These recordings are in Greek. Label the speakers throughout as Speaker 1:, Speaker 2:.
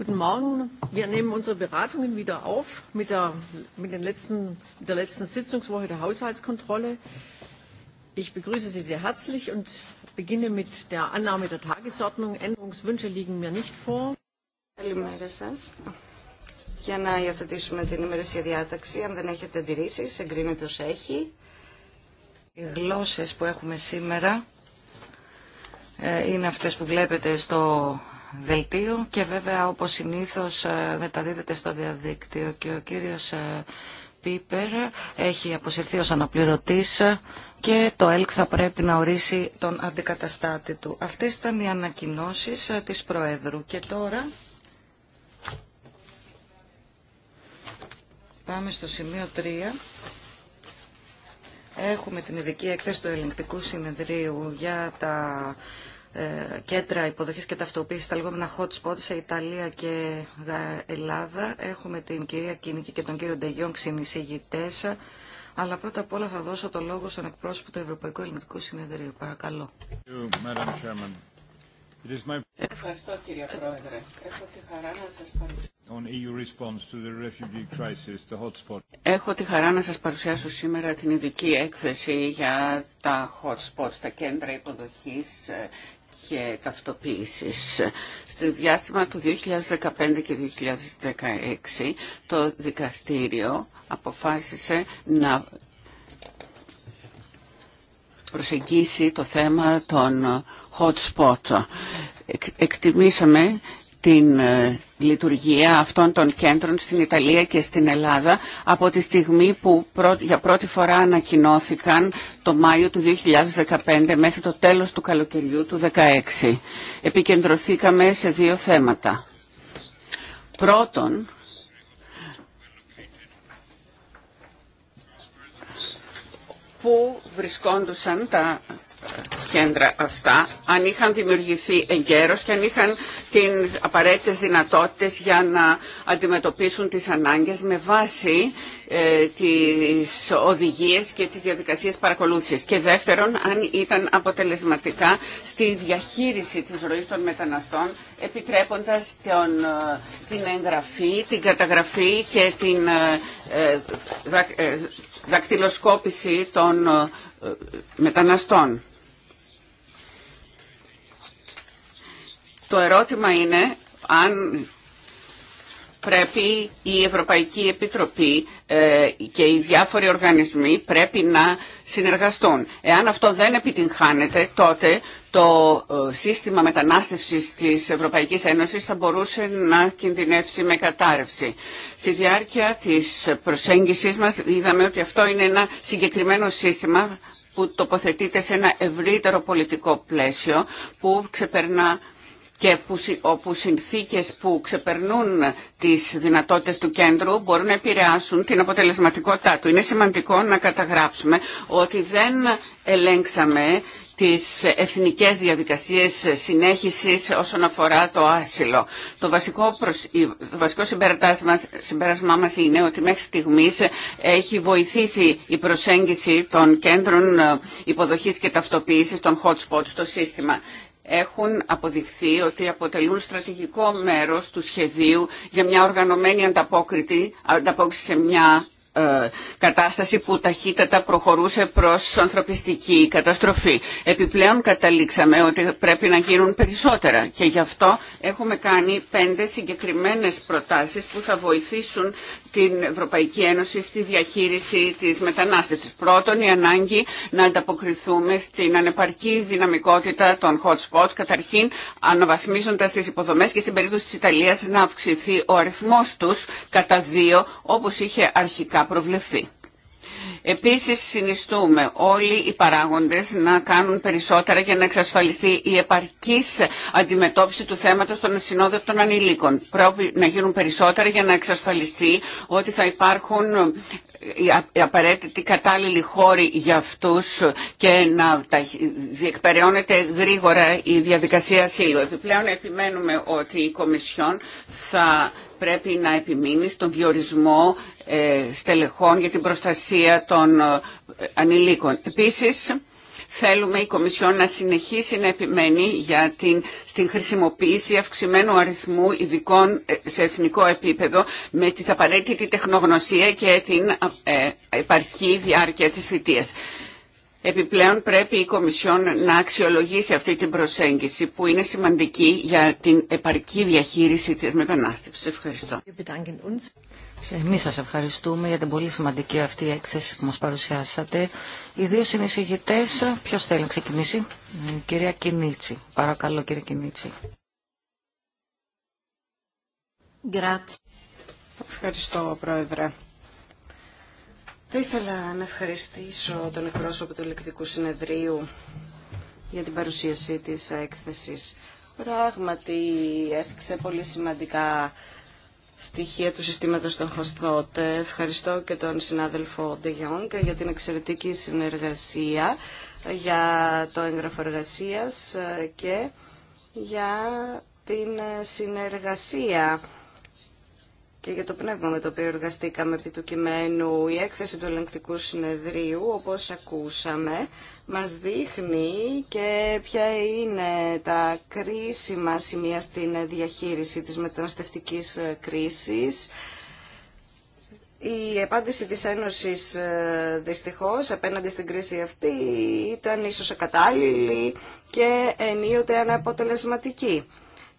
Speaker 1: Guten Morgen. Wir nehmen unsere Beratungen wieder auf
Speaker 2: mit der, mit den letzten, mit der letzten Sitzungswoche der Haushaltskontrolle.
Speaker 1: Ich begrüße Sie sehr herzlich und beginne mit der Annahme der Tagesordnung. Änderungswünsche liegen mir nicht vor. Καλημέρα σα. Για να υιοθετήσουμε
Speaker 2: την
Speaker 3: ημερήσια διάταξη, αν δεν έχετε αντιρρήσει, εγκρίνεται ως έχει. Οι
Speaker 2: γλώσσε που έχουμε σήμερα είναι αυτέ που βλέπετε στο δελτίο και βέβαια όπως συνήθως ε, μεταδίδεται στο διαδίκτυο και ο κύριος ε, Πίπερ έχει αποσυρθεί ως αναπληρωτής και το ΕΛΚ θα πρέπει να ορίσει τον αντικαταστάτη του. Αυτές ήταν οι ανακοινώσεις ε, της Προέδρου και τώρα πάμε στο σημείο 3. Έχουμε την ειδική έκθεση του ελεγκτικού συνεδρίου για τα ε, κέντρα υποδοχής και ταυτοποίησης στα λεγόμενα hot spots σε Ιταλία και Ελλάδα. Έχουμε την κυρία Κίνικη και τον κύριο Ντεγιόν συνεισηγητές. Αλλά πρώτα απ' όλα θα δώσω το λόγο στον εκπρόσωπο του Ευρωπαϊκού Ελληνικού Συνεδρίου. Παρακαλώ. Ευχαριστώ
Speaker 1: κύριε Πρόεδρε. Έχω τη χαρά να σας παρουσιάσω. E σήμερα την ειδική έκθεση για τα hot spots, τα κέντρα υποδοχής ε, και ταυτοποίησης. Στο διάστημα του 2015 και 2016 το δικαστήριο αποφάσισε να προσεγγίσει το θέμα των hot spot. Εκτιμήσαμε την ε, λειτουργία αυτών των κέντρων στην Ιταλία και στην Ελλάδα από τη στιγμή που για πρώτη φορά ανακοινώθηκαν το Μάιο του 2015 μέχρι το τέλος του καλοκαιριού του 2016. Επικεντρωθήκαμε σε δύο θέματα. Πρώτον, που βρισκόντουσαν τα κέντρα αυτά αν είχαν δημιουργηθεί εγκαίρως και αν είχαν τις απαραίτητες δυνατότητες για να αντιμετωπίσουν τις ανάγκες με βάση ε, τις οδηγίες και τις διαδικασίες παρακολούθησης. Και δεύτερον, αν ήταν αποτελεσματικά στη διαχείριση της ροής των μεταναστών, επιτρέποντας ε, την εγγραφή, την καταγραφή και την ε, ε, δακτυλοσκόπηση των μεταναστών. Το ερώτημα είναι αν πρέπει η Ευρωπαϊκή Επιτροπή ε, και οι διάφοροι οργανισμοί πρέπει να συνεργαστούν. Εάν αυτό δεν επιτυγχάνεται, τότε το ε, σύστημα μετανάστευσης της Ευρωπαϊκής Ένωσης θα μπορούσε να κινδυνεύσει με κατάρρευση. Στη διάρκεια της προσέγγισης μας είδαμε ότι αυτό είναι ένα συγκεκριμένο σύστημα που τοποθετείται σε ένα ευρύτερο πολιτικό πλαίσιο που ξεπερνά και όπου συνθήκες που ξεπερνούν τις δυνατότητες του κέντρου μπορούν να επηρεάσουν την αποτελεσματικότητά του. Είναι σημαντικό να καταγράψουμε ότι δεν ελέγξαμε τις εθνικές διαδικασίες συνέχισης όσον αφορά το άσυλο. Το βασικό, το βασικό συμπέρασμά μας είναι ότι μέχρι στιγμής έχει βοηθήσει η προσέγγιση των κέντρων ε, υποδοχής και ταυτοποίησης των hot spots στο σύστημα έχουν αποδειχθεί ότι αποτελούν στρατηγικό μέρος του σχεδίου για μια οργανωμένη ανταπόκριση σε μια ε, κατάσταση που ταχύτατα προχωρούσε προς ανθρωπιστική καταστροφή. Επιπλέον καταλήξαμε ότι πρέπει να γίνουν περισσότερα και γι' αυτό έχουμε κάνει πέντε συγκεκριμένες προτάσεις που θα βοηθήσουν την Ευρωπαϊκή Ένωση στη διαχείριση της μετανάστευσης. Πρώτον, η ανάγκη να ανταποκριθούμε στην ανεπαρκή δυναμικότητα των hot spot, καταρχήν αναβαθμίζοντας τις υποδομές και στην περίπτωση της Ιταλίας να αυξηθεί ο αριθμός τους κατά δύο, όπως είχε αρχικά Επίση, προβλεφθεί. Επίσης συνιστούμε όλοι οι παράγοντες να κάνουν περισσότερα για να εξασφαλιστεί η επαρκής αντιμετώπιση του θέματος των ασυνόδευτων ανηλίκων. Πρέπει να γίνουν περισσότερα για να εξασφαλιστεί ότι θα υπάρχουν οι απαραίτητοι κατάλληλοι χώροι για αυτούς και να διεκπεραιώνεται γρήγορα η διαδικασία ασύλου. Επιπλέον επιμένουμε ότι η Κομισιόν θα πρέπει να επιμείνει στον διορισμό ε, στελεχών για την προστασία των ε, ανηλίκων. Επίσης, Θέλουμε η Κομισιόν να συνεχίσει να επιμένει για την, στην χρησιμοποίηση αυξημένου αριθμού ειδικών ε, σε εθνικό επίπεδο με τις απαραίτητη τεχνογνωσία και την ε, ε, επαρκή διάρκεια της θητείας. Επιπλέον πρέπει η Κομισιόν να αξιολογήσει αυτή την προσέγγιση που είναι σημαντική για την επαρκή διαχείριση της μετανάστευσης. Ευχαριστώ.
Speaker 2: Εμείς σας ευχαριστούμε για την πολύ σημαντική αυτή έκθεση που μας παρουσιάσατε. Οι δύο συνεισηγητές, ποιος θέλει να ξεκινήσει, ε, κυρία Κινίτσι. Παρακαλώ κύριε Κινίτσι. Ευχαριστώ Πρόεδρε. Θα ήθελα να ευχαριστήσω τον εκπρόσωπο του Ελεκτικού
Speaker 3: Συνεδρίου για την παρουσίασή της έκθεσης. Πράγματι έφτιαξε πολύ σημαντικά στοιχεία του συστήματος των Χωστότ. Ευχαριστώ και τον συνάδελφο De για την εξαιρετική συνεργασία, για το έγγραφο εργασίας και για την συνεργασία και για το πνεύμα με το οποίο εργαστήκαμε επί του κειμένου. Η έκθεση του ελεγκτικού συνεδρίου, όπως ακούσαμε, μας δείχνει και ποια είναι τα κρίσιμα σημεία στην διαχείριση της μεταναστευτικής κρίσης. Η απάντηση της Ένωσης ε, δυστυχώς απέναντι στην κρίση αυτή ήταν ίσως ακατάλληλη και ενίοτε αναποτελεσματική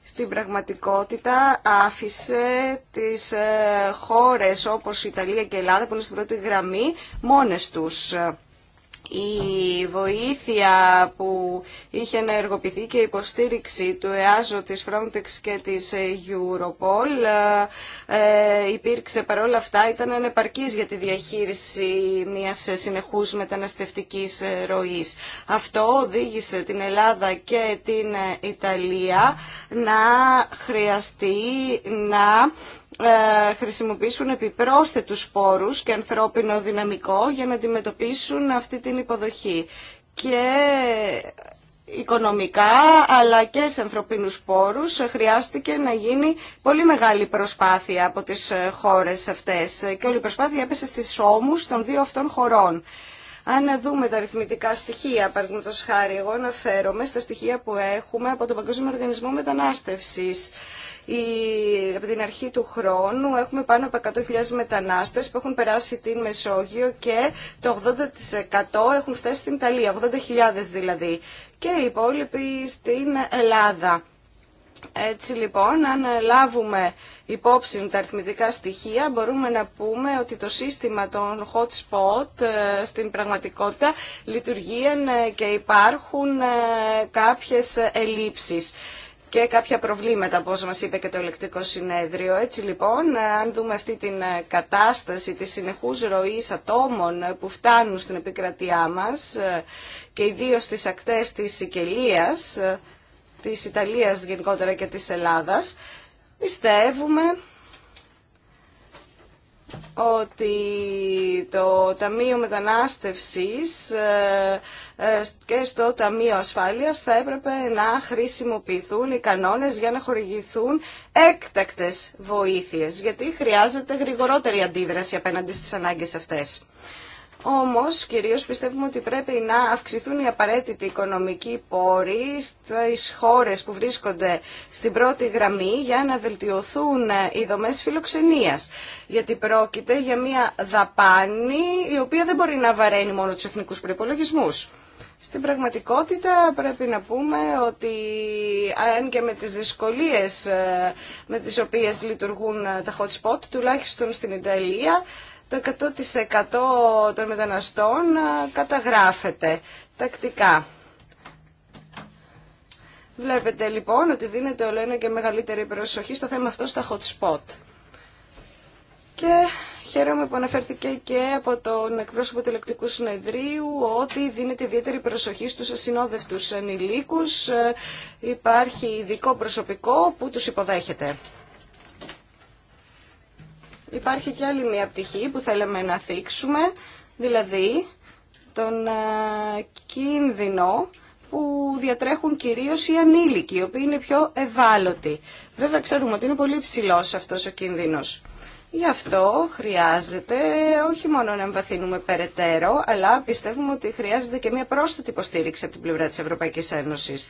Speaker 3: στην πραγματικότητα άφησε τις ε, χώρες όπως η Ιταλία και η Ελλάδα που είναι στην πρώτη γραμμή μόνες τους η βοήθεια που είχε ενεργοποιηθεί και η υποστήριξη του ΕΑΖΟ, της Frontex και της Europol ε, υπήρξε παρόλα αυτά, ήταν ανεπαρκής για τη διαχείριση μιας συνεχούς μεταναστευτικής ροής. Αυτό οδήγησε την Ελλάδα και την Ιταλία να χρειαστεί να ε, χρησιμοποιήσουν επιπρόσθετους πόρους και ανθρώπινο δυναμικό για να αντιμετωπίσουν αυτή την υποδοχή. Και οικονομικά αλλά και σε ανθρωπίνους πόρους χρειάστηκε να γίνει πολύ μεγάλη προσπάθεια από τις χώρες αυτές και όλη η προσπάθεια έπεσε στις ώμους των δύο αυτών χωρών. Αν δούμε τα αριθμητικά στοιχεία, παραδείγματο χάρη, εγώ αναφέρομαι στα στοιχεία που έχουμε από τον Παγκόσμιο Οργανισμό Μετανάστευση. Η, από την αρχή του χρόνου έχουμε πάνω από 100.000 μετανάστες που έχουν περάσει την Μεσόγειο και το 80% έχουν φτάσει στην Ιταλία, 80.000 δηλαδή, και οι υπόλοιποι στην Ελλάδα. Έτσι λοιπόν, αν λάβουμε υπόψη τα αριθμητικά στοιχεία, μπορούμε να πούμε ότι το σύστημα των hot spot ε, στην πραγματικότητα λειτουργεί ε, και υπάρχουν ε, κάποιες ελλείψεις και κάποια προβλήματα, όπως μας είπε και το ηλεκτρικό συνέδριο. Έτσι λοιπόν, αν δούμε αυτή την κατάσταση της συνεχούς ροής ατόμων που φτάνουν στην επικρατειά μας και ιδίως στις ακτές της Σικελίας, της Ιταλίας γενικότερα και της Ελλάδας, πιστεύουμε ότι το Ταμείο Μετανάστευσης ε, ε, και στο Ταμείο Ασφάλειας θα έπρεπε να χρησιμοποιηθούν οι κανόνες για να χορηγηθούν έκτακτες βοήθειες, γιατί χρειάζεται γρηγορότερη αντίδραση απέναντι στις ανάγκες αυτές. Όμως, κυρίω πιστεύουμε ότι πρέπει να αυξηθούν οι απαραίτητοι οικονομικοί πόροι στι χώρες που βρίσκονται στην πρώτη γραμμή για να βελτιωθούν οι δομέ φιλοξενίας. Γιατί πρόκειται για μια δαπάνη η οποία δεν μπορεί να βαραίνει μόνο του εθνικούς προπολογισμού. Στην πραγματικότητα πρέπει να πούμε ότι αν και με τις δυσκολίες ε, με τις οποίες λειτουργούν τα hot spot, τουλάχιστον στην Ιταλία, το 100% των μεταναστών καταγράφεται τακτικά. Βλέπετε λοιπόν ότι δίνεται όλο ένα και μεγαλύτερη προσοχή στο θέμα αυτό στα hot spot. Και χαίρομαι που αναφέρθηκε και από τον εκπρόσωπο του Ελεκτικού Συνεδρίου ότι δίνεται ιδιαίτερη προσοχή στους ασυνόδευτους ανηλίκους. Ε, υπάρχει ειδικό προσωπικό που τους υποδέχεται υπάρχει και άλλη μια πτυχή που θέλαμε να θίξουμε, δηλαδή τον ε, κίνδυνο που διατρέχουν κυρίως οι ανήλικοι, οι οποίοι είναι πιο ευάλωτοι. Βέβαια ξέρουμε ότι είναι πολύ ψηλός αυτός ο κίνδυνος. Γι' αυτό χρειάζεται όχι μόνο να εμβαθύνουμε περαιτέρω, αλλά πιστεύουμε ότι χρειάζεται και μια πρόσθετη υποστήριξη από την πλευρά της Ευρωπαϊκής Ένωσης.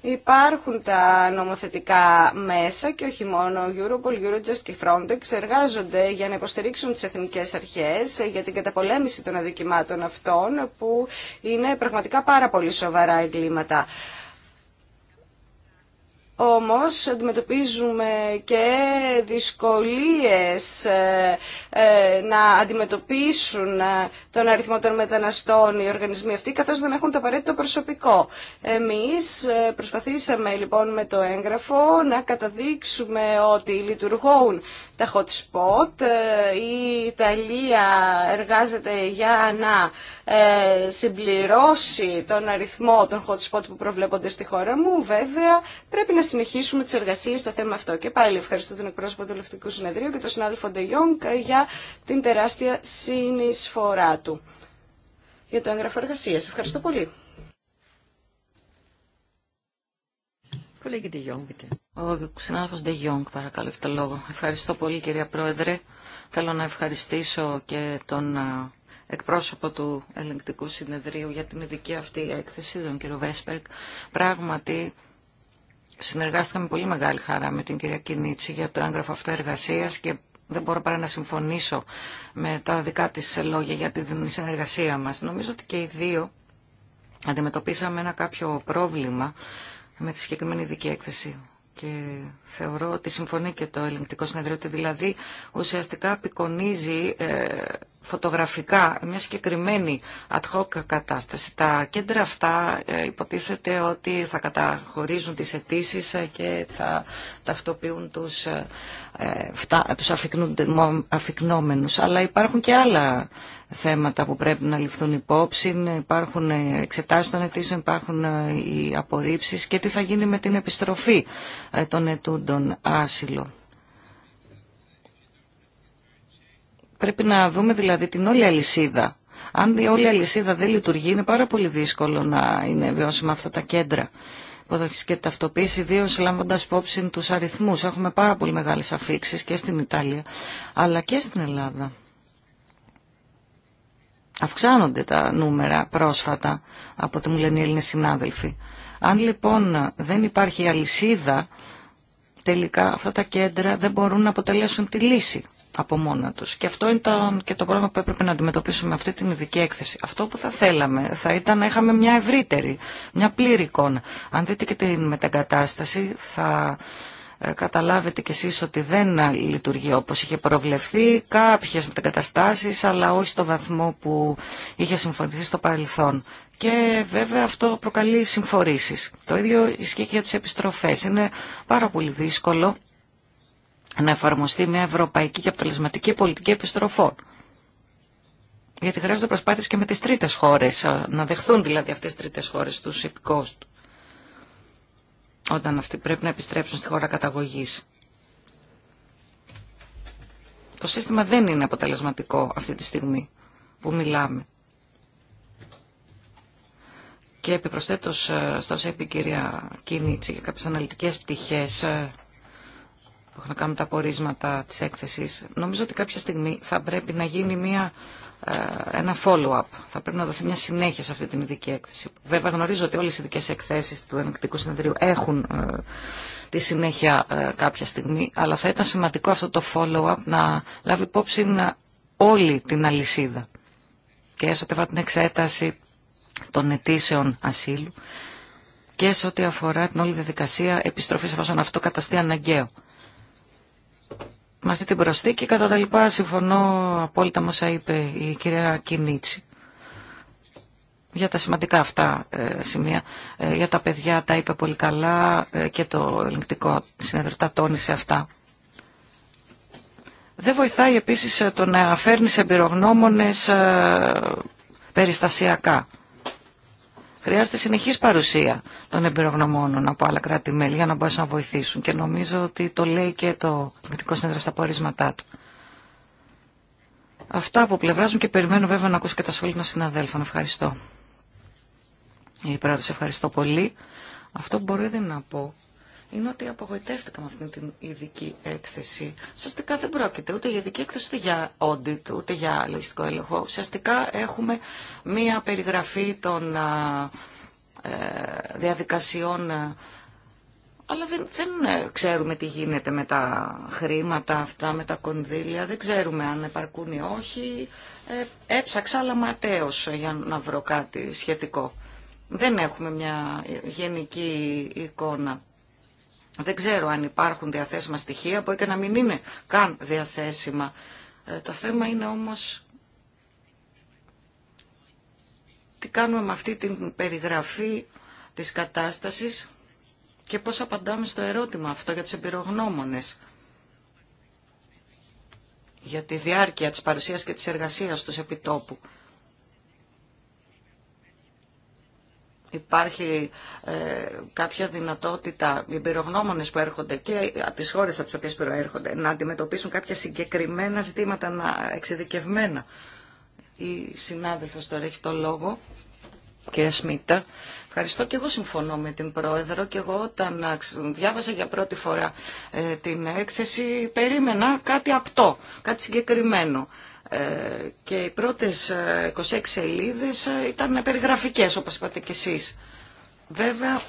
Speaker 3: Υπάρχουν τα νομοθετικά μέσα και όχι μόνο Europol, Eurojust και Frontex εργάζονται για να υποστηρίξουν τις εθνικές αρχές για την καταπολέμηση των αδικημάτων αυτών που είναι πραγματικά πάρα πολύ σοβαρά εγκλήματα. Όμως αντιμετωπίζουμε και δυσκολίες ε, ε, να αντιμετωπίσουν ε, τον αριθμό των μεταναστών οι οργανισμοί αυτοί καθώς δεν έχουν το απαραίτητο προσωπικό. Εμείς προσπαθήσαμε λοιπόν με το έγγραφο να καταδείξουμε ότι λειτουργούν τα hot spot. Ε, η Ιταλία εργάζεται για να ε, συμπληρώσει τον αριθμό των hot spot που προβλέπονται στη χώρα μου. Βέβαια, πρέπει να συνεχίσουμε τις εργασίες στο θέμα αυτό. Και πάλι ευχαριστώ τον εκπρόσωπο του Ελευτικού Συνεδρίου και τον συνάδελφο Ντεγιόνγκ για την τεράστια συνεισφορά του για το έγγραφο εργασίας. Ευχαριστώ πολύ.
Speaker 2: Ο συνάδελφο De Jong, παρακαλώ, έχει το λόγο. Ευχαριστώ πολύ, κυρία Πρόεδρε. Θέλω να ευχαριστήσω και τον εκπρόσωπο του Ελεγκτικού Συνεδρίου για την ειδική αυτή έκθεση, τον κύριο Βέσπερκ. Πράγματι, συνεργάστηκα με πολύ μεγάλη χαρά με την κυρία Κινίτση για το έγγραφο αυτό εργασίας και δεν μπορώ παρά να συμφωνήσω με τα δικά της λόγια για την συνεργασία μας. Νομίζω ότι και οι δύο αντιμετωπίσαμε ένα κάποιο πρόβλημα με τη συγκεκριμένη ειδική έκθεση. Και θεωρώ ότι συμφωνεί και το ελεγκτικό συνεδρίο ότι δηλαδή ουσιαστικά απεικονίζει ε, φωτογραφικά μια συγκεκριμένη ad hoc κατάσταση. Τα κέντρα αυτά ε, υποτίθεται ότι θα καταχωρίζουν τις αιτήσει ε, και θα ταυτοποιούν τους, ε, τους αφικνόμενους. Αλλά υπάρχουν και άλλα θέματα που πρέπει να ληφθούν υπόψη, υπάρχουν εξετάσεις των αιτήσεων, υπάρχουν ε, οι απορρίψεις και τι θα γίνει με την επιστροφή ε, των αιτούντων άσυλο. Πρέπει να δούμε δηλαδή την όλη αλυσίδα. Αν η όλη αλυσίδα δεν λειτουργεί είναι πάρα πολύ δύσκολο να είναι βιώσιμα αυτά τα κέντρα υποδοχή και ταυτοποίηση, ιδίω λαμβάνοντα υπόψη του αριθμού. Έχουμε πάρα πολύ μεγάλε αφήξει και στην Ιταλία αλλά και στην Ελλάδα. Αυξάνονται τα νούμερα πρόσφατα από ό,τι μου λένε οι Έλληνες συνάδελφοι. Αν λοιπόν δεν υπάρχει αλυσίδα, τελικά αυτά τα κέντρα δεν μπορούν να αποτελέσουν τη λύση από μόνα τους. Και αυτό ήταν και το πρόβλημα που έπρεπε να αντιμετωπίσουμε με αυτή την ειδική έκθεση. Αυτό που θα θέλαμε θα ήταν να είχαμε μια ευρύτερη, μια πλήρη εικόνα. Αν δείτε και την μεταγκατάσταση θα ε, καταλάβετε κι εσείς ότι δεν λειτουργεί όπως είχε προβλεφθεί κάποιες μετακαταστάσεις αλλά όχι στο βαθμό που είχε συμφωνηθεί στο παρελθόν. Και βέβαια αυτό προκαλεί συμφορήσεις. Το ίδιο ισχύει και για τις επιστροφές. Είναι πάρα πολύ δύσκολο να εφαρμοστεί μια ευρωπαϊκή και αποτελεσματική πολιτική επιστροφών. Γιατί χρειάζονται προσπάθειες και με τις τρίτες χώρες, ε, να δεχθούν δηλαδή αυτές τις τρίτες χώρες τους επικόστου όταν αυτοί πρέπει να επιστρέψουν στη χώρα καταγωγής. Το σύστημα δεν είναι αποτελεσματικό αυτή τη στιγμή που μιλάμε. Και επιπροσθέτως, ε, στα όσα είπε η κυρία Κίνητση για κάποιες αναλυτικές πτυχές ε, που έχουν να τα απορίσματα της έκθεσης, νομίζω ότι κάποια στιγμή θα πρέπει να γίνει μια ε, ένα follow-up. Θα πρέπει να δοθεί μια συνέχεια σε αυτή την ειδική έκθεση. Βέβαια γνωρίζω ότι όλες οι ειδικές εκθέσεις του Ενεκτικού Συνεδρίου έχουν ε, τη συνέχεια ε, κάποια στιγμή, αλλά θα ήταν σημαντικό αυτό το follow-up να λάβει υπόψη όλη την αλυσίδα. Και έστω την εξέταση των αιτήσεων ασύλου και σε ό,τι αφορά την όλη διαδικασία επιστροφής εφόσον αυτό καταστεί αναγκαίο με αυτή την προσθήκη. Κατά τα λοιπά συμφωνώ απόλυτα με όσα είπε η κυρία Κινίτσι για τα σημαντικά αυτά ε, σημεία. Ε, για τα παιδιά τα είπε πολύ καλά ε, και το ελληνικτικό συνέδριο τα τόνισε αυτά. Δεν βοηθάει επίσης το να φέρνει σε περιστασιακά. Χρειάζεται συνεχής παρουσία των εμπειρογνωμόνων από άλλα κράτη-μέλη για να μπορέσουν να βοηθήσουν και νομίζω ότι το λέει και το Ελεκτικό Σύνδρο στα πορίσματά του. Αυτά από πλευρά μου και περιμένω βέβαια να ακούσω και τα σχόλια των συναδέλφων. Ευχαριστώ. Η ευχαριστώ πολύ. Αυτό που μπορώ να πω είναι ότι απογοητεύτηκα με αυτήν την ειδική έκθεση. Ουσιαστικά δεν πρόκειται ούτε για ειδική έκθεση, ούτε για audit, ούτε για λογιστικό έλεγχο. Ουσιαστικά έχουμε μία περιγραφή των ε, διαδικασιών, αλλά δεν, ε, ξέρουμε τι γίνεται με τα χρήματα αυτά, με τα κονδύλια, δεν ξέρουμε αν επαρκούν ή όχι. Ε, έψαξα αλλά ματέως για να βρω κάτι σχετικό. Δεν έχουμε μια γενική εικόνα. Δεν ξέρω αν υπάρχουν διαθέσιμα στοιχεία, που και να μην είναι καν διαθέσιμα. Ε, το θέμα είναι όμως τι κάνουμε με αυτή την περιγραφή της κατάστασης και πώς απαντάμε στο ερώτημα αυτό για τους εμπειρογνώμονες για τη διάρκεια της παρουσίας και της εργασίας τους επιτόπου. Υπάρχει ε, κάποια δυνατότητα οι εμπειρογνώμονε που έρχονται και από τι χώρε από τι οποίε προέρχονται να αντιμετωπίσουν κάποια συγκεκριμένα ζητήματα να, εξειδικευμένα. Η συνάδελφο τώρα έχει το λόγο Κύριε Σμίτα, ευχαριστώ και εγώ συμφωνώ με την Πρόεδρο και εγώ όταν διάβασα για πρώτη φορά ε, την έκθεση περίμενα κάτι απτό, κάτι συγκεκριμένο ε, και οι πρώτες 26 ε, σελίδες ήταν περιγραφικές όπως είπατε και εσείς. Βέβαια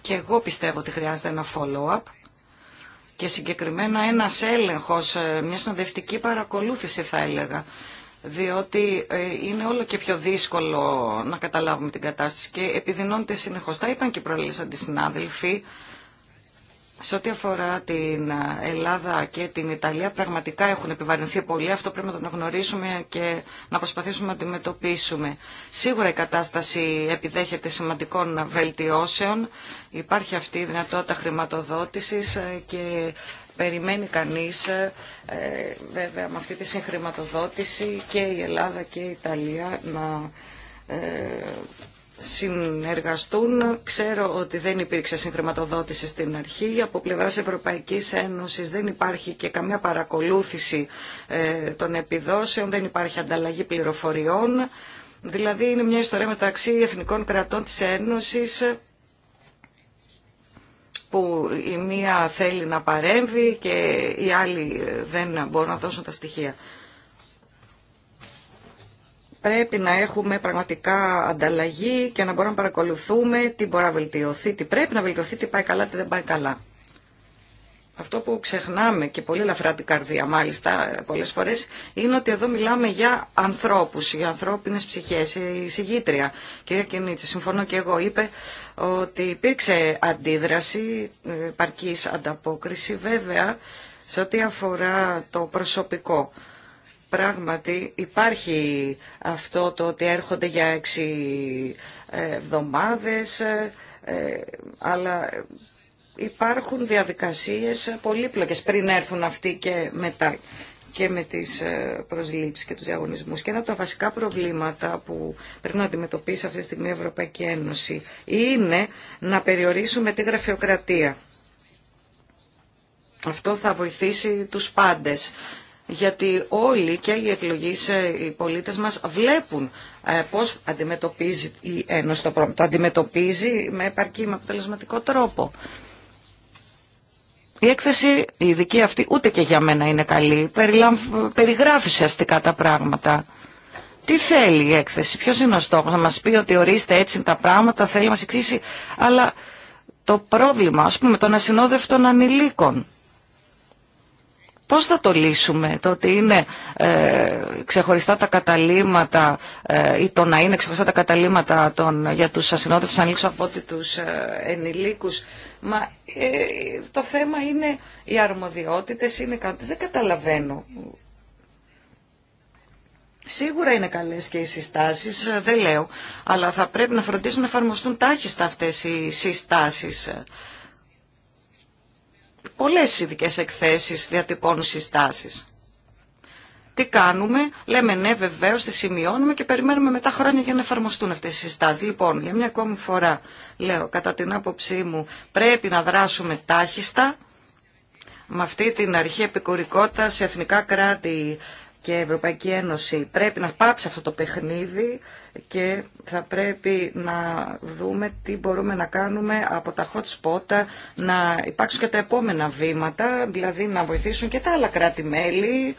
Speaker 2: και εγώ πιστεύω ότι χρειάζεται ένα follow-up και συγκεκριμένα ένας έλεγχος, μια συνοδευτική παρακολούθηση θα έλεγα διότι ε, είναι όλο και πιο δύσκολο να καταλάβουμε την κατάσταση και επιδεινώνεται συνεχώς. Τα είπαν και προλήσαντοι συνάδελφοι, σε ό,τι αφορά την ε, Ελλάδα και την Ιταλία, πραγματικά έχουν επιβαρυνθεί πολύ. Αυτό πρέπει να το γνωρίσουμε και να προσπαθήσουμε να αντιμετωπίσουμε. Σίγουρα η κατάσταση επιδέχεται σημαντικών βελτιώσεων. Υπάρχει αυτή η δυνατότητα χρηματοδότησης ε, και περιμένει κανείς ε, ε, βέβαια με αυτή τη συγχρηματοδότηση και η Ελλάδα και η Ιταλία να ε, συνεργαστούν. Ξέρω ότι δεν υπήρξε συγχρηματοδότηση στην αρχή. Από πλευρά Ευρωπαϊκής Ένωσης. δεν υπάρχει και καμία παρακολούθηση των επιδόσεων, δεν υπάρχει ανταλλαγή πληροφοριών. Δηλαδή είναι μια ιστορία μεταξύ εθνικών κρατών της Ένωσης που η μία θέλει να παρέμβει και οι άλλοι δεν μπορούν να δώσουν τα στοιχεία. Πρέπει να έχουμε πραγματικά ανταλλαγή και να μπορούμε να παρακολουθούμε τι μπορεί να βελτιωθεί, τι πρέπει να βελτιωθεί, τι πάει καλά, τι δεν πάει καλά. Αυτό που ξεχνάμε και πολύ ελαφρά την καρδία μάλιστα πολλές φορές είναι ότι εδώ μιλάμε για ανθρώπους, για ανθρώπινες ψυχές. Η συγγήτρια, κυρία Κινίτση, συμφωνώ και εγώ, είπε ότι υπήρξε αντίδραση, παρκής ανταπόκριση βέβαια σε ό,τι αφορά το προσωπικό. Πράγματι υπάρχει αυτό το ότι έρχονται για έξι εβδομάδες, ε, αλλά υπάρχουν διαδικασίες πολύπλοκες πριν έρθουν αυτοί και μετά και με τις ε, προσλήψεις και τους διαγωνισμούς. Και ένα από τα βασικά προβλήματα που πρέπει να αντιμετωπίσει αυτή τη στιγμή η Ευρωπαϊκή Ένωση είναι να περιορίσουμε τη γραφειοκρατία. Αυτό θα βοηθήσει τους πάντες. Γιατί όλοι και οι εκλογείς, ε, οι πολίτες μας βλέπουν ε, πώς αντιμετωπίζει η Ένωση το πρόβλημα. αντιμετωπίζει με επαρκή, με αποτελεσματικό τρόπο. Η έκθεση, η ειδική αυτή, ούτε και για μένα είναι καλή. περιγράφησε Περιγράφει ουσιαστικά τα πράγματα. Τι θέλει η έκθεση, Ποιο είναι ο στόχος, να μας πει ότι ορίστε έτσι τα πράγματα, θέλει να μα εξήσει, αλλά το πρόβλημα, α πούμε, των ασυνόδευτων ανηλίκων. Πώς θα το λύσουμε, το ότι είναι ε, ξεχωριστά τα καταλήματα ε, ή το να είναι ξεχωριστά τα καταλήματα των, για τους ασυνόδευτου ανηλίκου από ότι τους ε, Μα ε, το θέμα είναι οι αρμοδιότητες, είναι κάτι. Δεν καταλαβαίνω. Σίγουρα είναι καλές και οι συστάσεις, ε, δεν λέω, αλλά θα πρέπει να φροντίσουν να εφαρμοστούν τάχιστα αυτές οι συστάσεις. Πολλές ειδικέ εκθέσεις διατυπώνουν συστάσεις τι κάνουμε, λέμε ναι βεβαίω, τι σημειώνουμε και περιμένουμε μετά χρόνια για να εφαρμοστούν αυτέ οι συστάσει. Λοιπόν, για μια ακόμη φορά λέω, κατά την άποψή μου, πρέπει να δράσουμε τάχιστα με αυτή την αρχή επικουρικότητα σε εθνικά κράτη και Ευρωπαϊκή Ένωση. Πρέπει να πάψει αυτό το παιχνίδι και θα πρέπει να δούμε τι μπορούμε να κάνουμε από τα hot spot, να υπάρξουν και τα επόμενα βήματα, δηλαδή να βοηθήσουν και τα άλλα κράτη-μέλη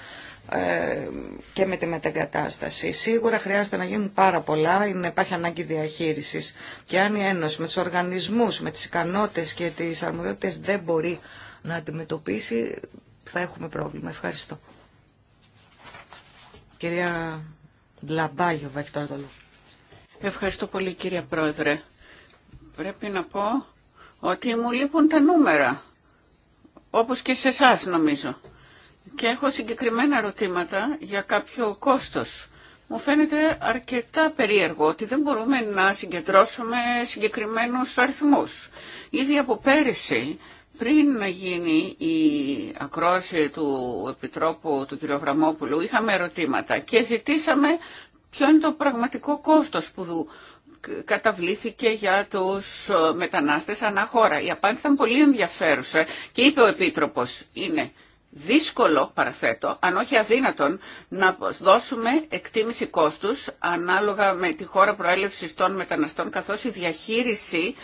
Speaker 2: ε, και με τη μετεγκατάσταση. Σίγουρα χρειάζεται να γίνουν πάρα πολλά, είναι, υπάρχει ανάγκη διαχείρισης και αν η Ένωση με τους οργανισμούς, με τις ικανότητες και τις αρμοδιότητες δεν μπορεί να αντιμετωπίσει, θα έχουμε πρόβλημα. Ευχαριστώ.
Speaker 1: Κυρία Λαμπάγιοβα, έχει το Ευχαριστώ πολύ κύριε Πρόεδρε. Πρέπει να πω ότι μου λείπουν τα νούμερα, όπως και σε εσά νομίζω και έχω συγκεκριμένα ερωτήματα για κάποιο κόστος. Μου φαίνεται αρκετά περίεργο ότι δεν μπορούμε να συγκεντρώσουμε συγκεκριμένους αριθμούς. Ήδη από πέρυσι, πριν να γίνει η ακρόαση του Επιτρόπου του κ. Βραμόπουλου, είχαμε ερωτήματα και ζητήσαμε ποιο είναι το πραγματικό κόστος που καταβλήθηκε για τους ε, μετανάστες ανά χώρα. Η απάντηση ήταν πολύ ενδιαφέρουσα και είπε ο Επίτροπος, είναι δύσκολο, παραθέτω, αν όχι αδύνατον, να δώσουμε εκτίμηση κόστους ανάλογα με τη χώρα προέλευσης των μεταναστών, καθώς η διαχείριση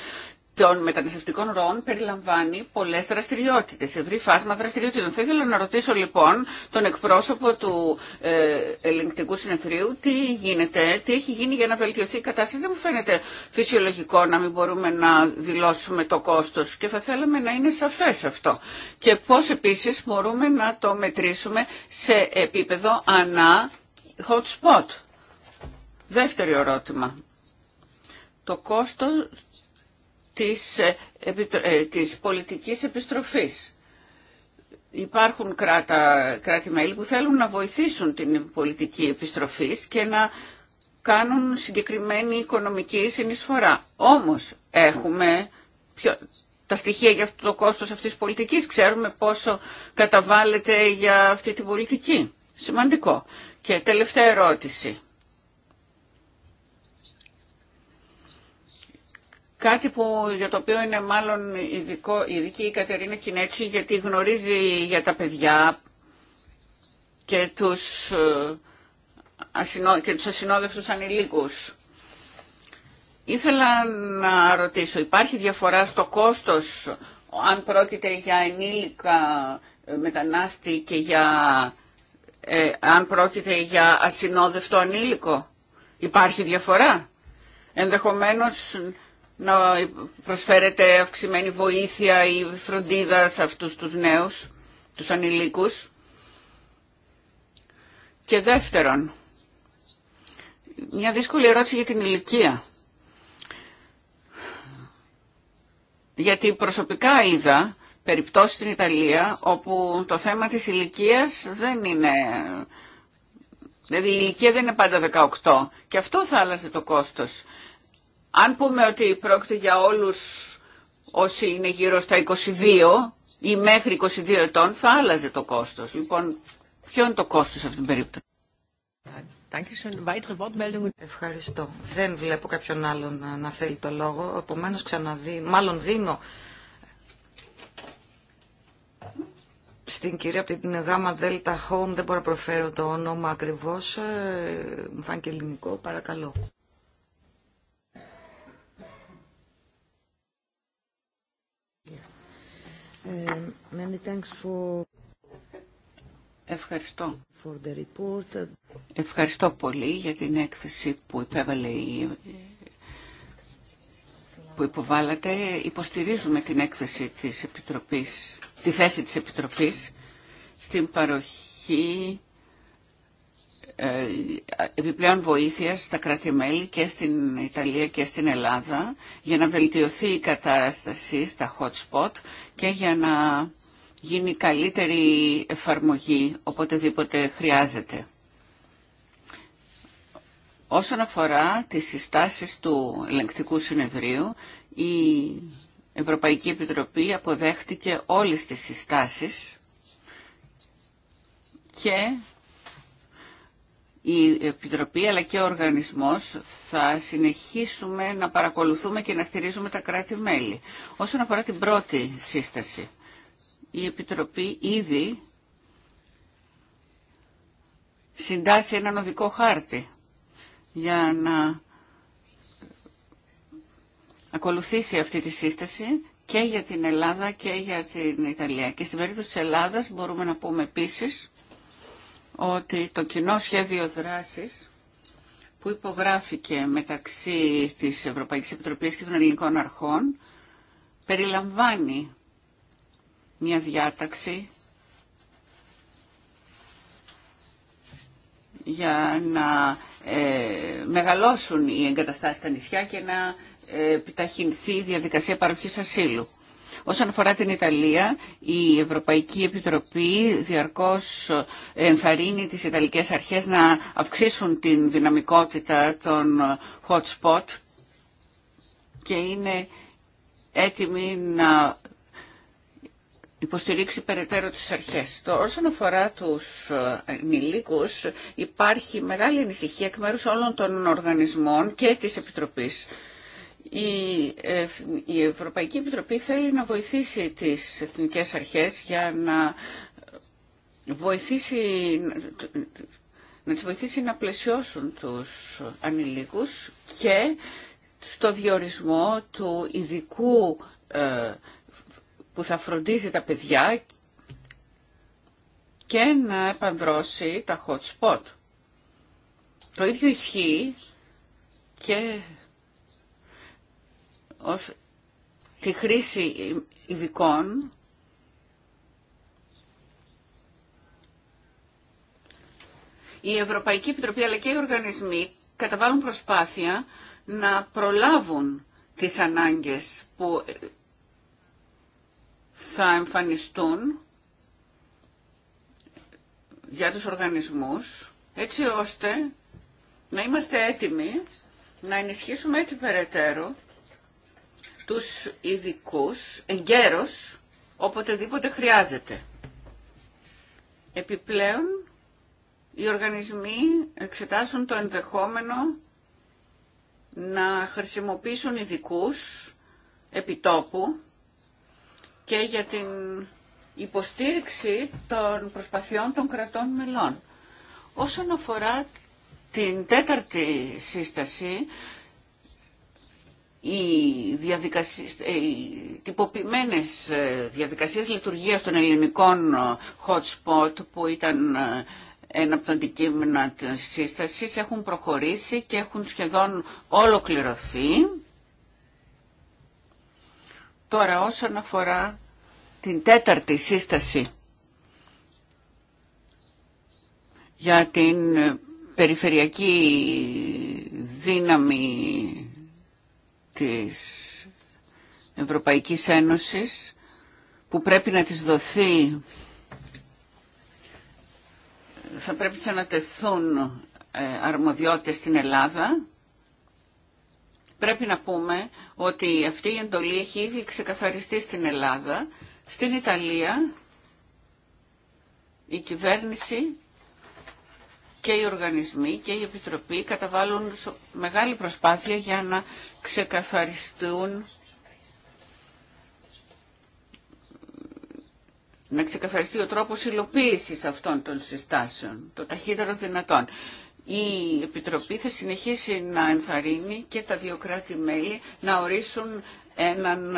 Speaker 1: των μεταναστευτικών ροών περιλαμβάνει πολλές δραστηριότητες, ευρύ φάσμα δραστηριοτήτων. Θα ήθελα να ρωτήσω λοιπόν τον εκπρόσωπο του ε, ελεγκτικού Συνεθρίου, τι γίνεται, τι έχει γίνει για να βελτιωθεί η κατάσταση. Δεν μου φαίνεται φυσιολογικό να μην μπορούμε να δηλώσουμε το κόστος και θα θέλαμε να είναι σαφές αυτό. Και πώς επίσης μπορούμε να το μετρήσουμε σε επίπεδο ανά hot spot. Δεύτερο ερώτημα. Το κόστος της, ε, ε, της πολιτικής επιστροφής. Υπάρχουν κράτη-μέλη που θέλουν να βοηθήσουν την πολιτική επιστροφής και να κάνουν συγκεκριμένη οικονομική συνεισφορά. Όμως έχουμε τα στοιχεία για αυτό το κόστος αυτής της πολιτικής. Ξέρουμε πόσο καταβάλλεται για αυτή την πολιτική. Σημαντικό. Και τελευταία ερώτηση. Κάτι που, για το οποίο είναι μάλλον ειδικό, ειδική η Κατερίνα Κινέτσι γιατί γνωρίζει για τα παιδιά και τους, ε, ασυνό, τους ασυνόδευτους ανηλίκους. Ήθελα να ρωτήσω, υπάρχει διαφορά στο κόστος αν πρόκειται για ενήλικα ε, μετανάστη και για, ε, αν πρόκειται για ασυνόδευτο ανήλικο. Υπάρχει διαφορά. Ενδεχομένως να προσφέρεται αυξημένη βοήθεια ή φροντίδα σε αυτούς τους νέους, τους ανηλίκους. Και δεύτερον, μια δύσκολη ερώτηση για την ηλικία. Γιατί προσωπικά είδα περιπτώσεις στην Ιταλία όπου το θέμα της ηλικίας δεν είναι... Δηλαδή η ηλικία δεν είναι πάντα 18 και αυτό θα άλλαζε το κόστος αν πούμε ότι πρόκειται για όλους όσοι είναι γύρω στα 22 ή μέχρι 22 ετών, θα άλλαζε το κόστος. Λοιπόν, ποιο είναι το κόστος σε αυτήν την περίπτωση.
Speaker 2: Ευχαριστώ. Δεν βλέπω κάποιον άλλον να θέλει το λόγο. Επομένω, ξαναδεί, μάλλον δίνω στην κυρία από την γάμα Δέλτα ΧΟΜ. δεν μπορώ να προφέρω το όνομα ακριβώ, ε, μου φάνηκε ελληνικό, παρακαλώ. Ε, Ευχαριστώ.
Speaker 1: Ευχαριστώ πολύ για την έκθεση που υπέβαλε που υποβάλλατε, υποστηρίζουμε την έκθεση της Επιτροπής, τη θέση της Επιτροπής στην παροχή ε, επιπλέον βοήθεια στα κράτη-μέλη και στην Ιταλία και στην Ελλάδα για να βελτιωθεί η κατάσταση στα hot spot και για να γίνει καλύτερη εφαρμογή οποτεδήποτε χρειάζεται. Όσον αφορά τις συστάσεις του ελεγκτικού συνεδρίου, η Ευρωπαϊκή Επιτροπή αποδέχτηκε όλες τις συστάσεις και η Επιτροπή αλλά και ο οργανισμός θα συνεχίσουμε να παρακολουθούμε και να στηρίζουμε τα κράτη-μέλη. Όσον αφορά την πρώτη σύσταση, η Επιτροπή ήδη συντάσσει έναν οδικό χάρτη για να ακολουθήσει αυτή τη σύσταση και για την Ελλάδα και για την Ιταλία. Και στην περίπτωση της Ελλάδας μπορούμε να πούμε επίσης ότι το κοινό σχέδιο δράσης που υπογράφηκε μεταξύ της Ευρωπαϊκής Επιτροπής και των Ελληνικών Αρχών περιλαμβάνει μια διάταξη για να ε, μεγαλώσουν οι εγκαταστάσεις στα νησιά και να ε, επιταχυνθεί η διαδικασία παροχής ασύλου. Όσον αφορά την Ιταλία, η Ευρωπαϊκή Επιτροπή διαρκώς ενθαρρύνει τις Ιταλικές αρχές να αυξήσουν την δυναμικότητα των hot spot και είναι έτοιμη να υποστηρίξει περαιτέρω τις αρχές. Το, όσον αφορά τους ε, ενηλίκους, υπάρχει μεγάλη ανησυχία εκ μέρους όλων των οργανισμών και της Επιτροπής η Ευρωπαϊκή Επιτροπή θέλει να βοηθήσει τις εθνικές αρχές για να βοηθήσει να τις βοηθήσει να πλαισιώσουν τους ανηλίκους και στο διορισμό του ειδικού ε, που θα φροντίζει τα παιδιά και να επανδρώσει τα hot spot. Το ίδιο ισχύει και ως τη χρήση ειδικών η Ευρωπαϊκή Επιτροπή αλλά και οι οργανισμοί καταβάλουν προσπάθεια να προλάβουν τις ανάγκες που θα εμφανιστούν για τους οργανισμούς, έτσι ώστε να είμαστε έτοιμοι να ενισχύσουμε έτσι περαιτέρω τους ειδικού εγκαίρως οποτεδήποτε χρειάζεται. Επιπλέον, οι οργανισμοί εξετάσουν το ενδεχόμενο να χρησιμοποιήσουν ειδικού επιτόπου και για την υποστήριξη των προσπαθειών των κρατών μελών. Όσον αφορά την τέταρτη σύσταση, οι, διαδικασίες, ε, τυποποιημένες ε, διαδικασίες λειτουργίας των ελληνικών ε, hot που ήταν ένα από τα αντικείμενα της σύστασης έχουν προχωρήσει και έχουν σχεδόν ολοκληρωθεί. Τώρα όσον αφορά την τέταρτη σύσταση για την περιφερειακή δύναμη της Ευρωπαϊκής Ένωσης που πρέπει να της δοθεί θα πρέπει να τεθούν ε, αρμοδιότητες στην Ελλάδα πρέπει να πούμε ότι αυτή η εντολή έχει ήδη ξεκαθαριστεί στην Ελλάδα στην Ιταλία η κυβέρνηση και οι οργανισμοί και οι Επιτροπή καταβάλουν μεγάλη προσπάθεια για να ξεκαθαριστούν να ξεκαθαριστεί ο τρόπος υλοποίησης αυτών των συστάσεων, το ταχύτερο δυνατόν. Η Επιτροπή θα συνεχίσει να ενθαρρύνει και τα δύο κράτη-μέλη να ορίσουν έναν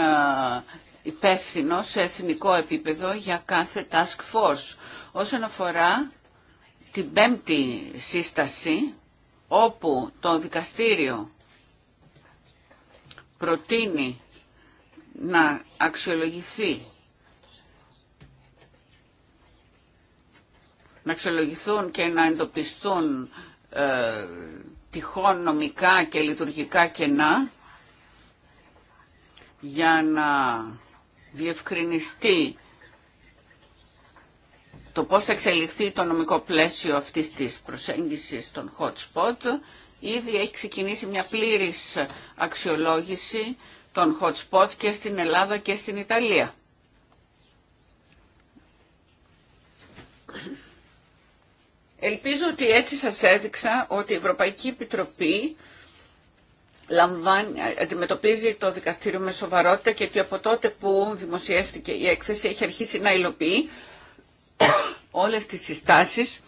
Speaker 1: υπεύθυνο σε εθνικό επίπεδο για κάθε task force. Όσον αφορά στην πέμπτη σύσταση όπου το δικαστήριο προτείνει να αξιολογηθεί να αξιολογηθούν και να εντοπιστούν ε, τυχόν νομικά και λειτουργικά κενά για να διευκρινιστεί το πώς θα εξελιχθεί το νομικό πλαίσιο αυτής της προσέγγισης των hot spot. Ήδη έχει ξεκινήσει μια πλήρης αξιολόγηση των hot spot και στην Ελλάδα και στην Ιταλία. Ελπίζω ότι έτσι σας έδειξα ότι η Ευρωπαϊκή Επιτροπή λαμβάνει, αντιμετωπίζει το δικαστήριο με σοβαρότητα και ότι από τότε που δημοσιεύτηκε η έκθεση έχει αρχίσει να υλοποιεί όλες τις συστάσεις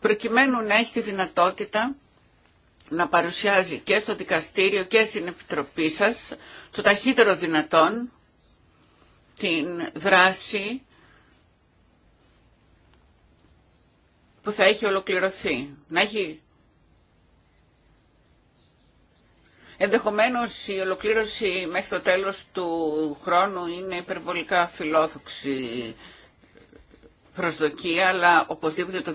Speaker 1: προκειμένου να έχει τη δυνατότητα να παρουσιάζει και στο δικαστήριο και στην Επιτροπή σας το ταχύτερο δυνατόν την δράση που θα έχει ολοκληρωθεί. Να έχει... Ενδεχομένως η ολοκλήρωση μέχρι το τέλος του χρόνου είναι υπερβολικά φιλόδοξη προσδοκία, αλλά οπωσδήποτε το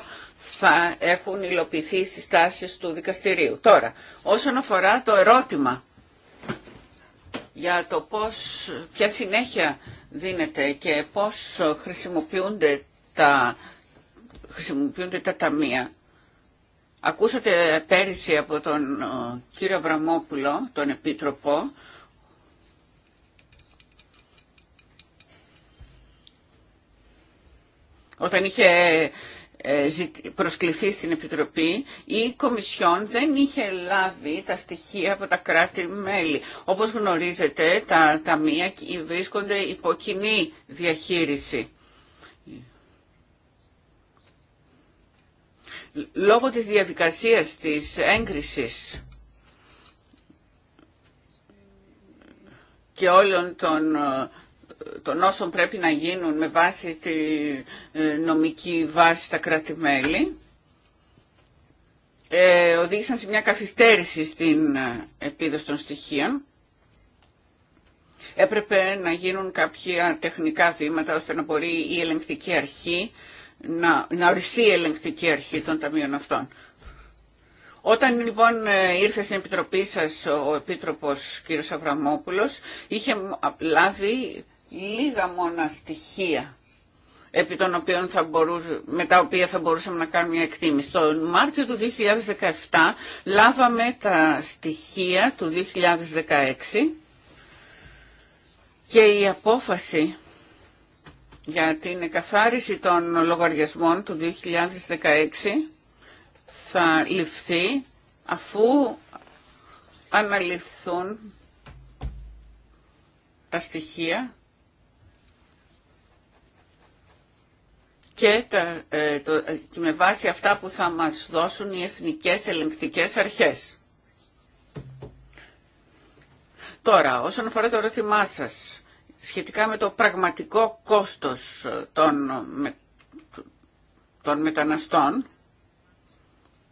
Speaker 1: 2018 θα έχουν υλοποιηθεί οι συστάσεις του δικαστηρίου. Τώρα, όσον αφορά το ερώτημα για το πώς, ποια συνέχεια δίνεται και πώς χρησιμοποιούνται τα, χρησιμοποιούνται τα ταμεία. Ακούσατε πέρυσι από τον ε, κύριο Βραμόπουλο, τον Επίτροπο, όταν είχε ε, προσκληθεί στην Επιτροπή, η Κομισιόν δεν είχε λάβει τα στοιχεία από τα κράτη-μέλη. Όπως γνωρίζετε, τα ταμεία βρίσκονται υπό κοινή διαχείριση. Λόγω της διαδικασίας της έγκρισης και όλων των ε, των όσων πρέπει να γίνουν με βάση τη ε, νομική βάση στα κράτη-μέλη ε, οδήγησαν σε μια καθυστέρηση στην ε, επίδοση των στοιχείων. Έπρεπε να γίνουν κάποια τεχνικά βήματα ώστε να μπορεί η ελεγκτική αρχή να, να οριστεί η ελεγκτική αρχή των ταμείων αυτών. Όταν λοιπόν ε, ήρθε στην Επιτροπή σας ο Επίτροπος κ. Αβραμόπουλος, είχε λάβει λίγα μόνα στοιχεία επί των οποίων θα με τα οποία θα μπορούσαμε να κάνουμε μια εκτίμηση. Το Μάρτιο του 2017 λάβαμε τα στοιχεία του 2016 και η απόφαση για την εκαθάριση των λογαριασμών του 2016 θα ληφθεί αφού αναλυθούν τα στοιχεία και, τα, ε, ε, με βάση αυτά που θα μας δώσουν οι εθνικές ελεγκτικές αρχές. Τώρα, όσον αφορά το ερώτημά σας, σχετικά με το πραγματικό κόστος ε, των, με, των μεταναστών,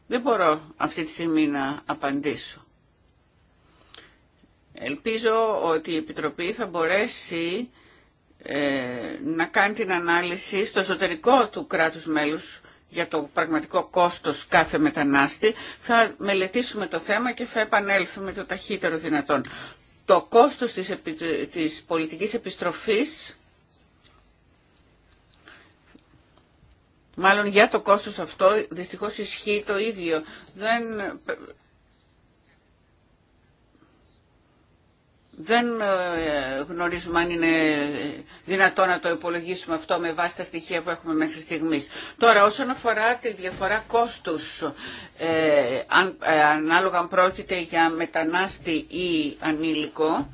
Speaker 1: δεν μπορώ αυτή τη στιγμή να απαντήσω. Ελπίζω ότι η Επιτροπή θα μπορέσει ε, να κάνει την ανάλυση στο εσωτερικό του κράτους μέλους για το πραγματικό κόστος κάθε μετανάστη. Θα μελετήσουμε το θέμα και θα επανέλθουμε το ταχύτερο δυνατόν. Το κόστος της, της πολιτικής επιστροφής, μάλλον για το κόστος αυτό, δυστυχώς ισχύει το ίδιο. Δεν Δεν ε, γνωρίζουμε αν είναι δυνατό να το υπολογίσουμε αυτό με βάση τα στοιχεία που έχουμε μέχρι στιγμής. Τώρα, όσον αφορά τη διαφορά κόστους, ε, αν, ε, ανάλογα αν πρόκειται για μετανάστη ή ανήλικο,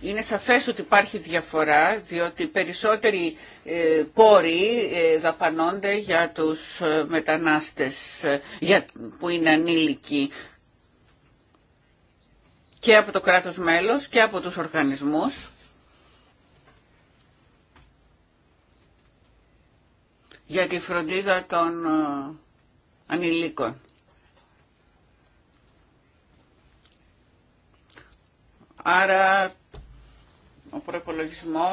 Speaker 1: είναι σαφές ότι υπάρχει διαφορά, διότι περισσότεροι πόροι δαπανώνται για τους μετανάστες για, που είναι ανήλικοι και από το κράτος μέλος και από τους οργανισμούς για τη φροντίδα των ε, ανηλίκων. Άρα ο προπολογισμό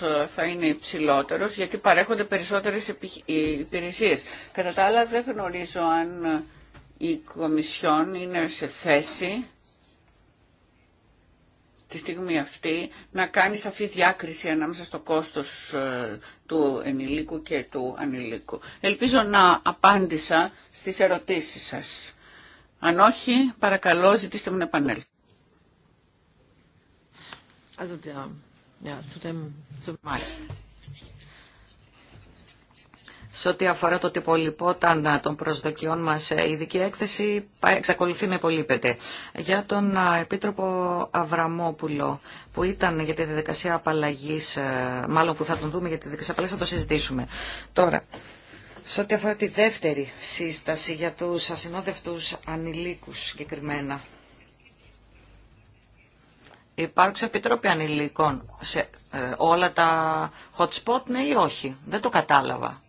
Speaker 1: ε, θα είναι υψηλότερος γιατί παρέχονται περισσότερες ε, υπηρεσίες. Κατά τα άλλα δεν γνωρίζω αν η Κομισιόν είναι σε θέση τη στιγμή αυτή να κάνει σαφή διάκριση ανάμεσα στο κόστος ε, του ενηλίκου και του ανηλίκου. Ελπίζω να απάντησα στις ερωτήσεις σας. Αν όχι, παρακαλώ ζητήστε μου να επανέλθω. Μάλιστα
Speaker 2: σε ό,τι αφορά το τυπολιπόταν των προσδοκιών μα ε, η ειδική έκθεση εξακολουθεί να υπολείπεται. Για τον Επίτροπο Αβραμόπουλο που ήταν για τη διαδικασία απαλλαγή, ε, μάλλον που θα τον δούμε για τη διαδικασία απαλλαγή, θα το συζητήσουμε. Τώρα, σε ό,τι αφορά τη δεύτερη σύσταση για του ασυνόδευτού ανηλικου συγκεκριμένα. Υπάρχουν επιτρόποι ανηλίκων σε ε, όλα τα hot spot, ναι ή όχι. Δεν το κατάλαβα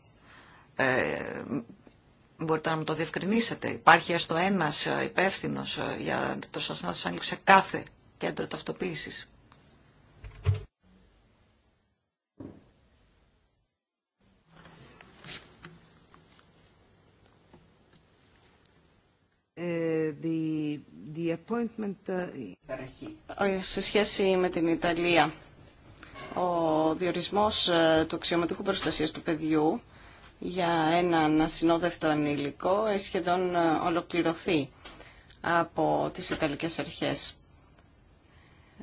Speaker 2: ε, μπορείτε να μου το διευκρινίσετε. Υπάρχει έστω ένας ε, υπεύθυνο ε, για το να σε κάθε κέντρο ταυτοποίησης.
Speaker 3: Ε, the, the appointment... Σε σχέση με την Ιταλία, ο διορισμός του αξιωματικού προστασίας του παιδιού για έναν ασυνόδευτο ανήλικο ε, σχεδόν ε, ολοκληρωθεί από τις Ιταλικές αρχές.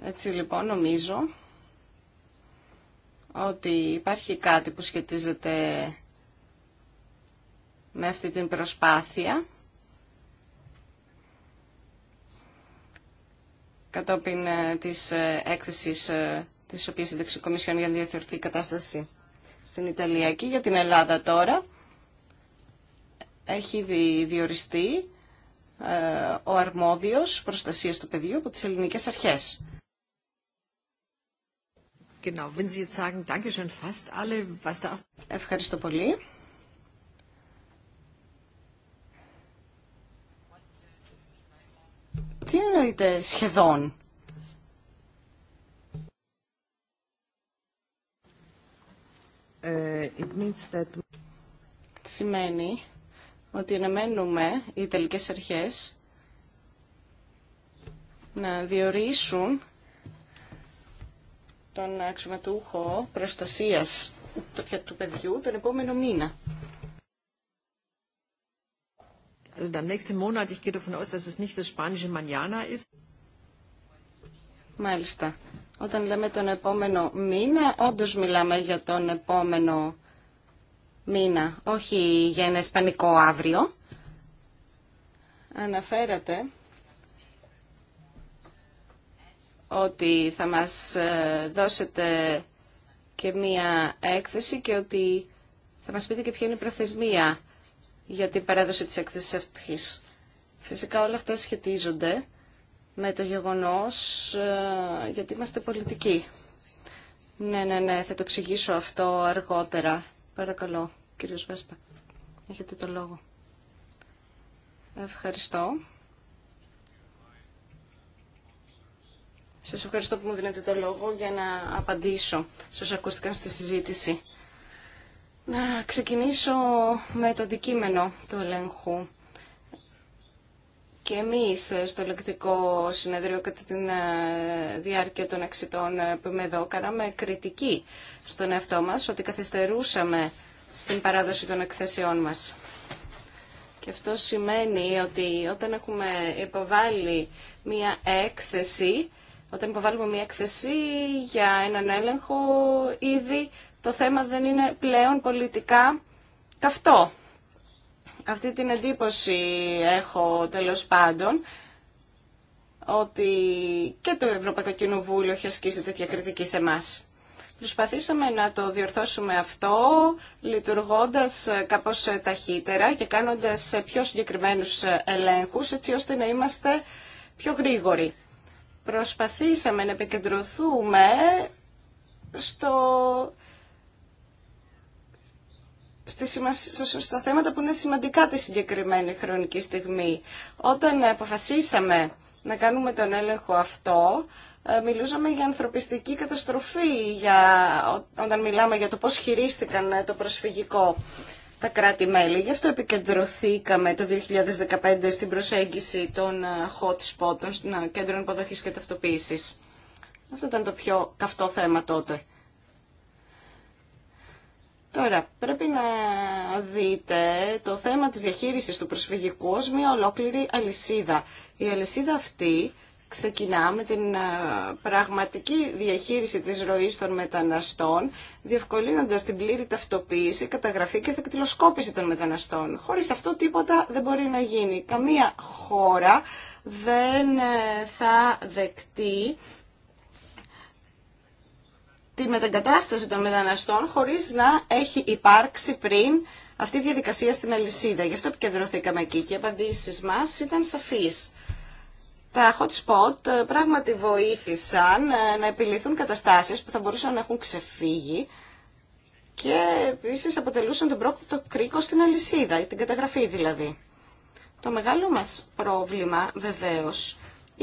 Speaker 3: Έτσι λοιπόν νομίζω ότι υπάρχει κάτι που σχετίζεται με αυτή την προσπάθεια κατόπιν ε, της έκθεσης της οποίας η Δεξικομισιόν για να διαθεωρηθεί η κατάσταση στην Ιταλία και για την Ελλάδα τώρα. Έχει διοριστεί ε, ο αρμόδιος προστασίας του παιδιού από τις
Speaker 2: ελληνικές αρχές. Ευχαριστώ πολύ.
Speaker 3: Τι εννοείται σχεδόν. Ε, it means that... σημαίνει ότι αναμένουμε οι τελικές αρχές να διορίσουν τον αξιωματούχο προστασίας
Speaker 2: το παιδιού τον επόμενο μήνα. Also dann nächsten Monat, ich gehe davon aus, dass es nicht das spanische Manana ist.
Speaker 3: Μάλιστα. Όταν λέμε τον επόμενο μήνα, όντως μιλάμε για τον επόμενο μήνα, όχι για ένα ισπανικό αύριο. Αναφέρατε ότι θα μας ε, δώσετε και μία έκθεση και ότι θα μας πείτε και ποια είναι η προθεσμία για την παράδοση της έκθεσης αυτής. Φυσικά όλα αυτά σχετίζονται με το γεγονός ε, γιατί είμαστε πολιτικοί. Ναι, ναι, ναι, θα το εξηγήσω αυτό αργότερα. Παρακαλώ, κύριος Βέσπα, έχετε το λόγο. Ευχαριστώ. Σας ευχαριστώ που μου δίνετε το λόγο για να απαντήσω σε ακούστηκαν στη συζήτηση. Να ξεκινήσω με το αντικείμενο του ελέγχου και εμείς στο λεκτικό συνεδρίο κατά τη ε, διάρκεια των εξητών ε, που είμαι εδώ κάναμε κριτική στον εαυτό μας ότι καθυστερούσαμε στην παράδοση των εκθέσεών μας. Και αυτό σημαίνει ότι όταν έχουμε υποβάλει μία έκθεση, όταν υποβάλουμε μία έκθεση για έναν έλεγχο, ήδη το θέμα δεν είναι πλέον πολιτικά καυτό. Αυτή την εντύπωση έχω τέλος πάντων ότι και το Ευρωπαϊκό Κοινοβούλιο έχει ασκήσει τέτοια κριτική σε εμά. Προσπαθήσαμε να το διορθώσουμε αυτό, λειτουργώντας κάπως ταχύτερα και κάνοντας πιο συγκεκριμένους ελέγχους, έτσι ώστε να είμαστε πιο γρήγοροι. Προσπαθήσαμε να επικεντρωθούμε στο στα θέματα που είναι σημαντικά τη συγκεκριμένη χρονική στιγμή. Όταν αποφασίσαμε να κάνουμε τον έλεγχο αυτό, ε, μιλούσαμε για ανθρωπιστική καταστροφή, για, όταν μιλάμε για το πώς χειρίστηκαν ε, το προσφυγικό τα κράτη-μέλη. Γι' αυτό επικεντρωθήκαμε το 2015 στην προσέγγιση των ε, hot spots, των κέντρων υποδοχής και ταυτοποίησης. Αυτό ήταν το πιο καυτό θέμα τότε. Τώρα, πρέπει να δείτε το θέμα της διαχείρισης του προσφυγικού ως μια ολόκληρη αλυσίδα. Η αλυσίδα αυτή ξεκινά με την πραγματική διαχείριση της ροής των μεταναστών, διευκολύνοντας την πλήρη ταυτοποίηση, καταγραφή και δεκτυλοσκόπηση των μεταναστών. Χωρίς αυτό τίποτα δεν μπορεί να γίνει. Καμία χώρα δεν ε, θα δεκτεί τη μεταγκατάσταση των μεταναστών χωρίς να έχει υπάρξει πριν αυτή η διαδικασία στην αλυσίδα. Γι' αυτό επικεντρωθήκαμε εκεί και οι απαντήσεις μας ήταν σαφείς. Τα hot spot ε, πράγματι βοήθησαν ε, να επιληθούν καταστάσεις που θα μπορούσαν να έχουν ξεφύγει και επίσης αποτελούσαν τον πρώτο κρίκο στην αλυσίδα, την καταγραφή δηλαδή. Το μεγάλο μας πρόβλημα βεβαίως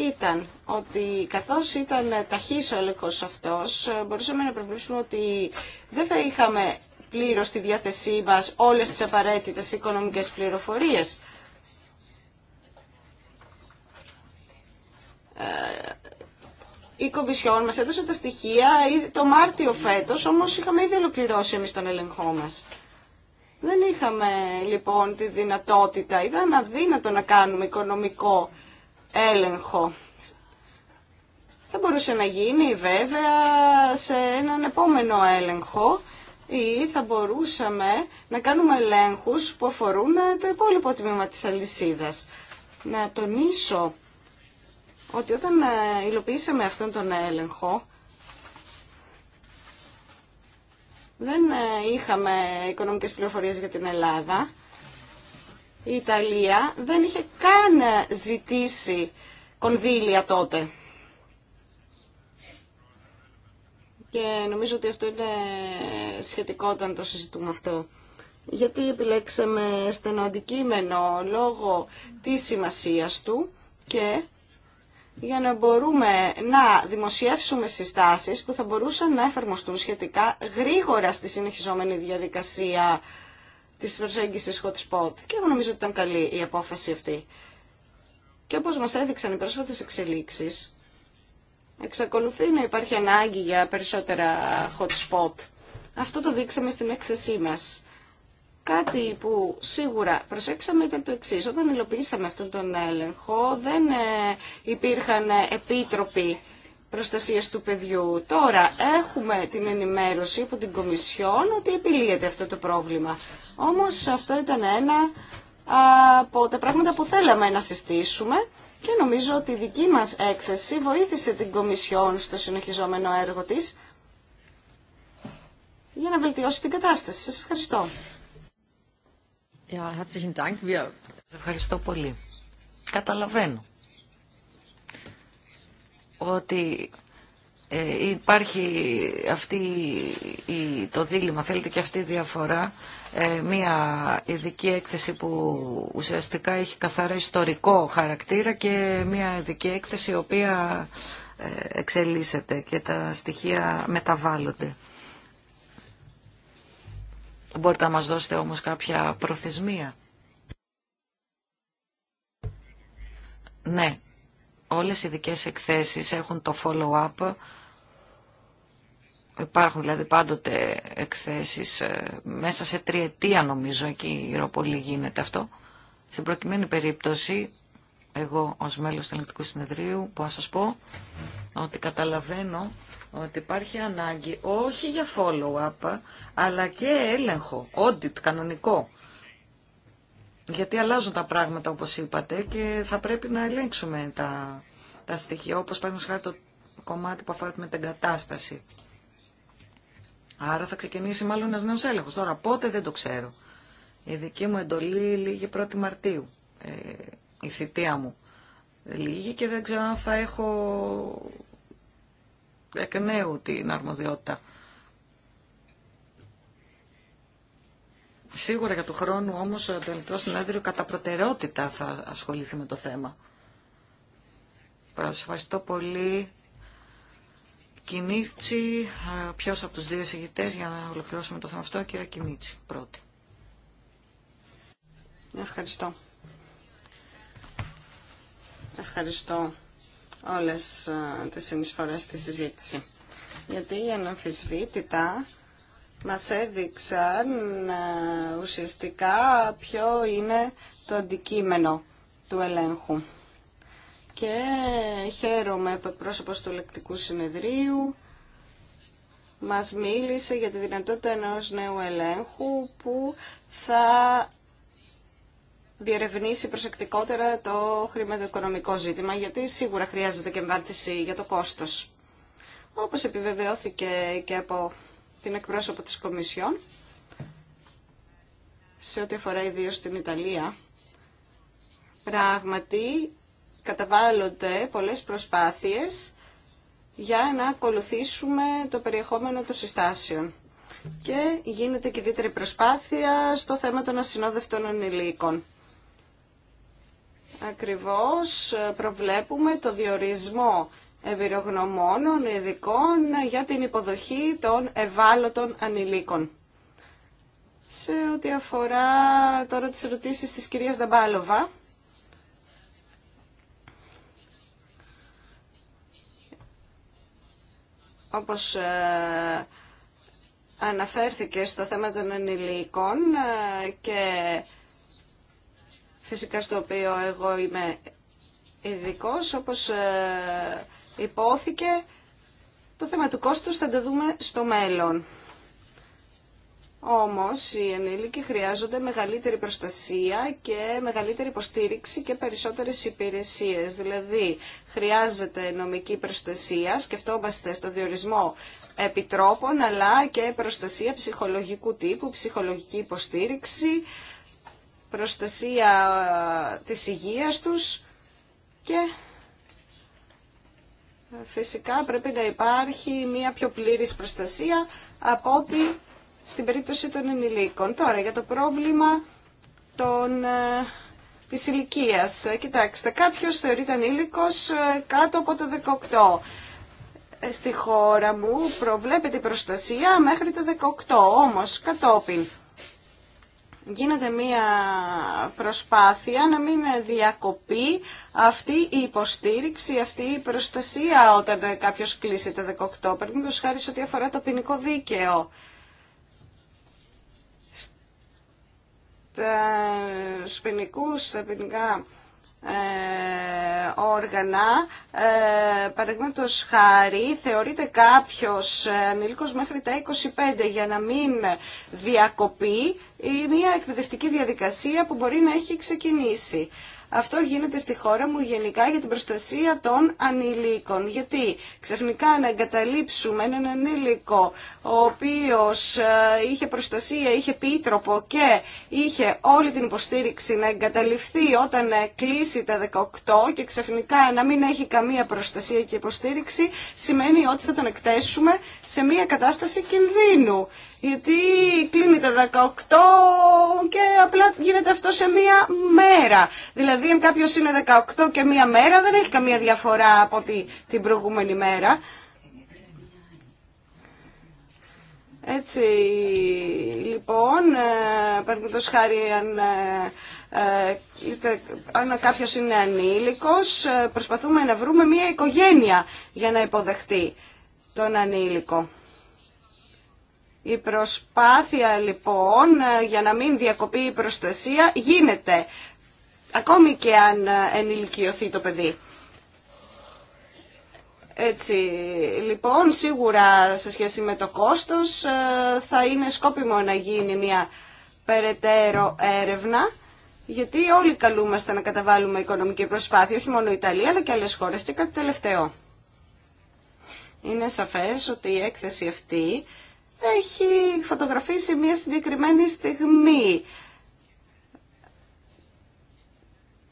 Speaker 3: ήταν ότι καθώς ήταν ταχύς ο έλεγχος αυτός, μπορούσαμε να προβλέψουμε ότι δεν θα είχαμε πλήρως στη διάθεσή μας όλες τις απαραίτητες οικονομικές πληροφορίες. Ε, η Κομισιόν μας έδωσε τα στοιχεία το Μάρτιο φέτος, όμως είχαμε ήδη ολοκληρώσει εμείς τον έλεγχό μας. Δεν είχαμε λοιπόν τη δυνατότητα, ήταν αδύνατο να κάνουμε οικονομικό έλεγχο. Θα μπορούσε να γίνει βέβαια σε έναν επόμενο έλεγχο ή θα μπορούσαμε να κάνουμε ελέγχους που αφορούν το υπόλοιπο τμήμα της αλυσίδας. Να τονίσω ότι όταν ε, υλοποιήσαμε αυτόν τον έλεγχο, δεν ε, είχαμε οικονομικές πληροφορίες για την Ελλάδα η Ιταλία δεν είχε καν ζητήσει κονδύλια τότε. Και νομίζω ότι αυτό είναι σχετικό όταν το συζητούμε αυτό. Γιατί επιλέξαμε στενό αντικείμενο λόγω της σημασίας του και για να μπορούμε να δημοσιεύσουμε συστάσεις που θα μπορούσαν να εφαρμοστούν σχετικά γρήγορα στη συνεχιζόμενη διαδικασία της hot spot Και εγώ νομίζω ότι ήταν καλή η απόφαση αυτή. Και όπω μας έδειξαν οι πρόσφατε εξελίξεις, εξακολουθεί να υπάρχει ανάγκη για περισσότερα hot spot Αυτό το δείξαμε στην έκθεσή μας. Κάτι που σίγουρα προσέξαμε ήταν το εξή. Όταν υλοποιήσαμε αυτόν τον έλεγχο δεν ε, υπήρχαν ε, επίτροποι προστασίας του παιδιού. Τώρα έχουμε την ενημέρωση από την Κομισιόν ότι επιλύεται αυτό το πρόβλημα. Όμως αυτό ήταν ένα από τα πράγματα που θέλαμε να συστήσουμε και νομίζω ότι η δική μας έκθεση βοήθησε την Κομισιόν στο συνεχιζόμενο έργο της για να
Speaker 2: βελτιώσει την κατάσταση. Σας ευχαριστώ. Σας ευχαριστώ πολύ. Καταλαβαίνω ότι ε, υπάρχει αυτή η, το δίλημα, θέλετε και αυτή η διαφορά, ε, μια ειδική έκθεση που ουσιαστικά έχει καθαρά ιστορικό χαρακτήρα και μια ειδική έκθεση η οποία ε, εξελίσσεται και τα στοιχεία μεταβάλλονται. Μπορείτε να μας δώσετε όμως κάποια προθεσμία. Ναι, Όλες οι ειδικέ εκθέσεις έχουν το follow-up. Υπάρχουν δηλαδή πάντοτε εκθέσεις ε, μέσα σε τριετία νομίζω εκεί η Ροπολή γίνεται αυτό. Στην προκειμένη περίπτωση εγώ ως μέλος του Ελληνικού Συνεδρίου που θα σας πω ότι καταλαβαίνω ότι υπάρχει ανάγκη όχι για follow-up αλλά και έλεγχο, audit κανονικό γιατί αλλάζουν τα πράγματα όπως είπατε και θα πρέπει να ελέγξουμε τα, τα στοιχεία όπως πάνω χάρη το κομμάτι που αφορά την κατάσταση. Άρα θα ξεκινήσει μάλλον ένας νέος έλεγχος. Τώρα πότε δεν το ξέρω. Η δική μου εντολή λίγη 1η Μαρτίου. Ε, η θητεία μου λίγη και δεν ξέρω αν θα έχω εκ νέου την αρμοδιότητα Σίγουρα για του χρόνου όμως το ελληνικό συνέδριο κατά προτεραιότητα θα ασχοληθεί με το θέμα. Σας ευχαριστώ πολύ. Κινίτσι, ποιος από τους δύο εισηγητές για να ολοκληρώσουμε το θέμα αυτό, κύριε Κινίτσι, πρώτη. Ευχαριστώ.
Speaker 3: Ευχαριστώ όλες τις συνεισφορές στη συζήτηση. Γιατί η αναμφισβήτητα μας έδειξαν ε, ουσιαστικά ποιο είναι το αντικείμενο του ελέγχου. Και χαίρομαι που πρόσωπο του λεκτικού Συνεδρίου μας μίλησε για τη δυνατότητα ενός νέου ελέγχου που θα διερευνήσει προσεκτικότερα το χρηματοοικονομικό ζήτημα, γιατί σίγουρα χρειάζεται και εμβάθυνση για το κόστος. Όπως επιβεβαιώθηκε και από την εκπρόσωπο της Κομισιόν σε ό,τι αφορά ιδίως την Ιταλία. Πράγματι, καταβάλλονται πολλές προσπάθειες για να ακολουθήσουμε το περιεχόμενο των συστάσεων. Και γίνεται και ιδιαίτερη προσπάθεια στο θέμα των ασυνόδευτων ενηλίκων. Ακριβώς ε, προβλέπουμε το διορισμό εμπειρογνωμόνων, ειδικών για την υποδοχή των ευάλωτων ανηλίκων. Σε ό,τι αφορά τώρα τις ερωτήσεις της κυρίας Δαμπάλοβα όπως ε, αναφέρθηκε στο θέμα των ανηλίκων ε, και φυσικά στο οποίο εγώ είμαι ειδικός όπως ε, υπόθηκε. Το θέμα του κόστους θα το δούμε στο μέλλον. Όμως οι ενήλικοι χρειάζονται μεγαλύτερη προστασία και μεγαλύτερη υποστήριξη και περισσότερες υπηρεσίες. Δηλαδή χρειάζεται νομική προστασία, σκεφτόμαστε στο διορισμό επιτρόπων, αλλά και προστασία ψυχολογικού τύπου, ψυχολογική υποστήριξη, προστασία της υγείας τους και φυσικά πρέπει να υπάρχει μια πιο πλήρης προστασία από ότι στην περίπτωση των ενηλίκων. Τώρα για το πρόβλημα των ε, της ηλικία. Ε, κοιτάξτε, κάποιος θεωρείται ανήλικος ε, κάτω από το 18. Στη χώρα μου προβλέπεται η προστασία μέχρι το 18, όμως κατόπιν γίνεται μία προσπάθεια να μην διακοπεί αυτή η υποστήριξη, αυτή η προστασία όταν κάποιος κλείσει τα 18. Παραδείγματο χάρη σε ό,τι αφορά το ποινικό δίκαιο. Στους ποινικούς, στα ποινικά ε, όργανα, ε, παραδείγματο χάρη, θεωρείται κάποιος ανήλικος μέχρι τα 25 για να μην διακοπεί ή μια εκπαιδευτική διαδικασία που μπορεί να έχει ξεκινήσει. Αυτό γίνεται στη χώρα μου γενικά για την προστασία των ανηλίκων. Γιατί ξαφνικά να εγκαταλείψουμε έναν ανήλικο ο οποίος ε, είχε προστασία, είχε πίτροπο και είχε όλη την υποστήριξη να εγκαταλειφθεί όταν ε, κλείσει τα 18 και ξαφνικά να μην έχει καμία προστασία και υποστήριξη σημαίνει ότι θα τον εκτέσουμε σε μια κατάσταση κινδύνου γιατί κλείνει τα 18 και απλά γίνεται αυτό σε μία μέρα. Δηλαδή αν κάποιο είναι 18 και μία μέρα δεν έχει καμία διαφορά από την προηγούμενη μέρα. Έτσι, λοιπόν, ε, το χάρη αν, ε, ε, αν κάποιος είναι ανήλικος, προσπαθούμε να βρούμε μια οικογένεια για να υποδεχτεί τον ανήλικο. Η προσπάθεια λοιπόν ε, για να μην διακοπεί η προστασία γίνεται ακόμη και αν ε, ενηλικιωθεί το παιδί. Έτσι, λοιπόν, σίγουρα σε σχέση με το κόστος ε, θα είναι σκόπιμο να γίνει μια περαιτέρω έρευνα, γιατί όλοι καλούμαστε να καταβάλουμε οικονομική προσπάθεια, όχι μόνο η Ιταλία, αλλά και άλλες χώρες και κάτι τελευταίο. Είναι σαφές ότι η έκθεση αυτή έχει φωτογραφίσει μια συγκεκριμένη στιγμή.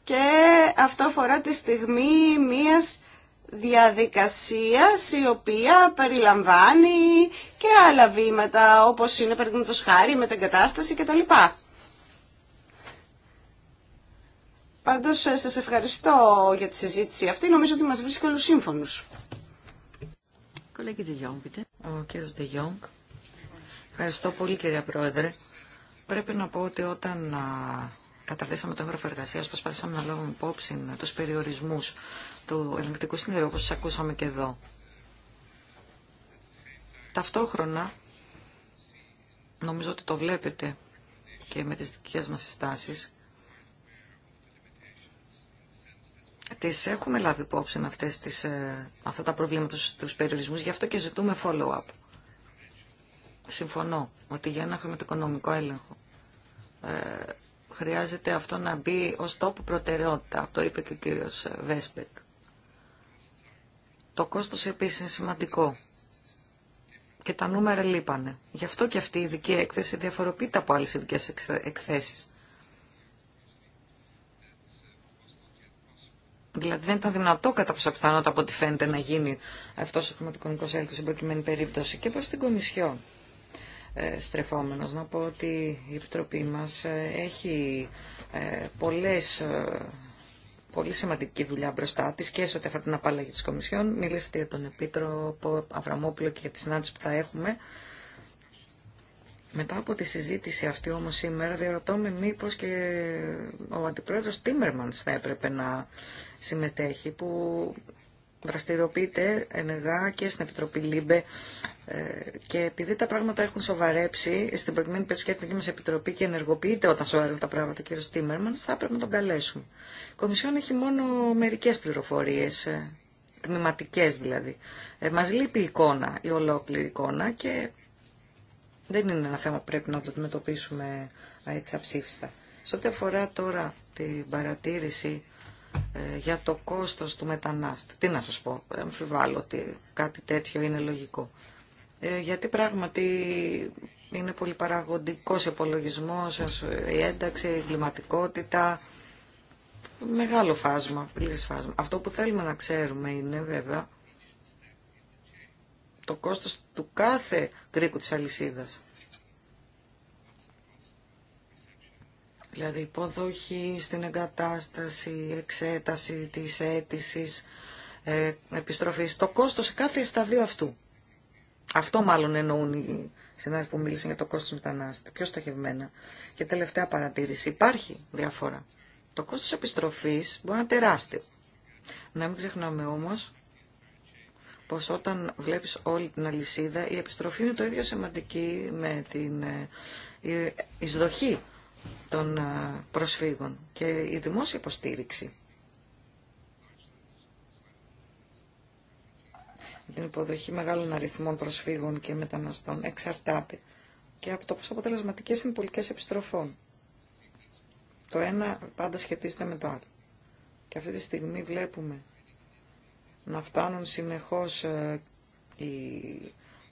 Speaker 3: Και αυτό αφορά τη στιγμή μιας διαδικασίας η οποία περιλαμβάνει και άλλα βήματα όπως είναι παραδείγματος χάρη, μεταγκατάσταση κτλ. Πάντως ε, σας ευχαριστώ για τη συζήτηση αυτή. Νομίζω ότι μας βρίσκει καλούς σύμφωνους.
Speaker 2: Ο κύριος De Ευχαριστώ πολύ κυρία Πρόεδρε. Πρέπει να πω ότι όταν καταρτήσαμε το έγγραφο εργασία, προσπαθήσαμε να λάβουμε υπόψη του περιορισμού του ελεγκτικού συνεδρίου, όπω ακούσαμε και εδώ. Ταυτόχρονα, νομίζω ότι το βλέπετε και με τις δικές μας συστάσεις, τις έχουμε λάβει υπόψη αυτές τις, ε, αυτά τα προβλήματα στους περιορισμούς, γι' αυτό και ζητούμε follow-up συμφωνώ ότι για ένα χρηματοοικονομικό έλεγχο ε, χρειάζεται αυτό να μπει ως τόπο προτεραιότητα. το είπε και ο κύριος Βέσπεκ. Το κόστος επίσης είναι σημαντικό. Και τα νούμερα λείπανε. Γι' αυτό και αυτή η ειδική έκθεση διαφοροποιείται από άλλες ειδικές εκθέσεις. Δηλαδή δεν ήταν δυνατό κατά πόσα πιθανότητα από ό,τι φαίνεται να γίνει αυτός ο χρηματοοικονομικός έλεγχος στην προκειμένη περίπτωση και προς την Κομισιόν. Ε, στρεφόμενος να πω ότι η Επιτροπή μας ε, έχει ε, πολλές πολύ σημαντική δουλειά μπροστά τη και σε ό,τι αφορά την απαλλαγή τη Κομισιόν. Μιλήσατε για τον Επίτροπο Αβραμόπουλο και για τη συνάντηση που θα έχουμε. Μετά από τη συζήτηση αυτή όμως σήμερα διαρωτώ με μήπως και ο αντιπρόεδρος Τίμερμανς θα έπρεπε να συμμετέχει που δραστηριοποιείται ενεργά και στην Επιτροπή ΛΥΜΠΕ ε, και επειδή τα πράγματα έχουν σοβαρέψει στην προηγούμενη περίπτωση και την μας Επιτροπή και ενεργοποιείται όταν σοβαρεύουν τα πράγματα ο κ. Τίμερμαν, θα πρέπει να τον καλέσουμε. Η Κομισιόν έχει μόνο μερικές πληροφορίες, ε, τμηματικές δηλαδή. Ε, μας λείπει η εικόνα, η ολόκληρη εικόνα και δεν είναι ένα θέμα που πρέπει να το αντιμετωπίσουμε εξαψήφιστα. Σε ό,τι αφορά τώρα την παρατήρηση ε, για το κόστος του μετανάστη. Τι να σας πω, αμφιβάλλω ότι κάτι τέτοιο είναι λογικό. Ε, γιατί πράγματι είναι πολύ παραγοντικός υπολογισμός, η ένταξη, η εγκληματικότητα, μεγάλο φάσμα, πλήρες φάσμα. Αυτό που θέλουμε να ξέρουμε είναι βέβαια το κόστος του κάθε κρίκου της αλυσίδας. Δηλαδή υποδοχή στην εγκατάσταση, εξέταση της αίτησης, ε, επιστροφής. Το κόστος κάθε σταδίο αυτού. Αυτό μάλλον εννοούν οι συνάδελφοι που μίλησαν για το κόστος μετανάστε, Πιο στοχευμένα. Και τελευταία παρατήρηση. Υπάρχει διαφορά. Το κόστος επιστροφής μπορεί να είναι τεράστιο. Να μην ξεχνάμε όμως πως όταν βλέπεις όλη την αλυσίδα η επιστροφή είναι το ίδιο σημαντική με την ε, εισδοχή των ε, προσφύγων και η δημόσια υποστήριξη. την υποδοχή μεγάλων αριθμών προσφύγων και μεταναστών εξαρτάται και από το πόσο αποτελεσματικές είναι οι επιστροφών. Το ένα πάντα σχετίζεται με το άλλο. Και αυτή τη στιγμή βλέπουμε να φτάνουν συνεχώς ε, οι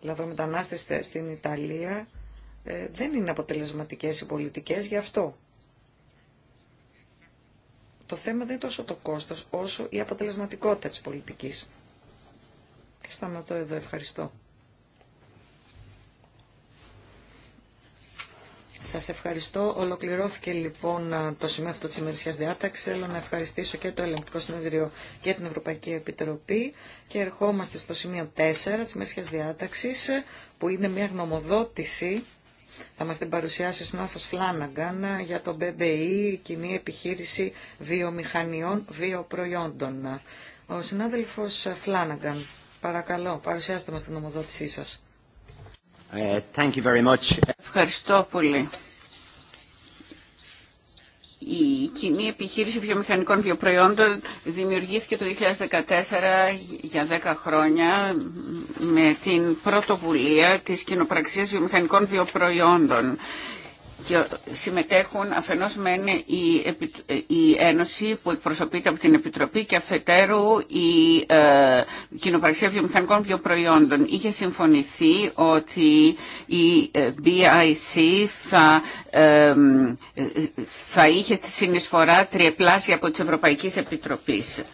Speaker 2: λαδομετανάστες στην Ιταλία ε, δεν είναι αποτελεσματικές οι πολιτικές γι' αυτό. Το θέμα δεν είναι τόσο το κόστος, όσο η αποτελεσματικότητα της πολιτικής. Και σταματώ εδώ. Ευχαριστώ. Σας ευχαριστώ. Ολοκληρώθηκε λοιπόν το σημείο αυτό της ημερησίας διάταξης. Θέλω να ευχαριστήσω και το Ελεγκτικό Συνέδριο και την Ευρωπαϊκή Επιτροπή και ερχόμαστε στο σημείο 4 της ημερησίας διάταξης που είναι μια γνωμοδότηση θα μας την παρουσιάσει ο συνάδελφος Φλάναγκαν για το BBI, Κοινή Επιχείρηση Βιομηχανιών Βιοπροϊόντων. Ο συνάδελφος Φλάναγκαν, παρακαλώ, παρουσιάστε μας την ομοδότησή σας.
Speaker 1: Ε, thank you very much. Ευχαριστώ πολύ. Η κοινή επιχείρηση βιομηχανικών βιοπροϊόντων δημιουργήθηκε το 2014 για 10 χρόνια με την πρωτοβουλία της κοινοπραξίας βιομηχανικών βιοπροϊόντων συμμετέχουν αφενός μεν η, Ένωση που εκπροσωπείται από την Επιτροπή και αφετέρου η ε, Κοινοπραξία Βιομηχανικών Βιοπροϊόντων. Είχε συμφωνηθεί ότι η ε, BIC θα, ε, ε, θα είχε συνεισφορά τριεπλάσια από τις Ευρωπαϊκής Επιτροπής.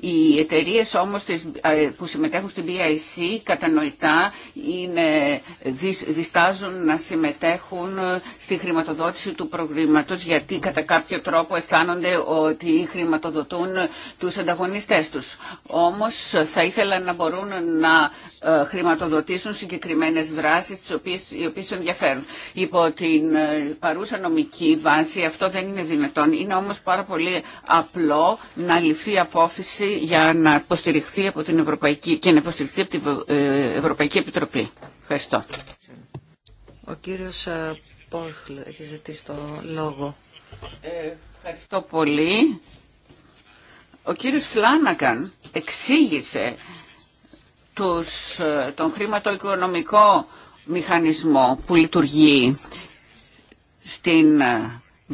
Speaker 1: Οι εταιρείε όμως ε, που συμμετέχουν στην BIC κατανοητά είναι, διστάζουν να συμμετέχουν ε, στη χρηματοδότηση του προβλήματος γιατί κατά κάποιο τρόπο αισθάνονται ότι χρηματοδοτούν τους ανταγωνιστές τους. Όμως ε, θα ήθελα να μπορούν να ε, χρηματοδοτήσουν συγκεκριμένες δράσεις τις οποίες, οι οποίες ενδιαφέρουν. Υπό την ε, παρούσα νομική βάση αυτό δεν είναι δυνατόν. Είναι όμως πάρα πολύ απλό να ληφθεί απόφυση για να υποστηριχθεί από την Ευρωπαϊκή και να υποστηριχθεί από την ε, Ευρωπαϊκή Επιτροπή. Ευχαριστώ. Ο κύριος Πόρχλ έχει ζητήσει το λόγο. Ε, ευχαριστώ πολύ. Ο κύριος Φλάνακαν εξήγησε τους, ε, τον χρηματοοικονομικό μηχανισμό που λειτουργεί στην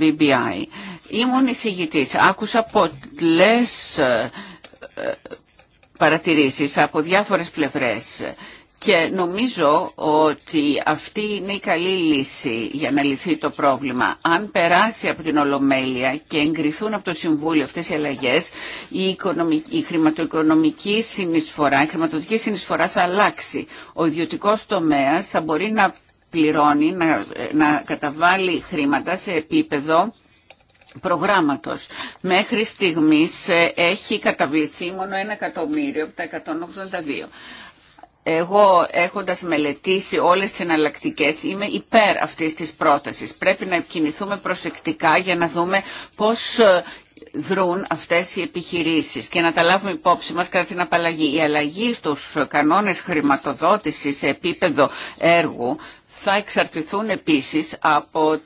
Speaker 1: BBI. Ε, Ήμουν εισηγητής. Άκουσα πολλέ ε, παρατηρήσεις από διάφορες πλευρές και νομίζω ότι αυτή είναι η καλή λύση για να λυθεί το πρόβλημα. Αν περάσει από την Ολομέλεια και εγκριθούν από το Συμβούλιο αυτές οι αλλαγές, η, η χρηματοοικονομική συνεισφορά, η χρηματοδοτική συνεισφορά θα αλλάξει. Ο ιδιωτικό τομέας θα μπορεί να πληρώνει, να, να καταβάλει χρήματα σε επίπεδο προγράμματος. Μέχρι στιγμής ε, έχει καταβληθεί μόνο ένα εκατομμύριο από τα 182 εγώ έχοντας μελετήσει όλες τις εναλλακτικέ είμαι υπέρ αυτής της πρότασης. Πρέπει να κινηθούμε προσεκτικά για να δούμε πώς ε, δρούν αυτές οι επιχειρήσεις και να τα λάβουμε υπόψη μας κατά την απαλλαγή. Η αλλαγή στους κανόνες χρηματοδότησης σε επίπεδο έργου θα εξαρτηθούν επίσης από